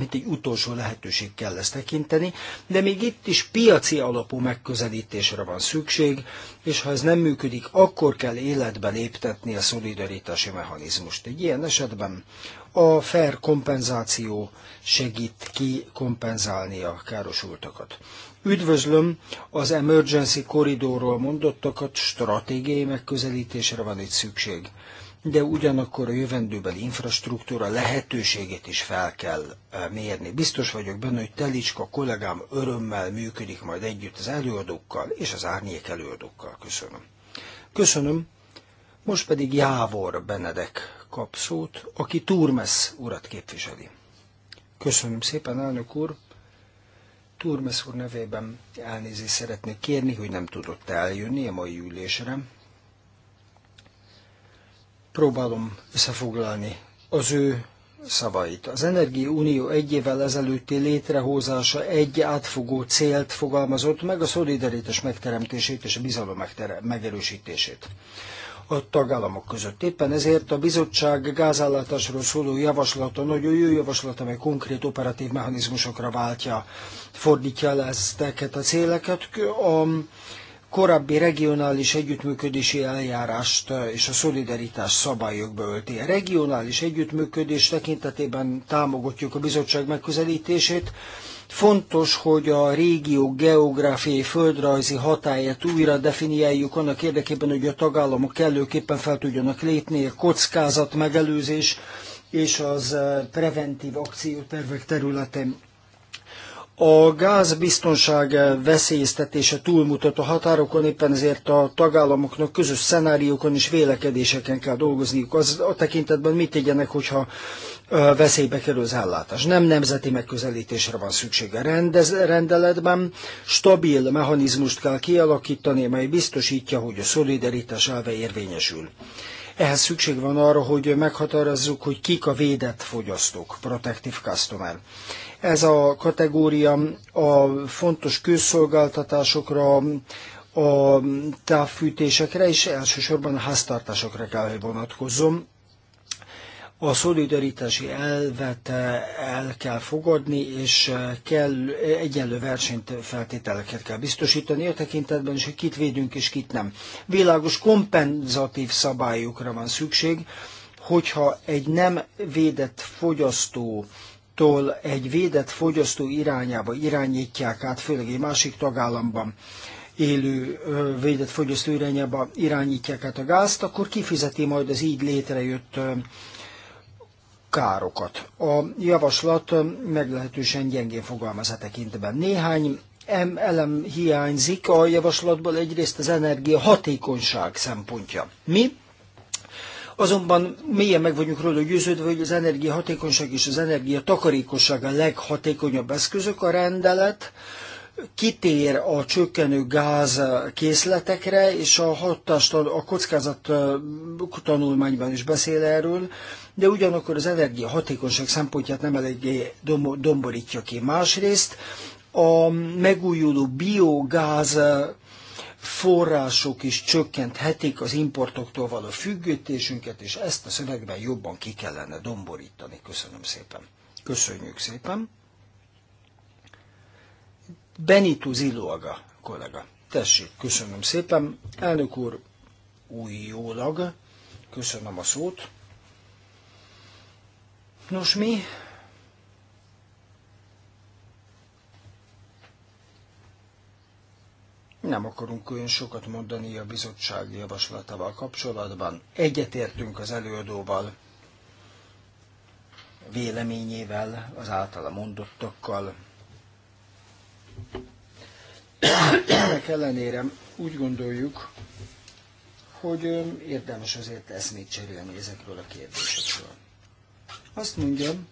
mint egy utolsó lehetőség kell ezt tekinteni, de még itt is piaci alapú megközelítésre van szükség, és ha ez nem működik, akkor kell életbe léptetni a szolidaritási mechanizmust. Egy ilyen esetben a fair kompenzáció segít ki kompenzálni a károsultakat. Üdvözlöm az emergency koridorról mondottakat, stratégiai megközelítésre van itt szükség de ugyanakkor a jövendőbeli infrastruktúra lehetőségét is fel kell eh, mérni. Biztos vagyok benne, hogy Telicska kollégám örömmel működik majd együtt az előadókkal és az árnyék előadókkal. Köszönöm. Köszönöm. Most pedig Jávor Benedek kap szót, aki Turmes urat képviseli. Köszönöm szépen, elnök úr. Turmes úr nevében elnézést szeretnék kérni, hogy nem tudott eljönni a mai ülésre Próbálom összefoglalni az ő szavait. Az Energia Unió egy évvel ezelőtti létrehozása egy átfogó célt fogalmazott meg, a szolidaritás megteremtését és a bizalom megerősítését a tagállamok között. Éppen ezért a bizottság gázállátásról szóló javaslata nagyon jó javaslat, amely konkrét operatív mechanizmusokra váltja, fordítja le ezteket a céleket. A korábbi regionális együttműködési eljárást eh, és a szolidaritás szabályokba ölti. A regionális együttműködés tekintetében támogatjuk a bizottság megközelítését. Fontos, hogy a régió geográfiai földrajzi hatáját újra definiáljuk annak érdekében, hogy a tagállamok kellőképpen fel tudjanak lépni a kockázat megelőzés és az eh, preventív akciótervek területén a gázbiztonság veszélyeztetése túlmutat a határokon, éppen ezért a tagállamoknak közös szenáriókon és vélekedéseken kell dolgozniuk. Az a tekintetben mit tegyenek, hogyha veszélybe kerül az ellátás. Nem nemzeti megközelítésre van szüksége. Rendez, rendeletben stabil mechanizmust kell kialakítani, mely biztosítja, hogy a szolidaritás elve érvényesül. Ehhez szükség van arra, hogy meghatározzuk, hogy kik a védett fogyasztók, protective customer. Ez a kategória a fontos közszolgáltatásokra, a távfűtésekre és elsősorban a háztartásokra kell, hogy vonatkozzon. A szolidaritási elvet el kell fogadni, és kell egyenlő versenyt feltételeket kell biztosítani a tekintetben és hogy kit védünk és kit nem. Világos kompenzatív szabályokra van szükség, hogyha egy nem védett fogyasztó tól egy védett fogyasztó irányába irányítják át, főleg egy másik tagállamban élő védett fogyasztó irányába irányítják át a gázt, akkor kifizeti majd az így létrejött károkat. A javaslat meglehetősen gyengén fogalmaz e tekintetben. Néhány elem hiányzik a javaslatból, egyrészt az energia hatékonyság szempontja. Mi Azonban mélyen meg vagyunk róla győződve, hogy az energiahatékonyság és az energia takarékosság a leghatékonyabb eszközök a rendelet, kitér a csökkenő gáz készletekre, és a hatástal a kockázat tanulmányban is beszél erről, de ugyanakkor az energia hatékonyság szempontját nem eléggé domborítja ki. Másrészt a megújuló biogáz források is csökkenthetik az importoktól való függőtésünket, és ezt a szövegben jobban ki kellene domborítani. Köszönöm szépen. Köszönjük szépen. Benito Zilóaga kollega. Tessék, köszönöm szépen. Elnök úr, újjólag köszönöm a szót. Nos, mi Nem akarunk olyan sokat mondani a bizottság javaslatával kapcsolatban. Egyetértünk az előadóval, véleményével, az általa mondottakkal. Ennek ellenére úgy gondoljuk, hogy érdemes azért eszmét cserélni ezekről a kérdésekről. Azt mondjam,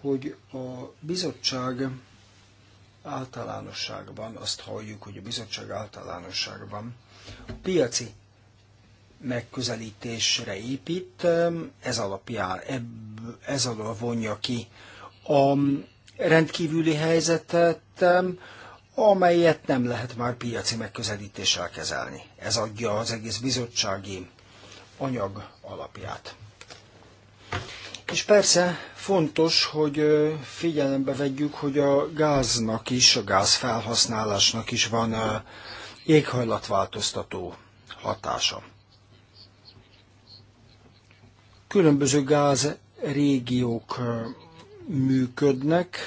hogy a bizottság általánosságban, azt halljuk, hogy a bizottság általánosságban a piaci megközelítésre épít, ez alapján, ebb, ez alól vonja ki a rendkívüli helyzetet, amelyet nem lehet már piaci megközelítéssel kezelni. Ez adja az egész bizottsági anyag alapját. És persze fontos, hogy figyelembe vegyük, hogy a gáznak is, a gázfelhasználásnak is van éghajlatváltoztató hatása. Különböző gáz régiók működnek,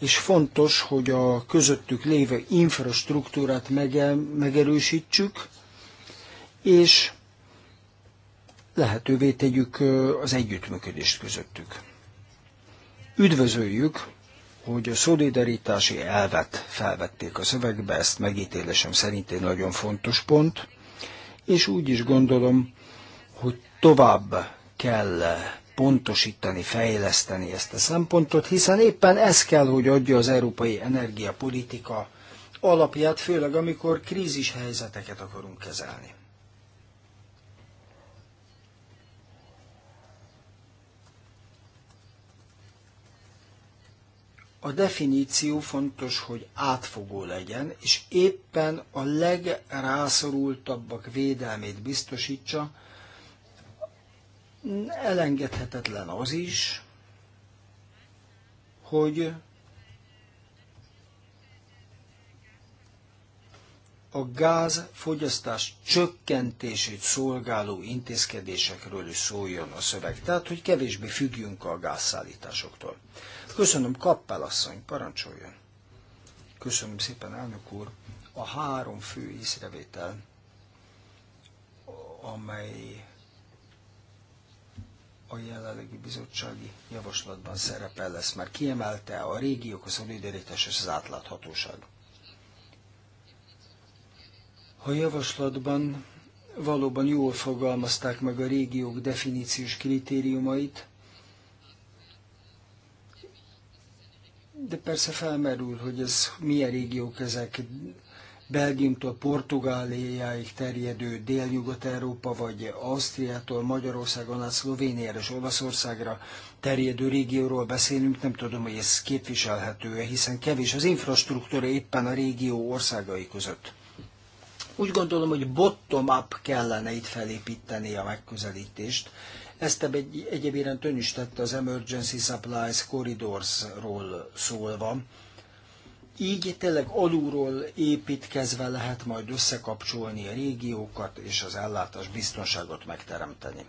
és fontos, hogy a közöttük lévő infrastruktúrát megerősítsük, és lehetővé tegyük az együttműködést közöttük. Üdvözöljük, hogy a szolidaritási elvet felvették a szövegbe, ezt megítélésem szerint egy nagyon fontos pont, és úgy is gondolom, hogy tovább kell pontosítani, fejleszteni ezt a szempontot, hiszen éppen ez kell, hogy adja az európai energiapolitika alapját, főleg amikor krízis helyzeteket akarunk kezelni. a definíció fontos, hogy átfogó legyen, és éppen a legrászorultabbak védelmét biztosítsa. Elengedhetetlen az is, hogy a gázfogyasztás csökkentését szolgáló intézkedésekről is szóljon a szöveg. Tehát, hogy kevésbé függjünk a gázszállításoktól. Köszönöm, Kappel asszony, parancsoljon. Köszönöm szépen, elnök úr. A három fő észrevétel, amely a jelenlegi bizottsági javaslatban szerepel lesz, mert kiemelte a régiók, a szolidaritás és az átláthatóság. A javaslatban valóban jól fogalmazták meg a régiók definíciós kritériumait, de persze felmerül, hogy ez milyen régiók ezek, Belgiumtól Portugáliáig terjedő Délnyugat-Európa, vagy Ausztriától Magyarországon át Szlovéniára és Olaszországra terjedő régióról beszélünk, nem tudom, hogy ez képviselhető-e, hiszen kevés az infrastruktúra éppen a régió országai között. Úgy gondolom, hogy bottom-up kellene itt felépíteni a megközelítést, ezt egy, egyébként ön is tette az Emergency Supplies Corridors-ról szólva. Így tényleg alulról építkezve lehet majd összekapcsolni a régiókat és az ellátás biztonságot megteremteni.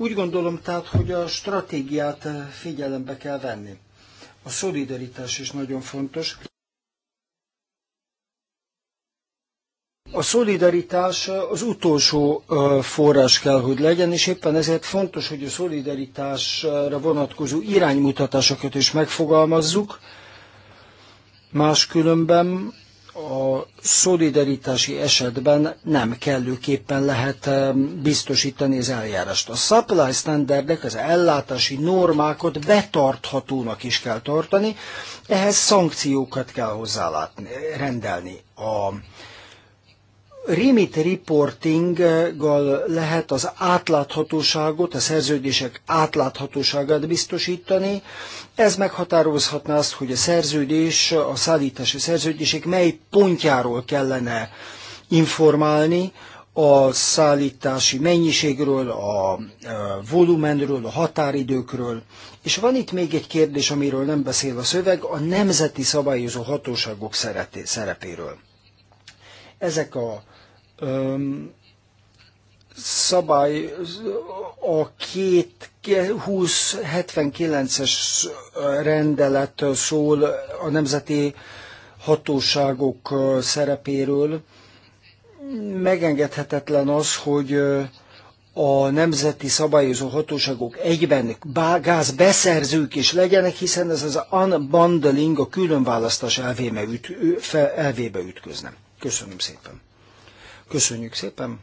Úgy gondolom tehát, hogy a stratégiát eh, figyelembe kell venni. A szolidaritás is nagyon fontos. A szolidaritás eh, az utolsó eh, forrás kell, hogy legyen, és éppen ezért fontos, hogy a szolidaritásra vonatkozó iránymutatásokat is megfogalmazzuk, máskülönben a szolidaritási esetben nem kellőképpen lehet eh, biztosítani az eljárást. A supply standardek, az ellátási normákat betarthatónak is kell tartani, ehhez szankciókat kell hozzá rendelni. A remit reportinggal lehet az átláthatóságot, a szerződések átláthatóságát biztosítani. Ez meghatározhatná azt, hogy a szerződés, a szállítási szerződések mely pontjáról kellene informálni, a szállítási mennyiségről, a volumenről, a határidőkről. És van itt még egy kérdés, amiről nem beszél a szöveg, a nemzeti szabályozó hatóságok szerepéről ezek a szabály a két 2079-es rendelet szól a nemzeti hatóságok szerepéről. Megengedhetetlen az, hogy a nemzeti szabályozó hatóságok egyben gázbeszerzők beszerzők is legyenek, hiszen ez az unbundling, a különválasztás elvébe, elvébe ütközne. Köszönöm szépen. Köszönjük szépen.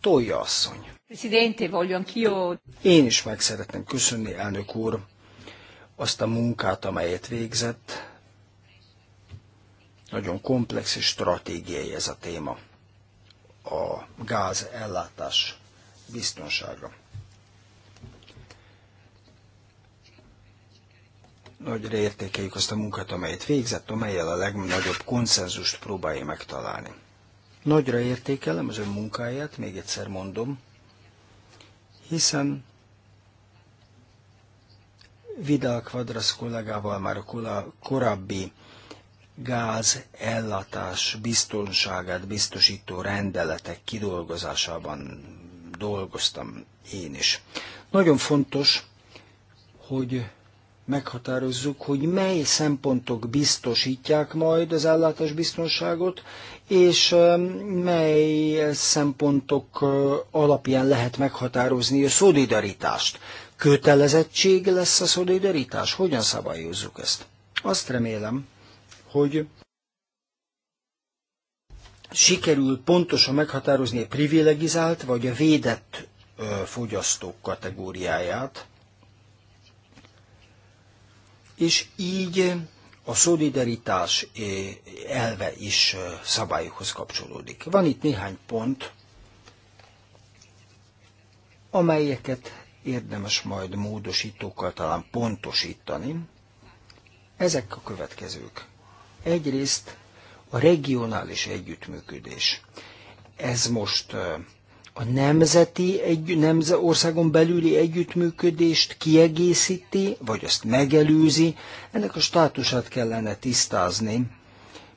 Tolja asszony. Presidente, voglio anch'io. Én is meg szeretném köszönni, elnök úr, azt a munkát, amelyet végzett. Nagyon komplex és stratégiai ez a téma. A gáz ellátás biztonságra. Nagyra értékeljük azt a munkát, amelyet végzett, amelyel a legnagyobb konszenzust próbálja megtalálni. Nagyra értékelem az ön munkáját, még egyszer mondom, hiszen Vidal Quadras kollégával már a korábbi gáz ellátás biztonságát biztosító rendeletek kidolgozásában dolgoztam én is. Nagyon fontos, hogy meghatározzuk, hogy mely szempontok biztosítják majd az ellátás biztonságot, és mely szempontok alapján lehet meghatározni a szolidaritást. Kötelezettség lesz a szolidaritás? Hogyan szabályozzuk ezt? Azt remélem, hogy sikerül pontosan meghatározni a privilegizált vagy a védett fogyasztók kategóriáját, és így eh, a szolidaritás eh, elve is eh, szabályokhoz kapcsolódik. Van itt néhány pont, amelyeket érdemes majd módosítókkal talán pontosítani. Ezek a következők. Egyrészt a regionális együttműködés. Ez most a nemzeti egy, nemze, országon belüli együttműködést kiegészíti, vagy azt megelőzi, ennek a státusát kellene tisztázni.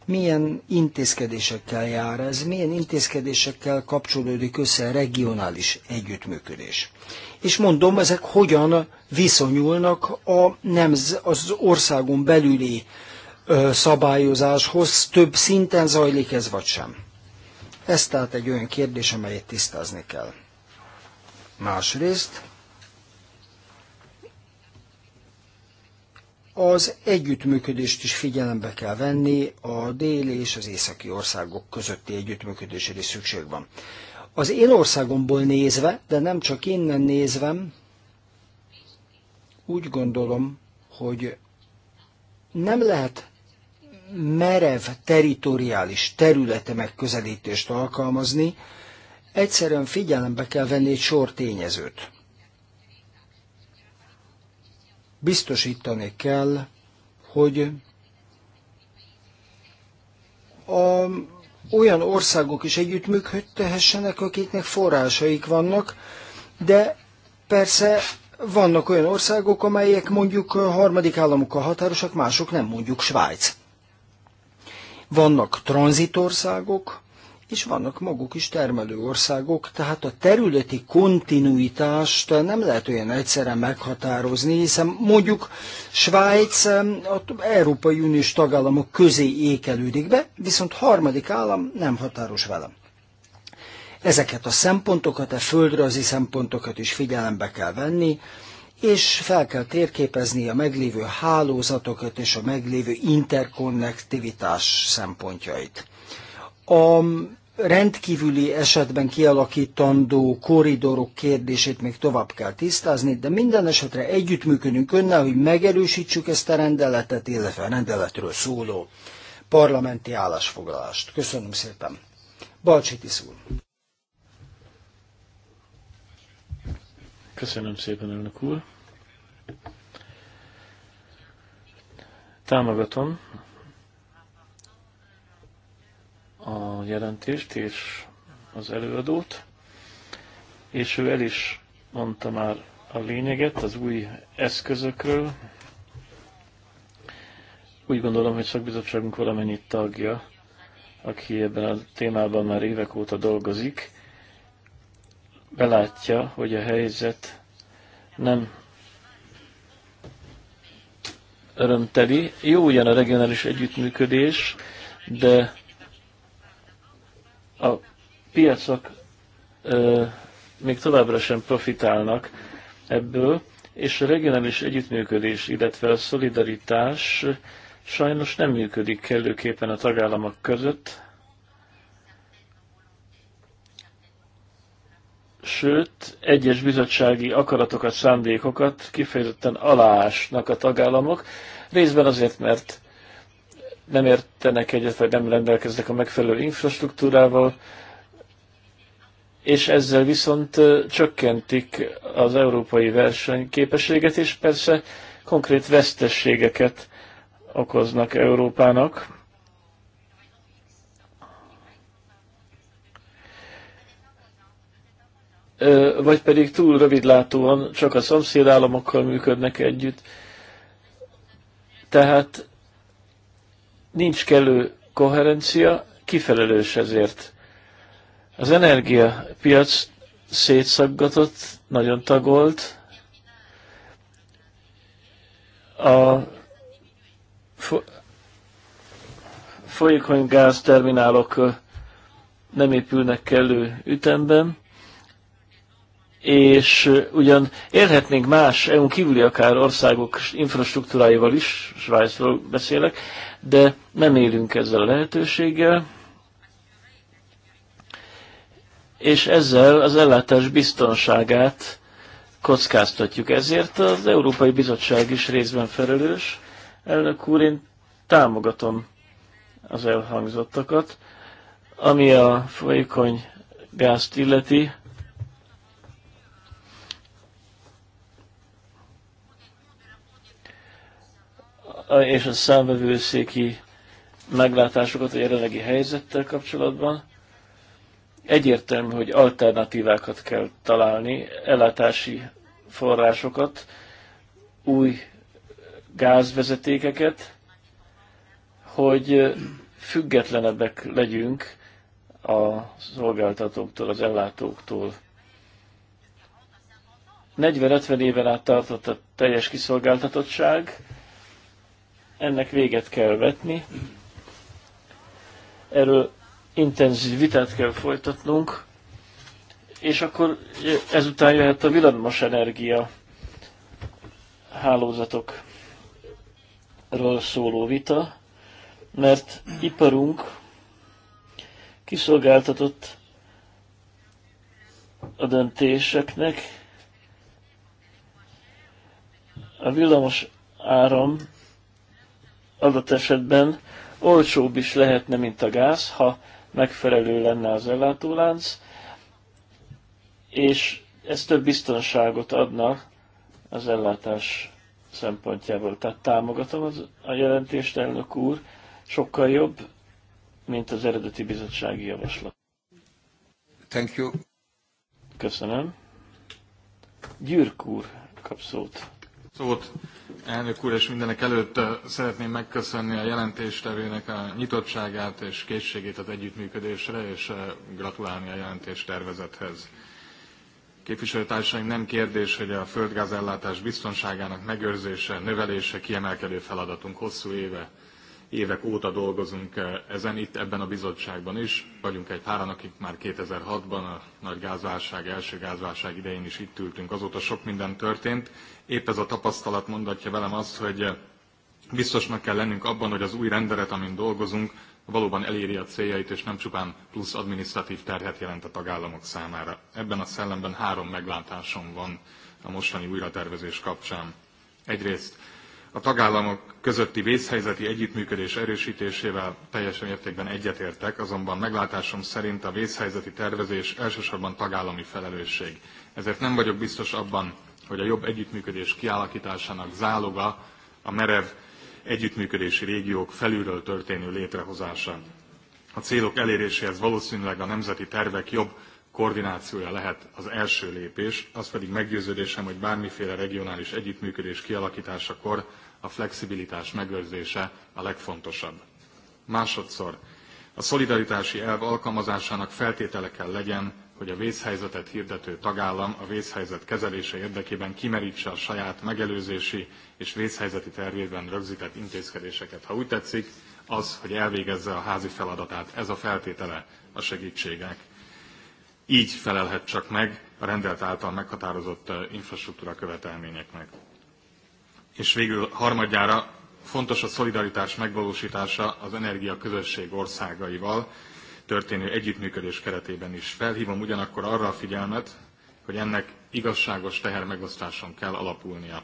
Milyen intézkedésekkel jár ez, milyen intézkedésekkel kapcsolódik össze a regionális együttműködés. És mondom, ezek hogyan viszonyulnak a nemz, az országon belüli ö, szabályozáshoz, több szinten zajlik ez vagy sem. Ez tehát egy olyan kérdés, amelyet tisztázni kell. Másrészt az együttműködést is figyelembe kell venni, a déli és az északi országok közötti együttműködésre is szükség van. Az én országomból nézve, de nem csak innen nézve, úgy gondolom, hogy nem lehet merev teritoriális területe megközelítést alkalmazni, egyszerűen figyelembe kell venni egy sor tényezőt. Biztosítani kell, hogy a, olyan országok is együttműködhessenek, akiknek forrásaik vannak, de persze vannak olyan országok, amelyek mondjuk harmadik államokkal határosak, mások nem, mondjuk Svájc. Vannak tranzitországok, és vannak maguk is termelő országok, tehát a területi kontinuitást nem lehet olyan egyszerre meghatározni, hiszen mondjuk Svájc az Európai Uniós tagállamok közé ékelődik be, viszont harmadik állam nem határos velem. Ezeket a szempontokat, a e földrajzi szempontokat is figyelembe kell venni, és fel kell térképezni a meglévő hálózatokat és a meglévő interkonnektivitás szempontjait. A rendkívüli esetben kialakítandó koridorok kérdését még tovább kell tisztázni, de minden esetre együttműködünk önnel, hogy megerősítsük ezt a rendeletet, illetve a rendeletről szóló parlamenti állásfoglalást. Köszönöm szépen. Balcsi Tiszúr. Köszönöm szépen, elnök úr. Támogatom a jelentést és az előadót, és ő el is mondta már a lényeget az új eszközökről. Úgy gondolom, hogy szakbizottságunk valamennyi tagja, aki ebben a témában már évek óta dolgozik, belátja, hogy a helyzet nem örömteli. Jó ugyan a regionális együttműködés, de a piacok ö, még továbbra sem profitálnak ebből, és a regionális együttműködés, illetve a szolidaritás sajnos nem működik kellőképpen a tagállamok között, sőt, egyes bizottsági akaratokat, szándékokat kifejezetten aláásnak a tagállamok, részben azért, mert nem értenek egyet, vagy nem rendelkeznek a megfelelő infrastruktúrával, és ezzel viszont csökkentik az európai versenyképességet, és persze konkrét vesztességeket okoznak Európának. vagy pedig túl rövidlátóan csak a szomszédállamokkal működnek együtt. Tehát nincs kellő koherencia, kifelelős ezért. Az energiapiac szétszaggatott, nagyon tagolt, a folyékony gázterminálok nem épülnek kellő ütemben, és ugyan érhetnénk más EU kívüli akár országok infrastruktúráival is, Svájcról beszélek, de nem élünk ezzel a lehetőséggel, és ezzel az ellátás biztonságát kockáztatjuk. Ezért az Európai Bizottság is részben felelős. Elnök úr, én támogatom az elhangzottakat. Ami a folyékony gázt illeti, és a számvevőszéki meglátásokat a jelenlegi helyzettel kapcsolatban. Egyértelmű, hogy alternatívákat kell találni, ellátási forrásokat, új gázvezetékeket, hogy függetlenebbek legyünk a szolgáltatóktól, az ellátóktól. 40-50 éven át tartott a teljes kiszolgáltatottság, ennek véget kell vetni. Erről intenzív vitát kell folytatnunk, és akkor ezután jöhet a villamos energia hálózatokról szóló vita, mert iparunk kiszolgáltatott a döntéseknek, a villamos áram adott esetben olcsóbb is lehetne, mint a gáz, ha megfelelő lenne az ellátólánc, és ez több biztonságot adna az ellátás szempontjából. Tehát támogatom az, a jelentést, elnök úr, sokkal jobb, mint az eredeti bizottsági javaslat. Thank you. Köszönöm. Gyürk úr kap szót szót. Elnök úr, és mindenek előtt szeretném megköszönni a jelentéstevőnek a nyitottságát és készségét az együttműködésre, és gratulálni a jelentéstervezethez. Képviselőtársaim, nem kérdés, hogy a földgázellátás biztonságának megőrzése, növelése kiemelkedő feladatunk hosszú éve évek óta dolgozunk eh, ezen itt, ebben a bizottságban is. Vagyunk egy páran, akik már 2006-ban, a nagy gázválság, első gázválság idején is itt ültünk. Azóta sok minden történt. Épp ez a tapasztalat mondatja velem azt, hogy eh, biztosnak kell lennünk abban, hogy az új rendelet, amin dolgozunk, valóban eléri a céljait, és nem csupán plusz adminisztratív terhet jelent a tagállamok számára. Ebben a szellemben három meglátásom van a mostani újratervezés kapcsán. Egyrészt a tagállamok közötti vészhelyzeti együttműködés erősítésével teljes mértékben egyetértek, azonban meglátásom szerint a vészhelyzeti tervezés elsősorban tagállami felelősség. Ezért nem vagyok biztos abban, hogy a jobb együttműködés kialakításának záloga a merev együttműködési régiók felülről történő létrehozása. A célok eléréséhez valószínűleg a nemzeti tervek jobb koordinációja lehet az első lépés, az pedig meggyőződésem, hogy bármiféle regionális együttműködés kialakításakor a flexibilitás megőrzése a legfontosabb. Másodszor, a szolidaritási elv alkalmazásának feltétele kell legyen, hogy a vészhelyzetet hirdető tagállam a vészhelyzet kezelése érdekében kimerítse a saját megelőzési és vészhelyzeti tervében rögzített intézkedéseket. Ha úgy tetszik, az, hogy elvégezze a házi feladatát, ez a feltétele a segítségek. Így felelhet csak meg a rendelt által meghatározott infrastruktúra követelményeknek. És végül harmadjára fontos a szolidaritás megvalósítása az energia közösség országaival történő együttműködés keretében is. Felhívom ugyanakkor arra a figyelmet, hogy ennek igazságos tehermegosztáson kell alapulnia.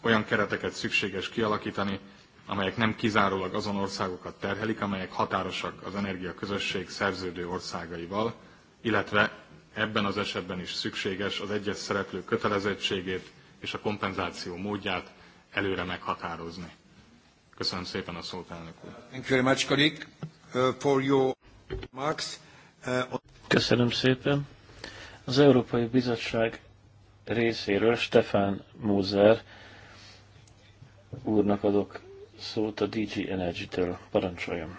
Olyan kereteket szükséges kialakítani, amelyek nem kizárólag azon országokat terhelik, amelyek határosak az energiaközösség szerződő országaival, illetve ebben az esetben is szükséges az egyes szereplő kötelezettségét és a kompenzáció módját előre meghatározni. Köszönöm szépen a szót, elnök úr. Thank you very much, colleague, uh, for your remarks. Uh, Köszönöm szépen. Az Európai Bizottság részéről Stefan Mózer úrnak adok szót a DG Energy-től. Parancsoljam.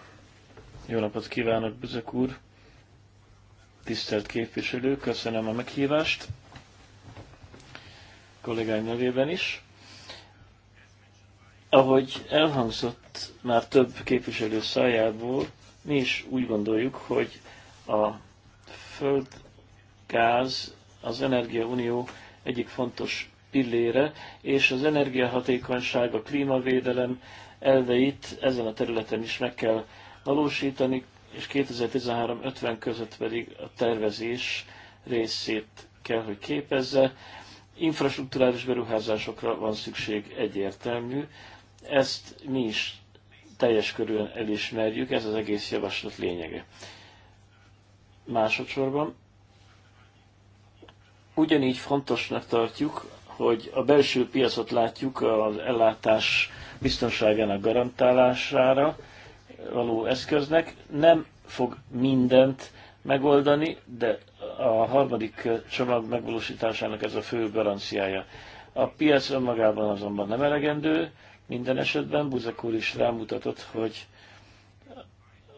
Jó napot kívánok, Büzök úr! tisztelt képviselő, köszönöm a meghívást kollégáim nevében is. Ahogy elhangzott már több képviselő szájából, mi is úgy gondoljuk, hogy a földgáz az Energiaunió egyik fontos pillére, és az energiahatékonyság, a klímavédelem elveit ezen a területen is meg kell valósítani, és 2013-50 között pedig a tervezés részét kell, hogy képezze. Infrastruktúrális beruházásokra van szükség egyértelmű. Ezt mi is teljes körülön elismerjük, ez az egész javaslat lényege. Másodszorban ugyanígy fontosnak tartjuk, hogy a belső piacot látjuk az ellátás biztonságának garantálására, való eszköznek. Nem fog mindent megoldani, de a harmadik csomag megvalósításának ez a fő garanciája. A piac önmagában azonban nem elegendő, minden esetben Buzek úr is rámutatott, hogy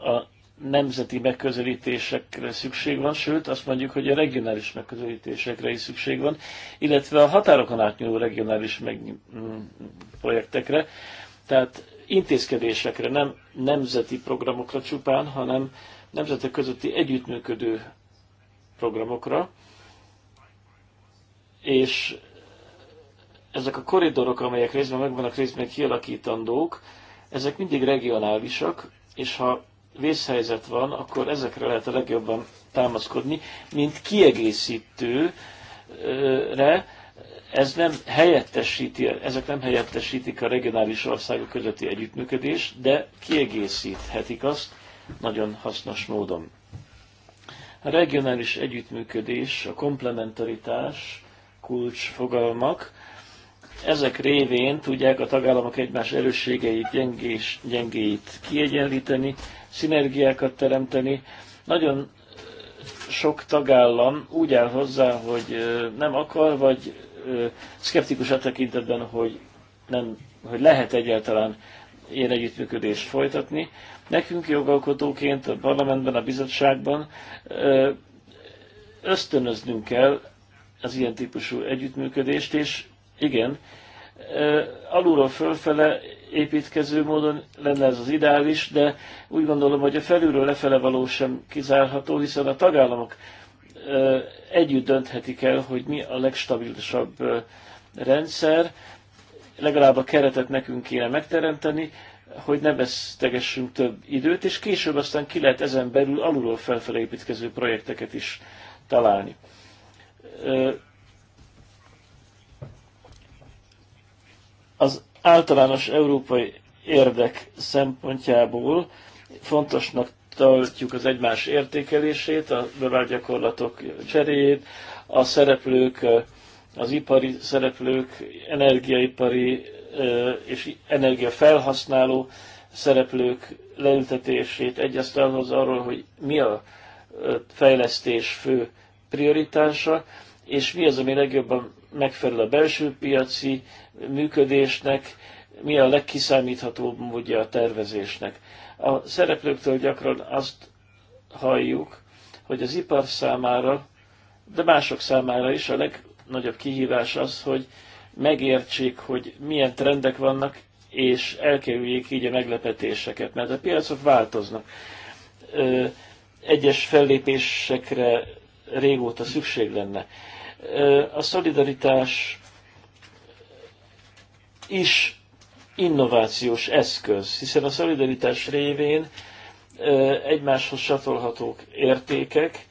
a nemzeti megközelítésekre szükség van, sőt azt mondjuk, hogy a regionális megközelítésekre is szükség van, illetve a határokon átnyúló regionális meg, projektekre. Tehát intézkedésekre, nem nemzeti programokra csupán, hanem nemzetek közötti együttműködő programokra, és ezek a koridorok, amelyek részben megvannak, részben kialakítandók, ezek mindig regionálisak, és ha vészhelyzet van, akkor ezekre lehet a legjobban támaszkodni, mint kiegészítőre, ez nem helyettesíti, ezek nem helyettesítik a regionális országok közötti együttműködést, de kiegészíthetik azt nagyon hasznos módon. A regionális együttműködés, a komplementaritás, kulcsfogalmak, ezek révén tudják a tagállamok egymás erősségeit, gyengés, gyengéit kiegyenlíteni, szinergiákat teremteni. Nagyon sok tagállam úgy áll hozzá, hogy nem akar, vagy szkeptikus a tekintetben, hogy, nem, hogy lehet egyáltalán ilyen együttműködést folytatni. Nekünk jogalkotóként a parlamentben, a bizottságban ösztönöznünk kell az ilyen típusú együttműködést, és igen, alulról fölfele építkező módon lenne ez az ideális, de úgy gondolom, hogy a felülről lefele való sem kizárható, hiszen a tagállamok együtt dönthetik el, hogy mi a legstabilisabb rendszer, legalább a keretet nekünk kéne megteremteni, hogy ne vesztegessünk több időt, és később aztán ki lehet ezen belül alulról felfelé építkező projekteket is találni. Az általános európai érdek szempontjából fontosnak tartjuk az egymás értékelését, a bevált gyakorlatok cseréjét, a szereplők, az ipari szereplők, energiaipari és energiafelhasználó szereplők leültetését, egyezt elhoz arról, hogy mi a fejlesztés fő prioritása, és mi az, ami legjobban megfelel a belső piaci működésnek, mi a legkiszámíthatóbb módja a tervezésnek. A szereplőktől gyakran azt halljuk, hogy az ipar számára, de mások számára is a legnagyobb kihívás az, hogy megértsék, hogy milyen trendek vannak, és elkerüljék így a meglepetéseket, mert a piacok változnak. egyes fellépésekre régóta szükség lenne. a szolidaritás is innovációs eszköz, hiszen a szolidaritás révén egymáshoz csatolhatók értékek,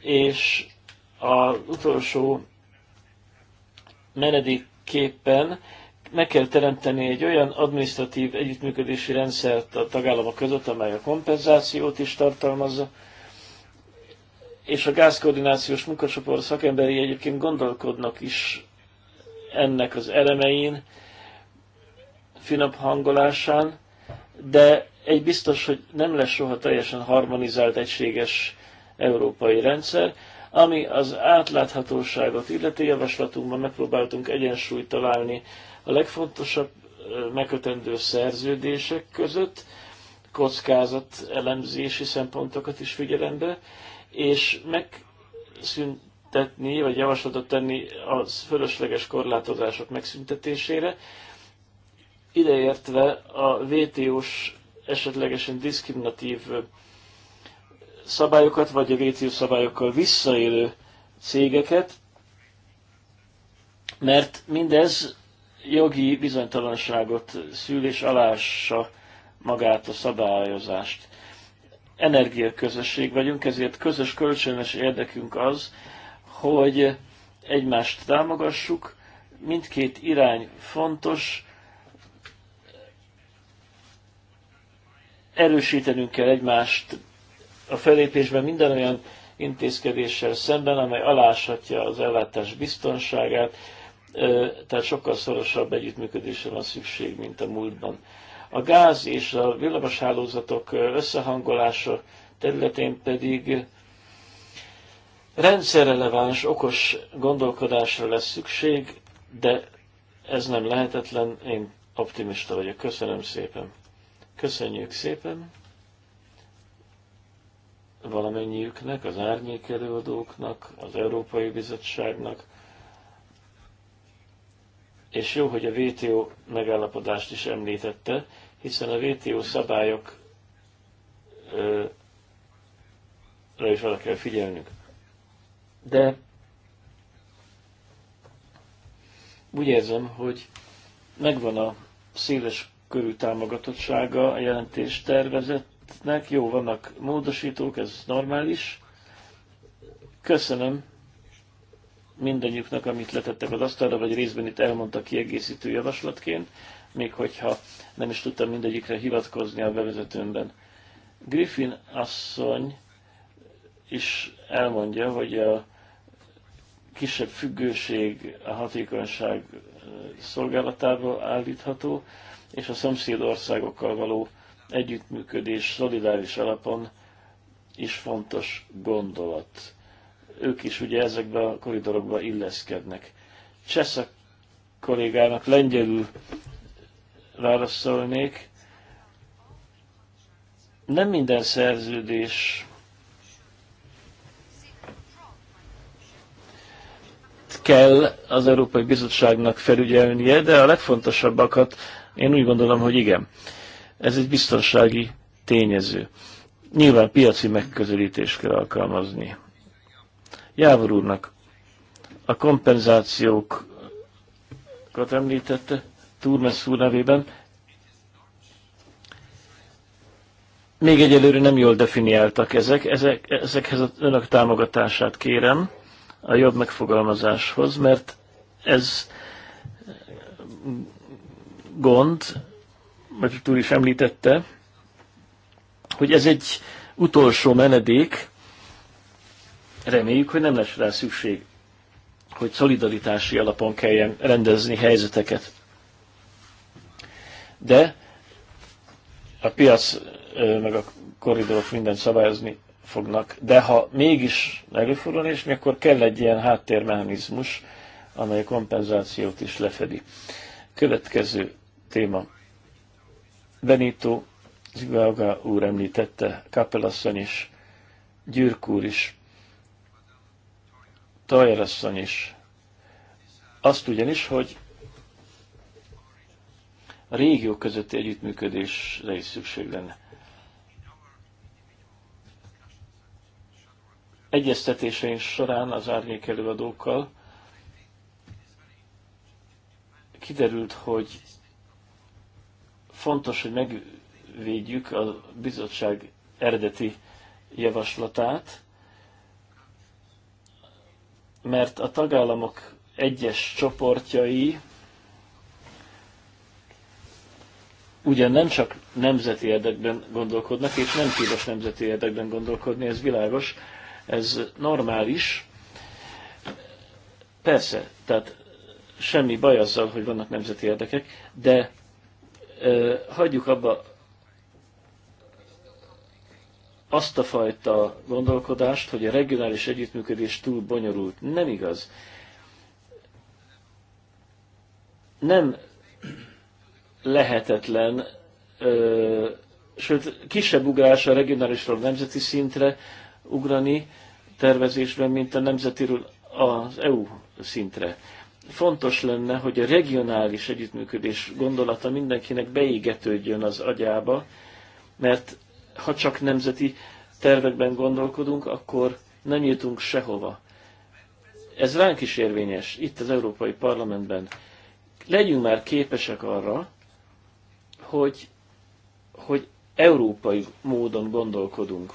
és az utolsó menedékképpen meg kell teremteni egy olyan administratív együttműködési rendszert a tagállamok között, amely a kompenzációt is tartalmazza, és a gázkoordinációs munkacsoport szakemberi egyébként gondolkodnak is ennek az elemein, finom hangolásán, de egy biztos, hogy nem lesz soha teljesen harmonizált, egységes európai rendszer, ami az átláthatóságot illeti javaslatunkban megpróbáltunk egyensúlyt találni a legfontosabb megkötendő szerződések között, kockázat elemzési szempontokat is figyelembe, és megszüntetni, vagy javaslatot tenni a fölösleges korlátozások megszüntetésére, ideértve a VTO-s esetlegesen diszkriminatív szabályokat, vagy a VTO szabályokkal visszaélő cégeket, mert mindez jogi bizonytalanságot szül és alássa magát a szabályozást. Energiaközösség vagyunk, ezért közös kölcsönös érdekünk az, hogy egymást támogassuk, mindkét irány fontos, erősítenünk kell egymást a felépésben minden olyan intézkedéssel szemben, amely aláshatja az ellátás biztonságát, tehát sokkal szorosabb együttműködésre van szükség, mint a múltban. A gáz és a villamos hálózatok összehangolása területén pedig rendszerreleváns, okos gondolkodásra lesz szükség, de ez nem lehetetlen, én optimista vagyok. Köszönöm szépen! Köszönjük szépen valamennyiüknek, az árnyék előadóknak, az Európai Bizottságnak, és jó, hogy a VTO megállapodást is említette, hiszen a VTO szabályok rá is oda kell figyelnünk. De úgy érzem, hogy megvan a széles körű támogatottsága a jelentés tervezetnek. Jó, vannak módosítók, ez normális. Köszönöm mindannyiuknak, amit letettek az asztalra, vagy részben itt elmondta kiegészítő javaslatként, még hogyha nem is tudtam mindegyikre hivatkozni a bevezetőmben. Griffin asszony is elmondja, hogy a kisebb függőség a hatékonyság szolgálatába állítható és a szomszéd országokkal való együttműködés szolidáris alapon is fontos gondolat. Ők is ugye ezekbe a koridorokba illeszkednek. Cseszak kollégának lengyelül válaszolnék. Nem minden szerződés kell az Európai Bizottságnak felügyelnie, de a legfontosabbakat én úgy gondolom, hogy igen. Ez egy biztonsági tényező. Nyilván piaci megközelítést kell alkalmazni. Jávor úrnak a kompenzációkat említette Turmes úr nevében. Még egyelőre nem jól definiáltak ezek. ezek ezekhez az önök támogatását kérem a jobb megfogalmazáshoz, mert ez gond, mert úr is említette, hogy ez egy utolsó menedék, reméljük, hogy nem lesz rá szükség, hogy szolidaritási alapon kelljen rendezni helyzeteket. De a piac meg a korridorok mindent szabályozni fognak, de ha mégis előfordul és akkor kell egy ilyen háttérmechanizmus, amely kompenzációt is lefedi. Következő téma. Benito Zigvalga úr említette, Kapelasszony is, Gyürk úr is, Tajerasszony is. Azt ugyanis, hogy a régió közötti együttműködésre is szükség lenne. Egyeztetéseink során az árnyék előadókkal kiderült, hogy Fontos, hogy megvédjük a bizottság eredeti javaslatát, mert a tagállamok egyes csoportjai ugyan nem csak nemzeti érdekben gondolkodnak, és nem tilos nemzeti érdekben gondolkodni, ez világos, ez normális. Persze, tehát semmi baj azzal, hogy vannak nemzeti érdekek, de hagyjuk abba azt a fajta gondolkodást, hogy a regionális együttműködés túl bonyolult. Nem igaz. Nem lehetetlen, ö, sőt, kisebb ugrás a regionálisról nemzeti szintre ugrani tervezésben, mint a nemzetiről az EU szintre fontos lenne, hogy a regionális együttműködés gondolata mindenkinek beégetődjön az agyába, mert ha csak nemzeti tervekben gondolkodunk, akkor nem jutunk sehova. Ez ránk is érvényes, itt az Európai Parlamentben. Legyünk már képesek arra, hogy, hogy európai módon gondolkodunk.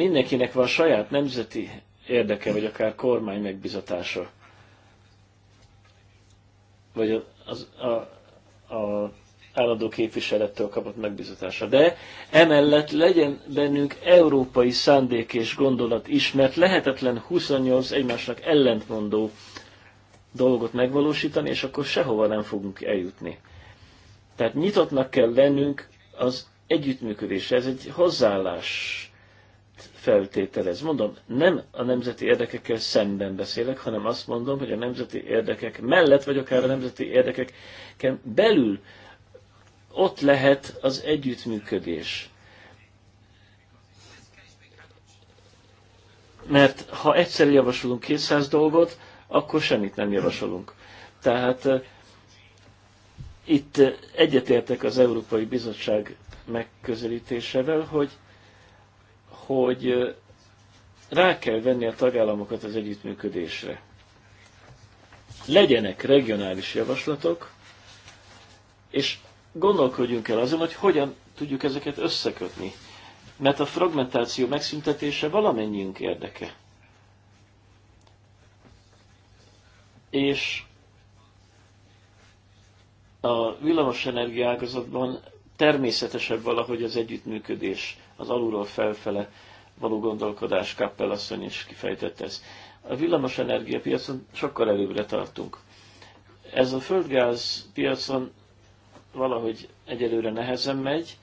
Mindenkinek van saját nemzeti érdeke, vagy akár kormány megbizatása. Vagy az, a, a állandó képviselettől kapott megbizatása. De emellett legyen bennünk európai szándék és gondolat is, mert lehetetlen 28 egymásnak ellentmondó dolgot megvalósítani, és akkor sehova nem fogunk eljutni. Tehát nyitottnak kell lennünk az együttműködésre. Ez egy hozzáállás feltételez. Mondom, nem a nemzeti érdekekkel szemben beszélek, hanem azt mondom, hogy a nemzeti érdekek mellett, vagy akár a nemzeti érdekeken belül ott lehet az együttműködés. Mert ha egyszer javasolunk 200 dolgot, akkor semmit nem javasolunk. Tehát eh, itt egyetértek az Európai Bizottság megközelítésevel, hogy hogy rá kell venni a tagállamokat az együttműködésre. Legyenek regionális javaslatok, és gondolkodjunk el azon, hogy hogyan tudjuk ezeket összekötni. Mert a fragmentáció megszüntetése valamennyiünk érdeke. És a villamos energiágazatban természetesebb valahogy az együttműködés, az alulról felfele való gondolkodás, Kappel asszony is kifejtette ezt. A villamos energiapiacon sokkal előbbre tartunk. Ez a földgáz piacon valahogy egyelőre nehezen megy,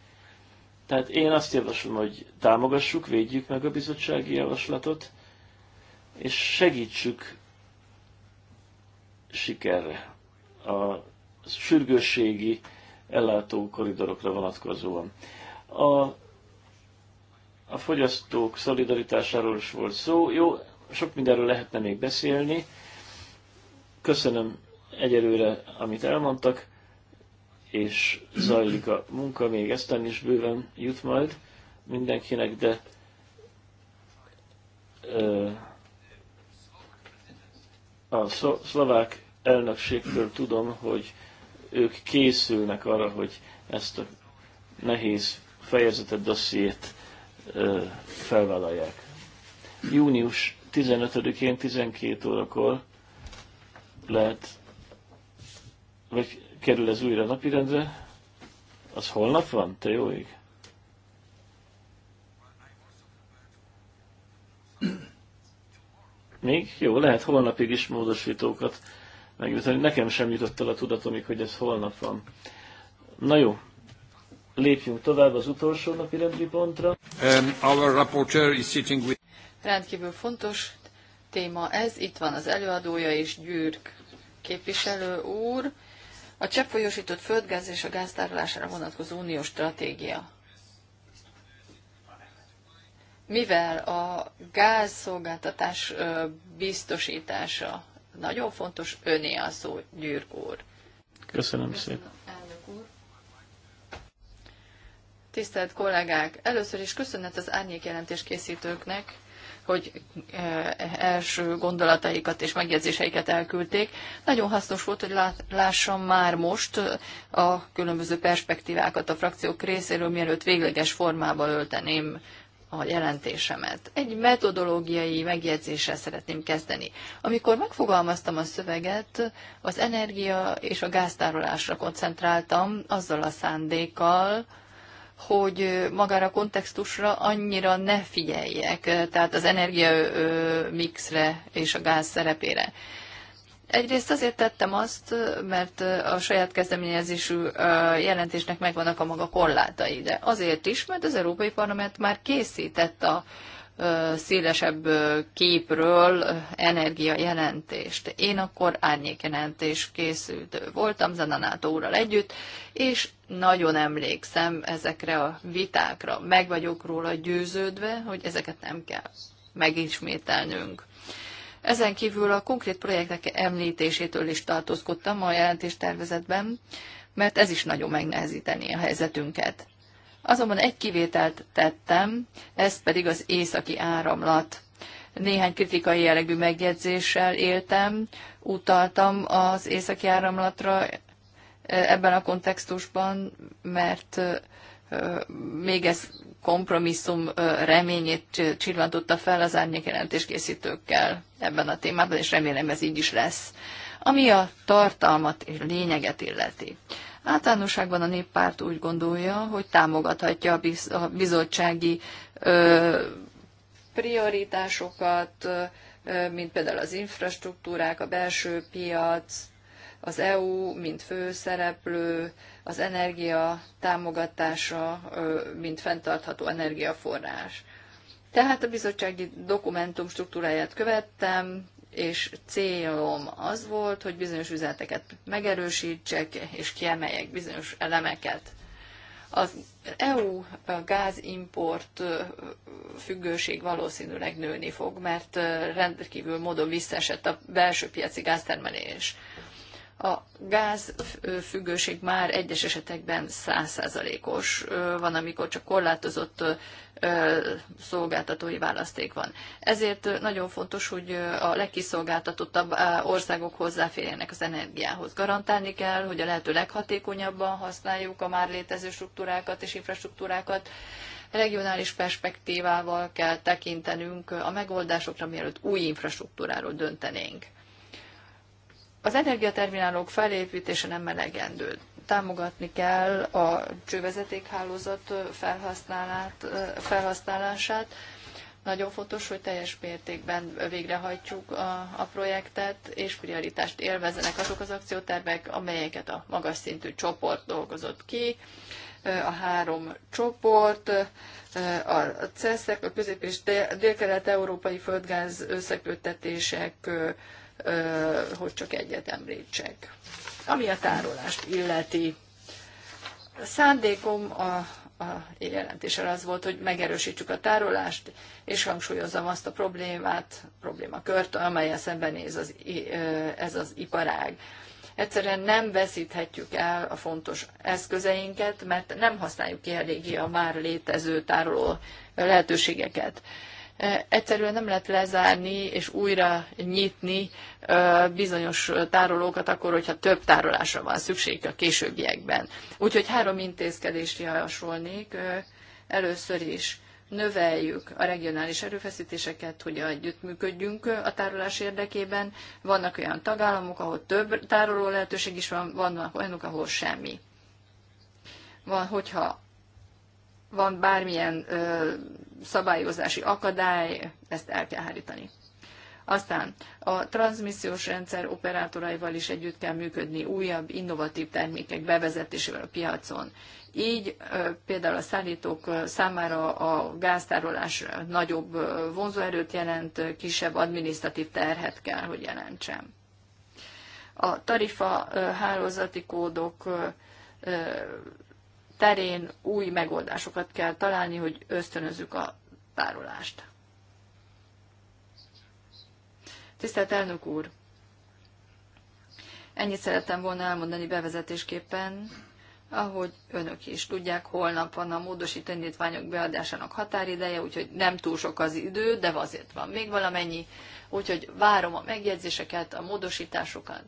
tehát én azt javaslom, hogy támogassuk, védjük meg a bizottsági javaslatot, és segítsük sikerre a sürgősségi ellátó koridorokra vonatkozóan. A, a fogyasztók szolidaritásáról is volt szó. Jó, sok mindenről lehetne még beszélni. Köszönöm egyelőre, amit elmondtak, és zajlik a munka, még eztán is bőven jut majd mindenkinek, de ö, a szlovák elnökségről tudom, hogy ők készülnek arra, hogy ezt a nehéz fejezetet, dossziét felvállalják. Június 15-én 12 órakor lehet, vagy kerül ez újra napirendre. Az holnap van? Te jó ég? Még? Jó, lehet holnapig is módosítókat megüteni. Nekem sem jutott el a tudatomig, hogy ez holnap van. Na jó, lépjünk tovább az utolsó napi rendi pontra. Um, our rapporteur is sitting with... Rendkívül fontos téma ez. Itt van az előadója és Gyürk képviselő úr. A cseppfolyósított földgáz és a gáztárolására vonatkozó uniós stratégia. Mivel a gázszolgáltatás biztosítása nagyon fontos öné a szó, Gyürk úr. Köszönöm, Köszönöm szépen. Elnök úr. Tisztelt kollégák, először is köszönet az jelentés készítőknek, hogy eh, első gondolataikat és megjegyzéseiket elküldték. Nagyon hasznos volt, hogy lássam már most a különböző perspektívákat a frakciók részéről, mielőtt végleges formába ölteném a jelentésemet. Egy metodológiai megjegyzéssel szeretném kezdeni. Amikor megfogalmaztam a szöveget, az energia és a gáztárolásra koncentráltam azzal a szándékkal, hogy magára a kontextusra annyira ne figyeljek, tehát az energia mixre és a gáz szerepére. Egyrészt azért tettem azt, mert a saját kezdeményezésű jelentésnek megvannak a maga korlátai, de azért is, mert az Európai Parlament már készített a szélesebb képről energia jelentést. Én akkor jelentés készült voltam Zananátó úrral együtt, és nagyon emlékszem ezekre a vitákra. Meg vagyok róla győződve, hogy ezeket nem kell megismételnünk. Ezen kívül a konkrét projektek említésétől is tartózkodtam a jelentéstervezetben, mert ez is nagyon megnehezíteni a helyzetünket. Azonban egy kivételt tettem, ez pedig az északi áramlat. Néhány kritikai jellegű megjegyzéssel éltem, utaltam az északi áramlatra ebben a kontextusban, mert még ez kompromisszum reményét csillantotta fel az árnyék jelentéskészítőkkel ebben a témában, és remélem ez így is lesz. Ami a tartalmat és lényeget illeti. Általánosságban a néppárt úgy gondolja, hogy támogathatja a, biz- bizottsági ö, prioritásokat, ö, mint például az infrastruktúrák, a belső piac, az EU, mint főszereplő, az energia támogatása, mint fenntartható energiaforrás. Tehát a bizottsági dokumentum struktúráját követtem, és célom az volt, hogy bizonyos üzleteket megerősítsek, és kiemeljek bizonyos elemeket. Az EU gázimport függőség valószínűleg nőni fog, mert rendkívül módon visszaesett a belső piaci gáztermelés. A gázfüggőség már egyes esetekben százszázalékos, van, amikor csak korlátozott szolgáltatói választék van. Ezért nagyon fontos, hogy a legkiszolgáltatottabb országok hozzáférjenek az energiához. Garantálni kell, hogy a lehető leghatékonyabban használjuk a már létező struktúrákat és infrastruktúrákat. Regionális perspektívával kell tekintenünk a megoldásokra, mielőtt új infrastruktúráról döntenénk. Az energiaterminálok felépítése nem melegendő. Támogatni kell a csővezetékhálózat felhasználását. Nagyon fontos, hogy teljes mértékben végrehajtjuk a, a projektet, és prioritást élvezenek azok az akciótervek, amelyeket a magas szintű csoport dolgozott ki a három csoport, a CESZ-ek, a közép- és dél-kelet-európai földgáz összekötetések hogy csak egyet említsek. Ami a tárolást illeti, a szándékom a, a jelentéssel az volt, hogy megerősítsük a tárolást, és hangsúlyozzam azt a problémát, problémakört, amelyen szembenéz az, ez az iparág. Egyszerűen nem veszíthetjük el a fontos eszközeinket, mert nem használjuk ki eléggé a már létező tároló lehetőségeket egyszerűen nem lehet lezárni és újra nyitni bizonyos tárolókat akkor, hogyha több tárolásra van szükség a későbbiekben. Úgyhogy három intézkedést javasolnék. Először is növeljük a regionális erőfeszítéseket, hogy együttműködjünk a tárolás érdekében. Vannak olyan tagállamok, ahol több tároló lehetőség is van, vannak olyanok, ahol semmi. Van, hogyha van bármilyen ö, szabályozási akadály, ezt el kell hárítani. Aztán a transmissziós rendszer operátoraival is együtt kell működni újabb, innovatív termékek bevezetésével a piacon. Így például a szállítók számára a gáztárolás nagyobb vonzóerőt jelent, kisebb adminisztratív terhet kell, hogy jelentsen. A tarifa hálózati kódok terén új megoldásokat kell találni, hogy ösztönözzük a tárolást. Tisztelt elnök úr! Ennyit szerettem volna elmondani bevezetésképpen, ahogy önök is tudják, holnap van a módosító indítványok beadásának határideje, úgyhogy nem túl sok az idő, de azért van még valamennyi, úgyhogy várom a megjegyzéseket, a módosításokat,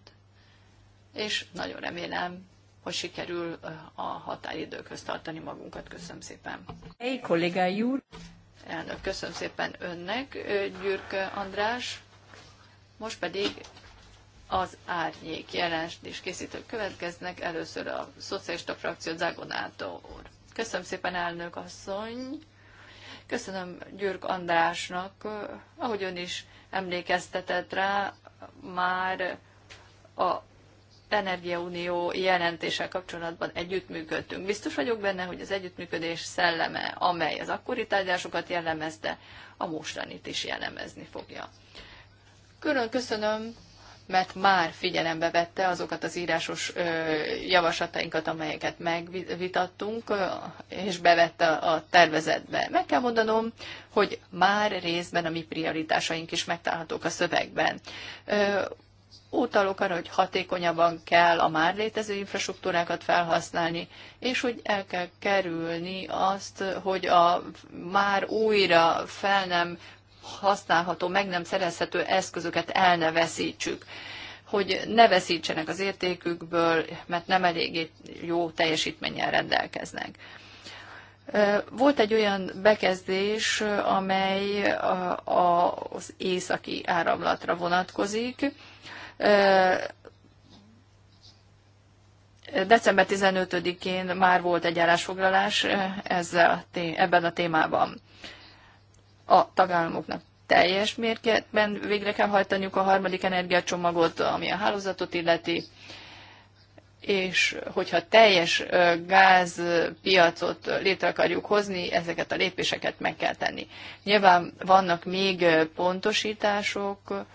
és nagyon remélem, hogy sikerül a határidőkhöz tartani magunkat. Köszönöm szépen. Hey, kollégáj úr! Elnök, köszönöm szépen önnek, Gyürke András. Most pedig az árnyék jelentés készítők következnek. Először a szocialista frakció Zagonátó úr. Köszönöm szépen, elnök asszony. Köszönöm Gyürk Andrásnak, ahogy ön is emlékeztetett rá, már a Energiaunió jelentéssel kapcsolatban együttműködtünk. Biztos vagyok benne, hogy az együttműködés szelleme, amely az akkori tárgyásokat jellemezte, a mostanit is jellemezni fogja. Külön köszönöm, mert már figyelembe vette azokat az írásos javaslatainkat, amelyeket megvitattunk, és bevette a tervezetbe. Meg kell mondanom, hogy már részben a mi prioritásaink is megtalálhatók a szövegben utalok arra, hogy hatékonyabban kell a már létező infrastruktúrákat felhasználni, és hogy el kell kerülni azt, hogy a már újra fel nem használható, meg nem szerezhető eszközöket el ne veszítsük hogy ne veszítsenek az értékükből, mert nem eléggé jó teljesítménnyel rendelkeznek. Volt egy olyan bekezdés, amely az északi áramlatra vonatkozik, December 15-én már volt egy állásfoglalás ezzel, ebben a témában. A tagállamoknak teljes mértékben végre kell hajtaniuk a harmadik energiacsomagot, ami a hálózatot illeti, és hogyha teljes gázpiacot létre akarjuk hozni, ezeket a lépéseket meg kell tenni. Nyilván vannak még pontosítások,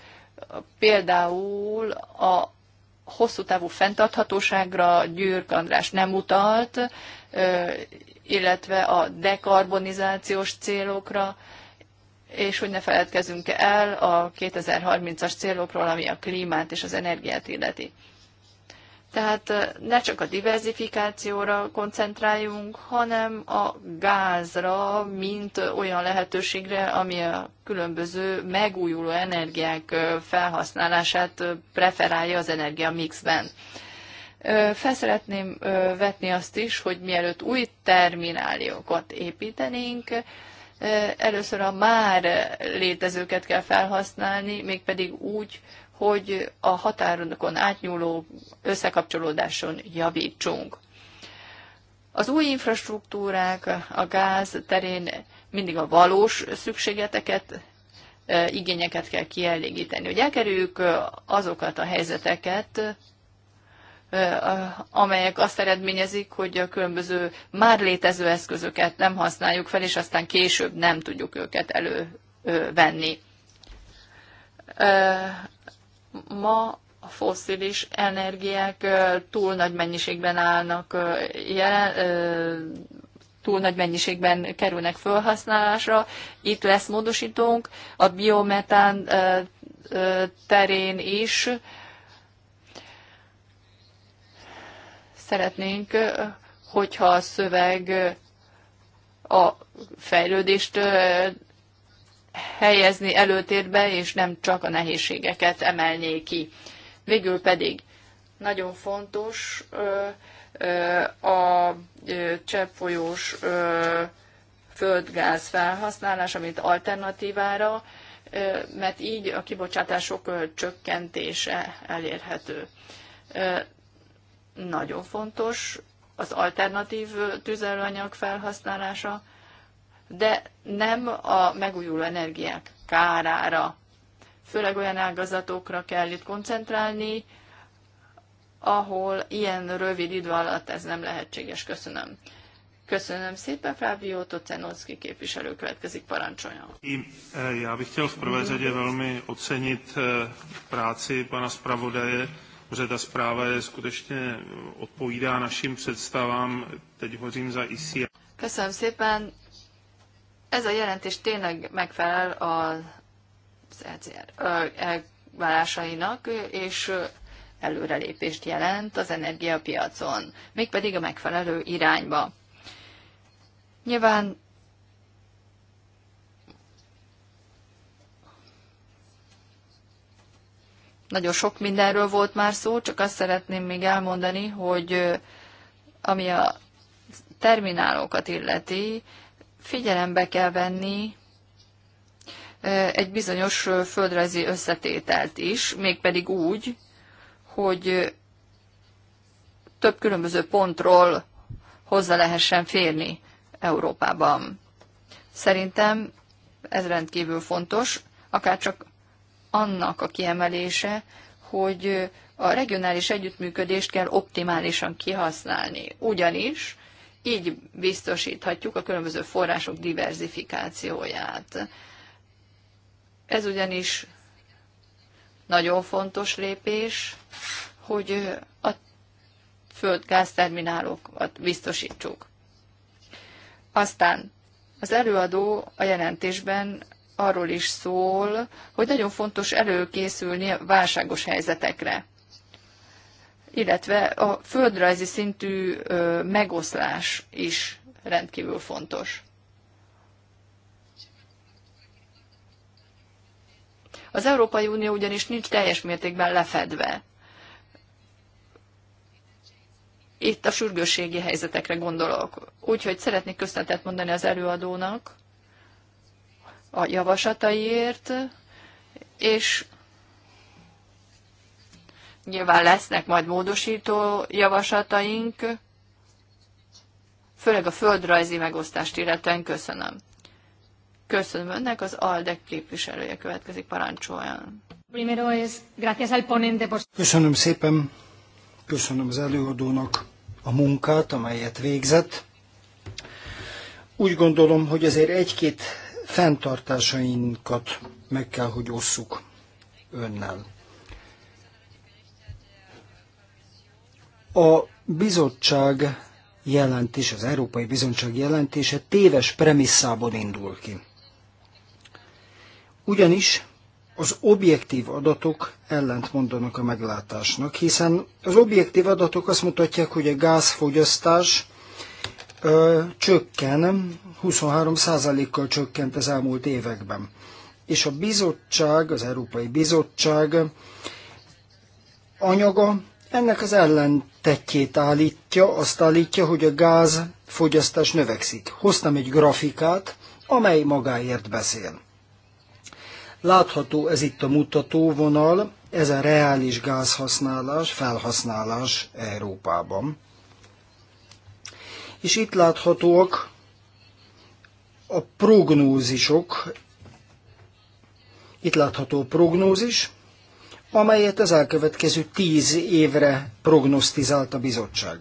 például a hosszú távú fenntarthatóságra Győrk András nem utalt, illetve a dekarbonizációs célokra, és hogy ne feledkezzünk el a 2030-as célokról, ami a klímát és az energiát illeti. Tehát ne csak a diversifikációra koncentráljunk, hanem a gázra, mint olyan lehetőségre, ami a különböző megújuló energiák felhasználását preferálja az energia mixben. Felszeretném vetni azt is, hogy mielőtt új termináliokat építenénk, először a már létezőket kell felhasználni, mégpedig úgy, hogy a határokon átnyúló összekapcsolódáson javítsunk. Az új infrastruktúrák a gáz terén mindig a valós szükségeteket, e, igényeket kell kielégíteni, hogy elkerüljük e, azokat a helyzeteket, e, amelyek azt eredményezik, hogy a különböző már létező eszközöket nem használjuk fel, és aztán később nem tudjuk őket elővenni ma a fosszilis energiák túl nagy mennyiségben állnak jelen, túl nagy mennyiségben kerülnek felhasználásra. Itt lesz módosítónk a biometán terén is. Szeretnénk, hogyha a szöveg a fejlődést helyezni előtérbe, és nem csak a nehézségeket emelné ki. Végül pedig nagyon fontos a cseppfolyós földgáz felhasználása, mint alternatívára, mert így a kibocsátások csökkentése elérhető. Nagyon fontos az alternatív tüzelőanyag felhasználása, de nem a megújuló energiák kárára. Főleg olyan ágazatokra kell itt koncentrálni, ahol ilyen rövid idő alatt ez nem lehetséges. Köszönöm. Köszönöm szépen, Fábio Tocenovsky képviselő következik, parancsoljon. Já bych chtěl v prvé řadě velmi ocenit eh, práci pana zpravodaje, že ta zpráva je skutečně eh, odpovídá našim představám, teď hovořím za ICI. Köszönöm szépen, ez a jelentés tényleg megfelel az ECR elvárásainak, és előrelépést jelent az energiapiacon, mégpedig a megfelelő irányba. Nyilván nagyon sok mindenről volt már szó, csak azt szeretném még elmondani, hogy ami a terminálokat illeti, figyelembe kell venni egy bizonyos földrajzi összetételt is, mégpedig úgy, hogy több különböző pontról hozzá lehessen férni Európában. Szerintem ez rendkívül fontos, akár csak annak a kiemelése, hogy a regionális együttműködést kell optimálisan kihasználni. Ugyanis így biztosíthatjuk a különböző források diverzifikációját. Ez ugyanis nagyon fontos lépés, hogy a földgázterminálokat biztosítsuk. Aztán az előadó a jelentésben arról is szól, hogy nagyon fontos előkészülni válságos helyzetekre illetve a földrajzi szintű megoszlás is rendkívül fontos. Az Európai Unió ugyanis nincs teljes mértékben lefedve. Itt a sürgősségi helyzetekre gondolok. Úgyhogy szeretnék köszönetet mondani az előadónak a javaslataiért, és Nyilván lesznek majd módosító javaslataink, főleg a földrajzi megosztást illetően köszönöm. Köszönöm önnek, az ALDEC képviselője következik, parancsoljon. Köszönöm szépen, köszönöm az előadónak a munkát, amelyet végzett. Úgy gondolom, hogy azért egy-két fenntartásainkat meg kell, hogy osszuk önnel. A bizottság jelentés, az Európai Bizottság jelentése téves premisszából indul ki. Ugyanis az objektív adatok ellent mondanak a meglátásnak, hiszen az objektív adatok azt mutatják, hogy a gázfogyasztás ö, csökken, 23%-kal csökkent az elmúlt években. És a bizottság, az Európai Bizottság anyaga ennek az ellen tettjét állítja, azt állítja, hogy a gáz fogyasztás növekszik. Hoztam egy grafikát, amely magáért beszél. Látható ez itt a mutatóvonal, ez a reális gázhasználás, felhasználás Európában. És itt láthatóak a prognózisok, itt látható a prognózis, amelyet az elkövetkező tíz évre prognosztizált a bizottság.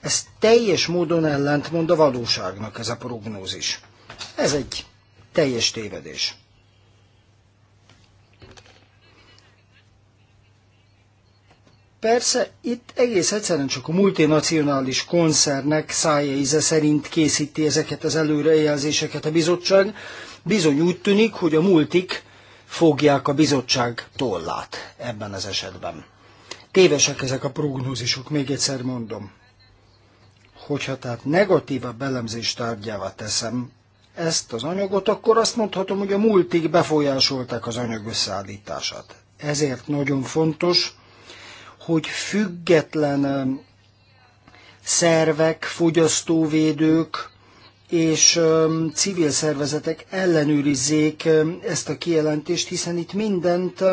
Ez teljes módon ellentmond a valóságnak ez a prognózis. Ez egy teljes tévedés. Persze, itt egész egyszerűen csak a multinacionális koncernek szája íze szerint készíti ezeket az előrejelzéseket a bizottság. Bizony úgy tűnik, hogy a multik fogják a bizottság tollát ebben az esetben. Tévesek ezek a prognózisok, még egyszer mondom. Hogyha tehát a belemzés tárgyává teszem ezt az anyagot, akkor azt mondhatom, hogy a múltig befolyásolták az anyag összeállítását. Ezért nagyon fontos, hogy független szervek, fogyasztóvédők, és civil szervezetek ellenőrizzék ezt a kijelentést, hiszen itt mindent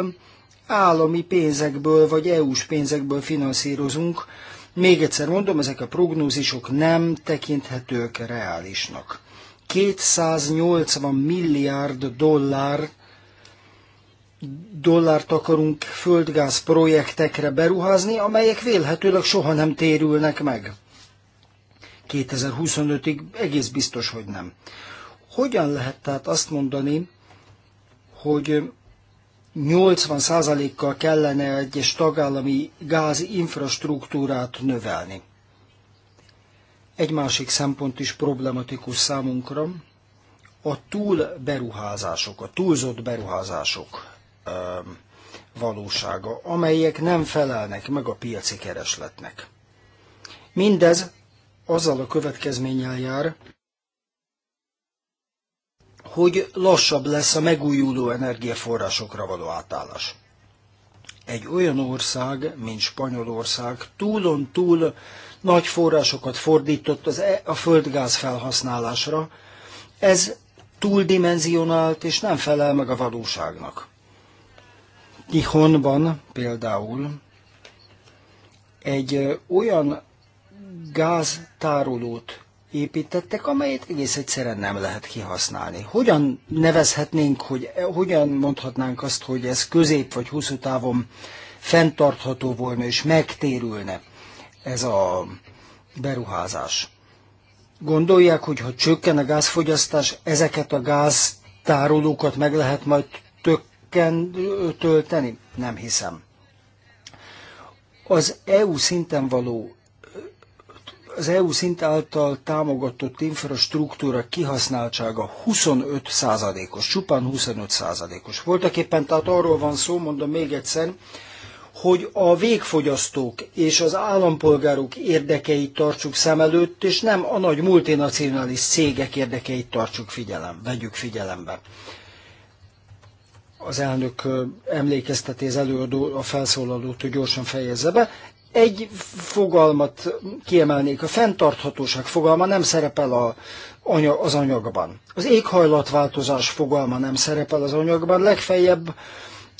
állami pénzekből vagy EU-s pénzekből finanszírozunk. Még egyszer mondom, ezek a prognózisok nem tekinthetők reálisnak. 280 milliárd dollár dollárt akarunk földgáz projektekre beruházni, amelyek vélhetőleg soha nem térülnek meg. 2025-ig? Egész biztos, hogy nem. Hogyan lehet tehát azt mondani, hogy 80%-kal kellene egyes tagállami gáz infrastruktúrát növelni? Egy másik szempont is problematikus számunkra, a túlberuházások, a túlzott beruházások valósága, amelyek nem felelnek meg a piaci keresletnek. Mindez azzal a következménnyel jár, hogy lassabb lesz a megújuló energiaforrásokra való átállás. Egy olyan ország, mint Spanyolország túlon túl nagy forrásokat fordított az e- a földgáz felhasználásra, ez túldimenzionált és nem felel meg a valóságnak. Tihonban például egy olyan gáztárolót építettek, amelyet egész egyszerűen nem lehet kihasználni. Hogyan nevezhetnénk, hogy hogyan mondhatnánk azt, hogy ez közép vagy hosszú távon fenntartható volna és megtérülne ez a beruházás? Gondolják, hogy ha csökken a gázfogyasztás, ezeket a gáztárolókat meg lehet majd tökken tölteni? Nem hiszem. Az EU szinten való az EU szint által támogatott infrastruktúra kihasználtsága 25 százalékos, csupán 25 százalékos Voltak éppen, tehát arról van szó, mondom még egyszer, hogy a végfogyasztók és az állampolgárok érdekeit tartsuk szem előtt, és nem a nagy multinacionális cégek érdekeit tartsuk figyelem, vegyük figyelembe. Az elnök emlékezteti az előadó, a felszólalót, hogy gyorsan fejezze be egy fogalmat kiemelnék, a fenntarthatóság fogalma nem szerepel a, az anyagban. Az éghajlatváltozás fogalma nem szerepel az anyagban, legfeljebb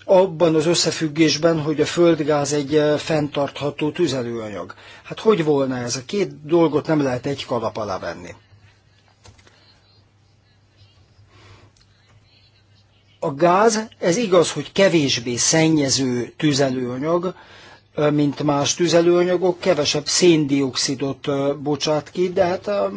abban az összefüggésben, hogy a földgáz egy eh, fenntartható tüzelőanyag. Hát hogy volna ez? A két dolgot nem lehet egy kalap alá venni. A gáz, ez igaz, hogy kevésbé szennyező tüzelőanyag, mint más tüzelőanyagok, kevesebb széndiokszidot bocsát ki, de hát a,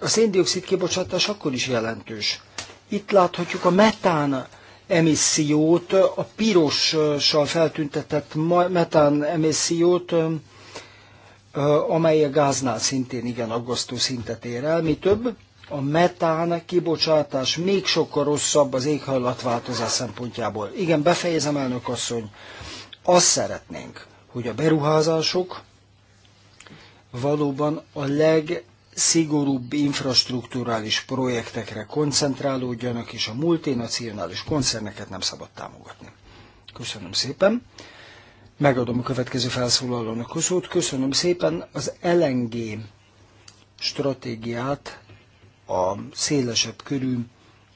a széndiokszid kibocsátás akkor is jelentős. Itt láthatjuk a metán emissziót, a pirossal feltüntetett metán emissziót, amely a gáznál szintén igen aggasztó szintet ér el. Mi több, a metán kibocsátás még sokkal rosszabb az éghajlatváltozás szempontjából. Igen, befejezem, elnök asszony. Azt szeretnénk, hogy a beruházások valóban a legszigorúbb infrastruktúrális projektekre koncentrálódjanak, és a multinacionális koncerneket nem szabad támogatni. Köszönöm szépen. Megadom a következő felszólalónak a szót. Köszönöm szépen az LNG stratégiát, a szélesebb körül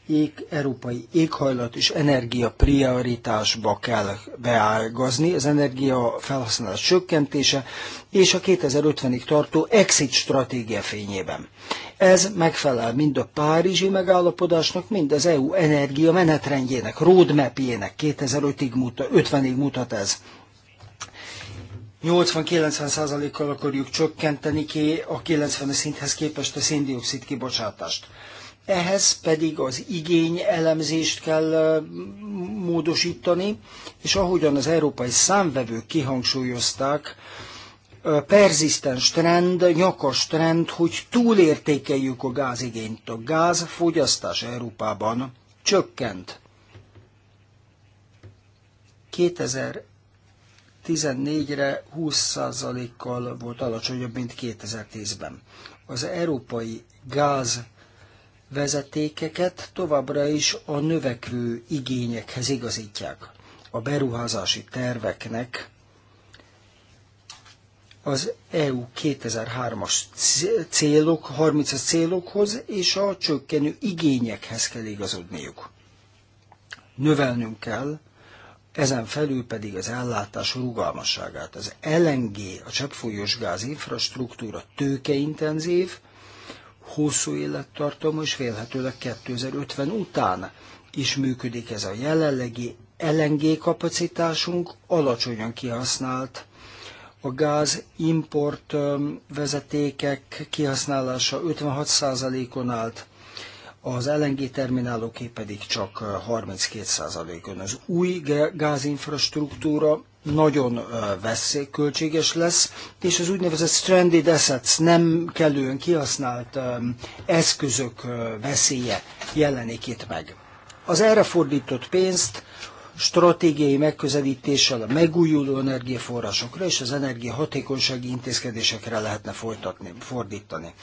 ég, európai éghajlat és energia prioritásba kell beágazni, az energia felhasználás csökkentése és a 2050-ig tartó exit stratégia fényében. Ez megfelel mind a Párizsi megállapodásnak, mind az EU energia menetrendjének, roadmapjének 2050-ig muta, mutat ez. 80-90%-kal akarjuk csökkenteni ki a 90-es szinthez képest a széndiokszid kibocsátást ehhez pedig az igény elemzést kell módosítani, és ahogyan az európai számvevők kihangsúlyozták, perzisztens trend, nyakas trend, hogy túlértékeljük a gázigényt. A gázfogyasztás Európában csökkent. 2014-re 20%-kal volt alacsonyabb, mint 2010-ben. Az európai gáz vezetékeket továbbra is a növekvő igényekhez igazítják. A beruházási terveknek az EU 2003-as célok, 30-as célokhoz és a csökkenő igényekhez kell igazodniuk. Növelnünk kell, ezen felül pedig az ellátás rugalmasságát. Az LNG, a cseppfolyós gáz infrastruktúra tőkeintenzív, hosszú élettartama, és vélhetőleg 2050 után is működik ez a jelenlegi LNG kapacitásunk, alacsonyan kihasznált. A gáz import vezetékek kihasználása 56%-on állt, az LNG termináloké pedig csak 32%-on. Az új gázinfrastruktúra nagyon veszélyköltséges lesz, és az úgynevezett stranded assets, nem kellően kihasznált eszközök veszélye jelenik itt meg. Az erre fordított pénzt stratégiai megközelítéssel a megújuló energiaforrásokra és az energiahatékonysági intézkedésekre lehetne folytatni, fordítani.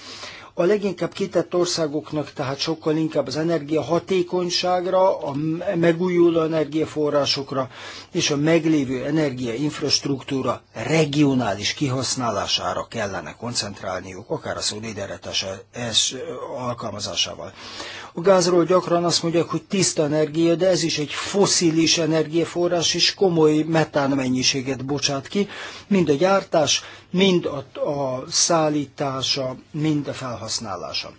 A leginkább kitett országoknak tehát sokkal inkább az energiahatékonyságra, a megújuló energiaforrásokra és a meglévő energiainfrastruktúra regionális kihasználására kellene koncentrálniuk, akár a szolidaritás alkalmazásával. A gázról gyakran azt mondják, hogy tiszta energia, de ez is egy foszilis energiaforrás, és komoly metán mennyiséget bocsát ki, mind a gyártás, mind a, a szállítása, mind a felhasználása.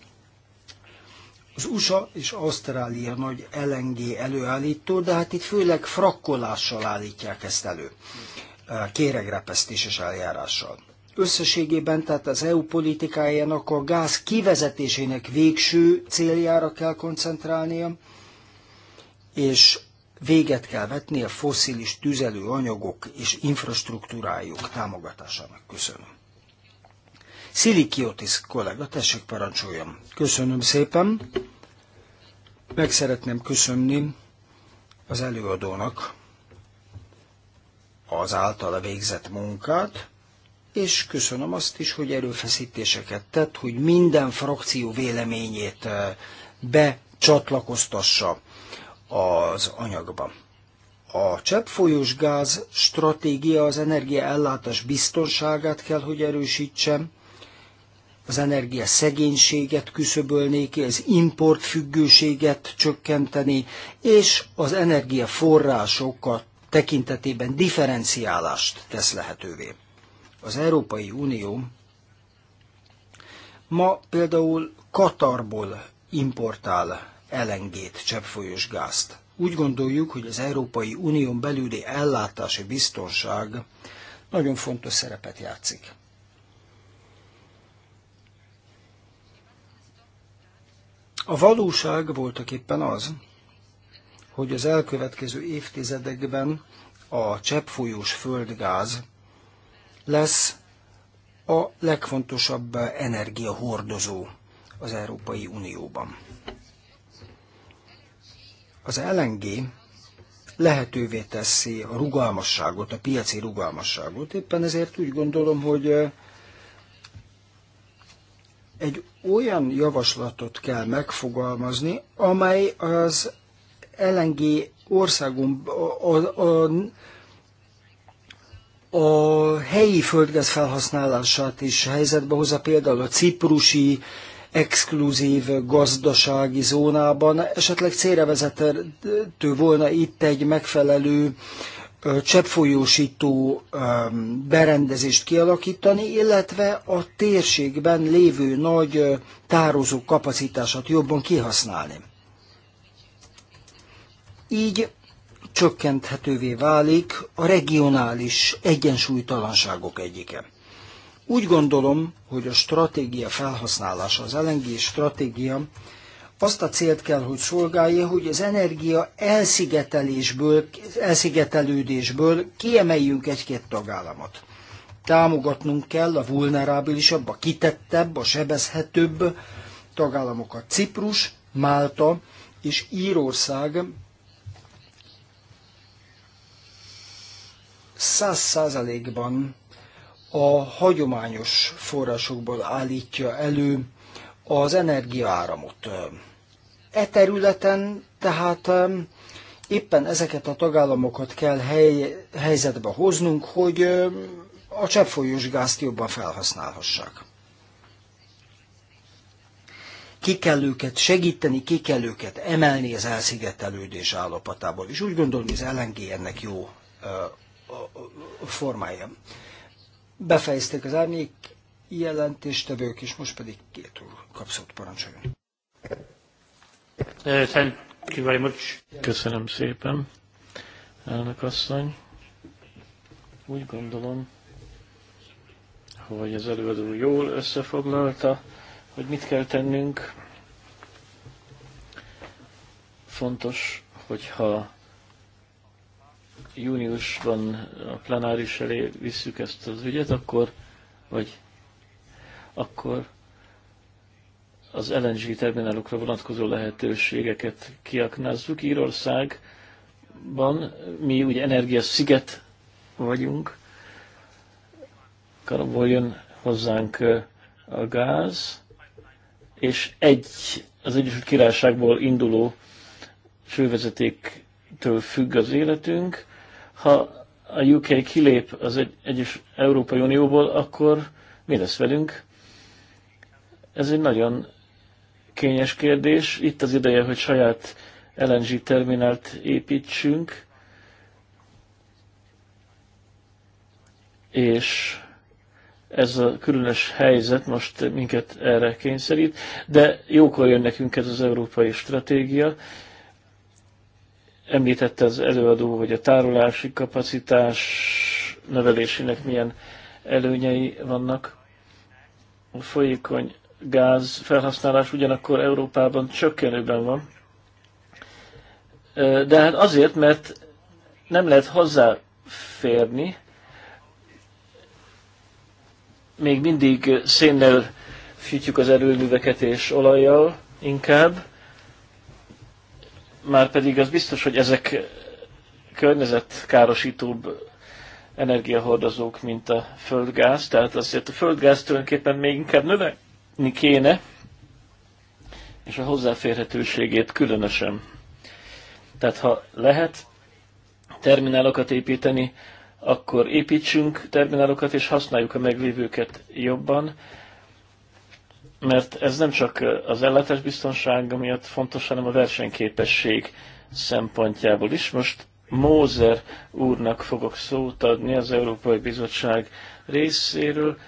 Az USA és Ausztrália nagy LNG előállító, de hát itt főleg frakkolással állítják ezt elő, kéregrepesztéses eljárással. Összességében tehát az EU politikájának a gáz kivezetésének végső céljára kell koncentrálnia, és véget kell vetni a foszilis tüzelőanyagok és infrastruktúrájuk támogatásának. Köszönöm. Kiotis kollega, tessék parancsoljam. Köszönöm szépen. Meg szeretném köszönni az előadónak az általa végzett munkát, és köszönöm azt is, hogy erőfeszítéseket tett, hogy minden frakció véleményét becsatlakoztassa az anyagba. A cseppfolyós gáz stratégia az energiaellátás biztonságát kell, hogy erősítsem, az energia szegénységet küszöbölni ki, az importfüggőséget csökkenteni, és az energiaforrásokat tekintetében differenciálást tesz lehetővé. Az Európai Unió ma például Katarból importál elengét cseppfolyós gázt. Úgy gondoljuk, hogy az Európai Unión belüli ellátási biztonság nagyon fontos szerepet játszik. A valóság voltak éppen az, hogy az elkövetkező évtizedekben a cseppfolyós földgáz lesz a legfontosabb energiahordozó az Európai Unióban. Az LNG lehetővé teszi a rugalmasságot, a piaci rugalmasságot. Éppen ezért úgy gondolom, hogy egy olyan javaslatot kell megfogalmazni, amely az LNG országunk a, a, a a helyi földgáz felhasználását is helyzetbe hozza, például a ciprusi exkluzív gazdasági zónában. Esetleg célra vezető volna itt egy megfelelő cseppfolyósító berendezést kialakítani, illetve a térségben lévő nagy tározó kapacitását jobban kihasználni. Így csökkenthetővé válik a regionális egyensúlytalanságok egyike. Úgy gondolom, hogy a stratégia felhasználása, az LNG stratégia azt a célt kell, hogy szolgálja, hogy az energia elszigetelésből, elszigetelődésből kiemeljünk egy-két tagállamot. Támogatnunk kell a vulnerábilisabb, a kitettebb, a sebezhetőbb tagállamokat. Ciprus, Málta és Írország száz százalékban a hagyományos forrásokból állítja elő az energiaáramot. E területen tehát éppen ezeket a tagállamokat kell hely, helyzetbe hoznunk, hogy a cseppfolyós gázt jobban felhasználhassák. Ki kell őket segíteni, ki kell őket emelni az elszigetelődés állapotából. És úgy gondolom, hogy az LNG ennek jó formája. Befejezték az árnyék jelentéstevők, és most pedig két úr kapszott parancsoljon. Uh, thank you very much. Köszönöm szépen, elnök asszony. Úgy gondolom, hogy az előadó jól összefoglalta, hogy mit kell tennünk. Fontos, hogyha júniusban a plenáris elé visszük ezt az ügyet, akkor, vagy akkor az LNG terminálokra vonatkozó lehetőségeket kiaknázzuk. Írországban mi ugye energiasziget vagyunk, karabból jön hozzánk a gáz, és egy az Egyesült Királyságból induló fővezetéktől függ az életünk, ha a UK kilép az egy, egyes Európai Unióból, akkor mi lesz velünk? Ez egy nagyon kényes kérdés. Itt az ideje, hogy saját LNG terminált építsünk, és ez a különös helyzet most minket erre kényszerít, de jókor jön nekünk ez az európai stratégia, Említette az előadó, hogy a tárolási kapacitás növelésének milyen előnyei vannak. A folyékony gáz felhasználás ugyanakkor Európában csökkenőben van. De hát azért, mert nem lehet hozzáférni, még mindig szénnel fűtjük az erőműveket és olajjal inkább, már pedig az biztos, hogy ezek környezetkárosítóbb energiahordozók, mint a földgáz, tehát azért a földgáz tulajdonképpen még inkább növelni kéne, és a hozzáférhetőségét különösen. Tehát ha lehet terminálokat építeni, akkor építsünk terminálokat, és használjuk a meglévőket jobban mert ez nem csak az ellátás biztonsága miatt fontos, hanem a versenyképesség szempontjából is. Most Mózer úrnak fogok szót adni az Európai Bizottság részéről,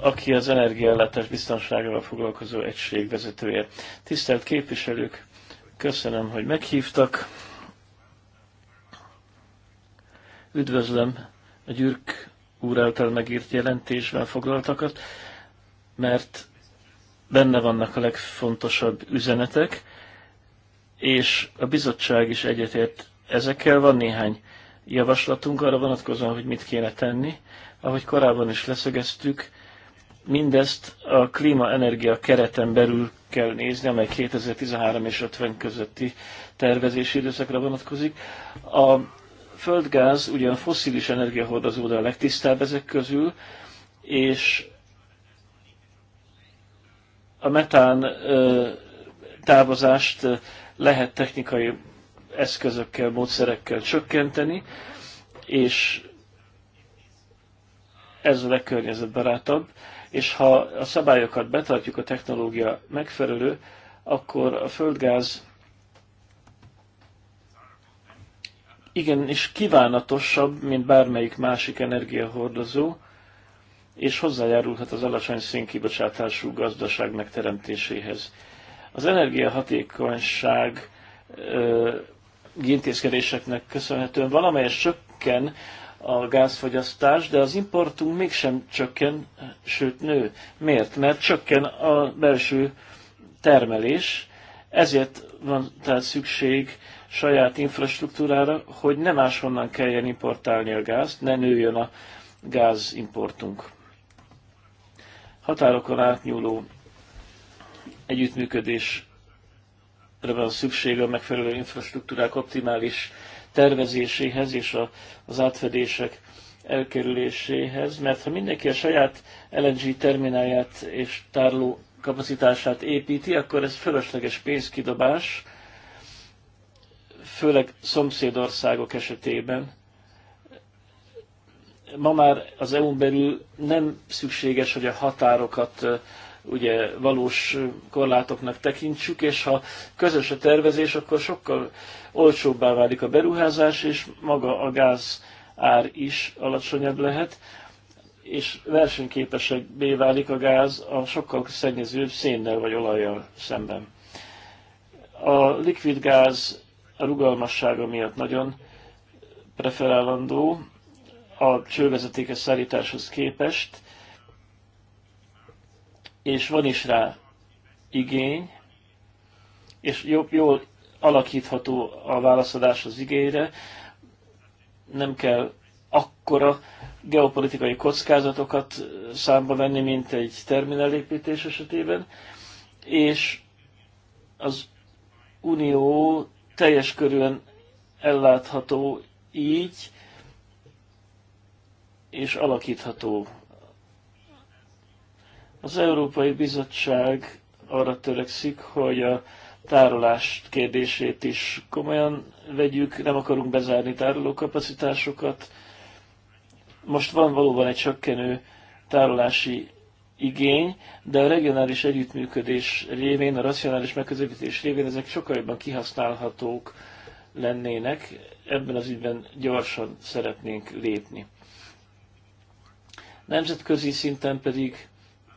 aki az energiaellátás biztonságával foglalkozó egység vezetője. Tisztelt képviselők, köszönöm, hogy meghívtak. Üdvözlöm a Gyürk úr által megírt jelentésben foglaltakat mert benne vannak a legfontosabb üzenetek, és a bizottság is egyetért ezekkel. Van néhány javaslatunk arra vonatkozóan, hogy mit kéne tenni. Ahogy korábban is leszögeztük, mindezt a klíma-energia kereten belül kell nézni, amely 2013 és 50 közötti tervezési időszakra vonatkozik. A földgáz ugyan foszilis energiahordozó, de a legtisztább ezek közül, és a metán távozást lehet technikai eszközökkel, módszerekkel csökkenteni, és ez a legkörnyezetbarátabb, és ha a szabályokat betartjuk, a technológia megfelelő, akkor a földgáz igenis kívánatosabb, mint bármelyik másik energiahordozó, és hozzájárulhat az alacsony szénkibocsátású gazdaság megteremtéséhez. Az energiahatékonyság intézkedéseknek köszönhetően valamelyes csökken a gázfogyasztás, de az importunk mégsem csökken, sőt nő. Miért? Mert csökken a belső termelés, ezért van tehát szükség saját infrastruktúrára, hogy nem máshonnan kelljen importálni a gázt, ne nőjön a gázimportunk. Határokon átnyúló együttműködésre van szüksége a megfelelő infrastruktúrák optimális tervezéséhez és az átfedések elkerüléséhez, mert ha mindenki a saját LNG terminálját és tárló kapacitását építi, akkor ez fölösleges pénzkidobás, főleg szomszédországok esetében, ma már az EU-n belül nem szükséges, hogy a határokat ugye valós korlátoknak tekintsük, és ha közös a tervezés, akkor sokkal olcsóbbá válik a beruházás, és maga a gáz ár is alacsonyabb lehet, és versenyképesebbé válik a gáz a sokkal szennyezőbb szénnel vagy olajjal szemben. A likvid gáz a rugalmassága miatt nagyon preferálandó, a csővezetékes szállításhoz képest, és van is rá igény, és jobb, jól alakítható a válaszadás az igényre, nem kell akkora geopolitikai kockázatokat számba venni, mint egy terminálépítés esetében, és az Unió teljes körülön ellátható így, és alakítható. Az Európai Bizottság arra törekszik, hogy a tárolás kérdését is komolyan vegyük, nem akarunk bezárni tárolókapacitásokat. Most van valóban egy csökkenő tárolási igény, de a regionális együttműködés révén, a racionális megközelítés révén ezek sokkal jobban kihasználhatók lennének, ebben az ügyben gyorsan szeretnénk lépni. Nemzetközi szinten pedig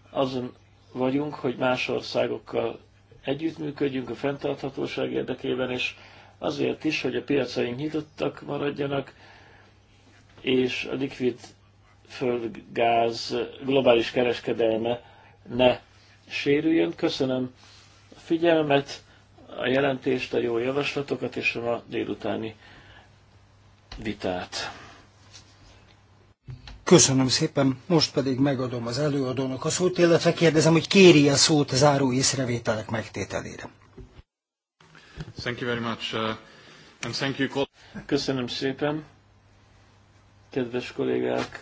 azon vagyunk, hogy más országokkal együttműködjünk a fenntarthatóság érdekében, és azért is, hogy a piacaink nyitottak maradjanak, és a likvid földgáz globális kereskedelme ne sérüljön. Köszönöm a figyelmet, a jelentést, a jó javaslatokat és a ma délutáni vitát. Köszönöm szépen, most pedig megadom az előadónak a szót, illetve kérdezem, hogy kéri a szót záró észrevételek megtételére. Thank you very much, uh, and thank you. Köszönöm szépen, kedves kollégák,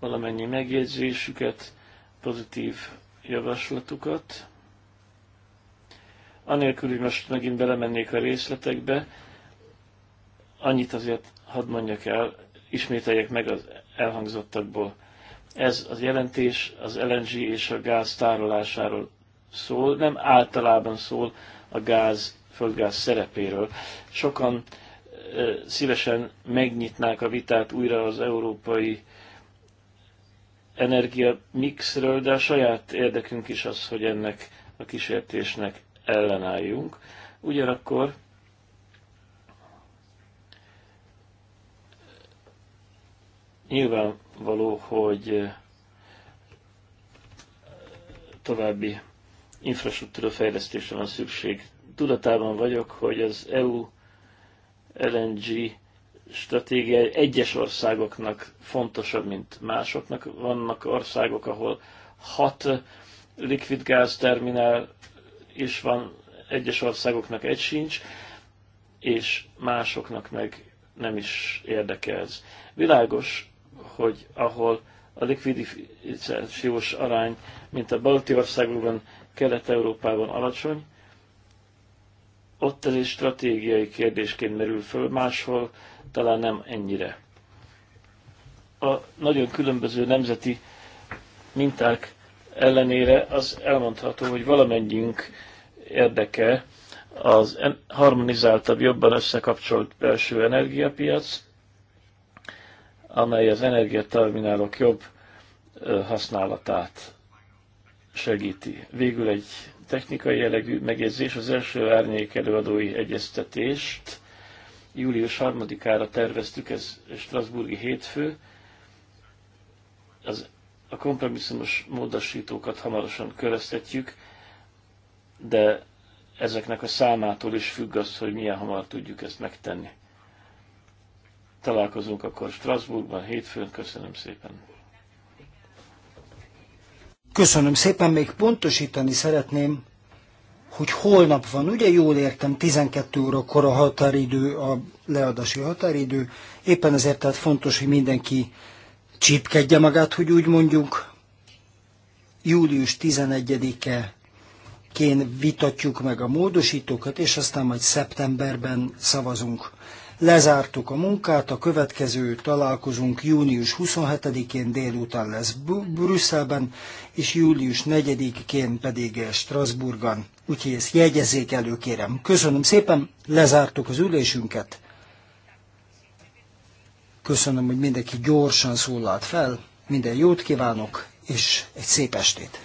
valamennyi megjegyzésüket, pozitív javaslatukat. Anélkül, hogy most megint belemennék a részletekbe, annyit azért hadd mondjak el, ismételjek meg az elhangzottakból. Ez az jelentés az LNG és a gáz tárolásáról szól, nem általában szól a gáz, földgáz szerepéről. Sokan e, szívesen megnyitnák a vitát újra az európai energia mixről, de a saját érdekünk is az, hogy ennek a kísértésnek ellenálljunk. Ugyanakkor Nyilvánvaló, hogy eh, további infrastruktúra fejlesztésre van szükség. Tudatában vagyok, hogy az EU LNG stratégia egyes országoknak fontosabb, mint másoknak. Vannak országok, ahol hat liquid gáz terminál is van, egyes országoknak egy sincs, és másoknak meg nem is érdekel ez. Világos, hogy ahol a likviditációs arány, mint a balti országokban, Kelet-Európában alacsony, ott ez egy stratégiai kérdésként merül föl, máshol talán nem ennyire. A nagyon különböző nemzeti minták ellenére az elmondható, hogy valamennyünk érdeke az harmonizáltabb, jobban összekapcsolt belső energiapiac, amely az energiaterminálok jobb használatát segíti. Végül egy technikai jellegű megjegyzés, az első árnyék előadói egyeztetést július 3-ára terveztük, ez Strasburgi hétfő. Az, a kompromisszumos módosítókat hamarosan köröztetjük, de ezeknek a számától is függ az, hogy milyen hamar tudjuk ezt megtenni. Találkozunk akkor Strasbourgban hétfőn. Köszönöm szépen. Köszönöm szépen, még pontosítani szeretném, hogy holnap van, ugye jól értem, 12 órakor a határidő, a leadási határidő, éppen ezért tehát fontos, hogy mindenki csípkedje magát, hogy úgy mondjuk, július 11-e kén vitatjuk meg a módosítókat, és aztán majd szeptemberben szavazunk. Lezártuk a munkát, a következő találkozunk június 27-én délután lesz Brüsszelben, és július 4-én pedig Strasbourgban. Úgyhogy ezt jegyezzék elő, kérem. Köszönöm szépen, lezártuk az ülésünket. Köszönöm, hogy mindenki gyorsan szólalt fel. Minden jót kívánok, és egy szép estét!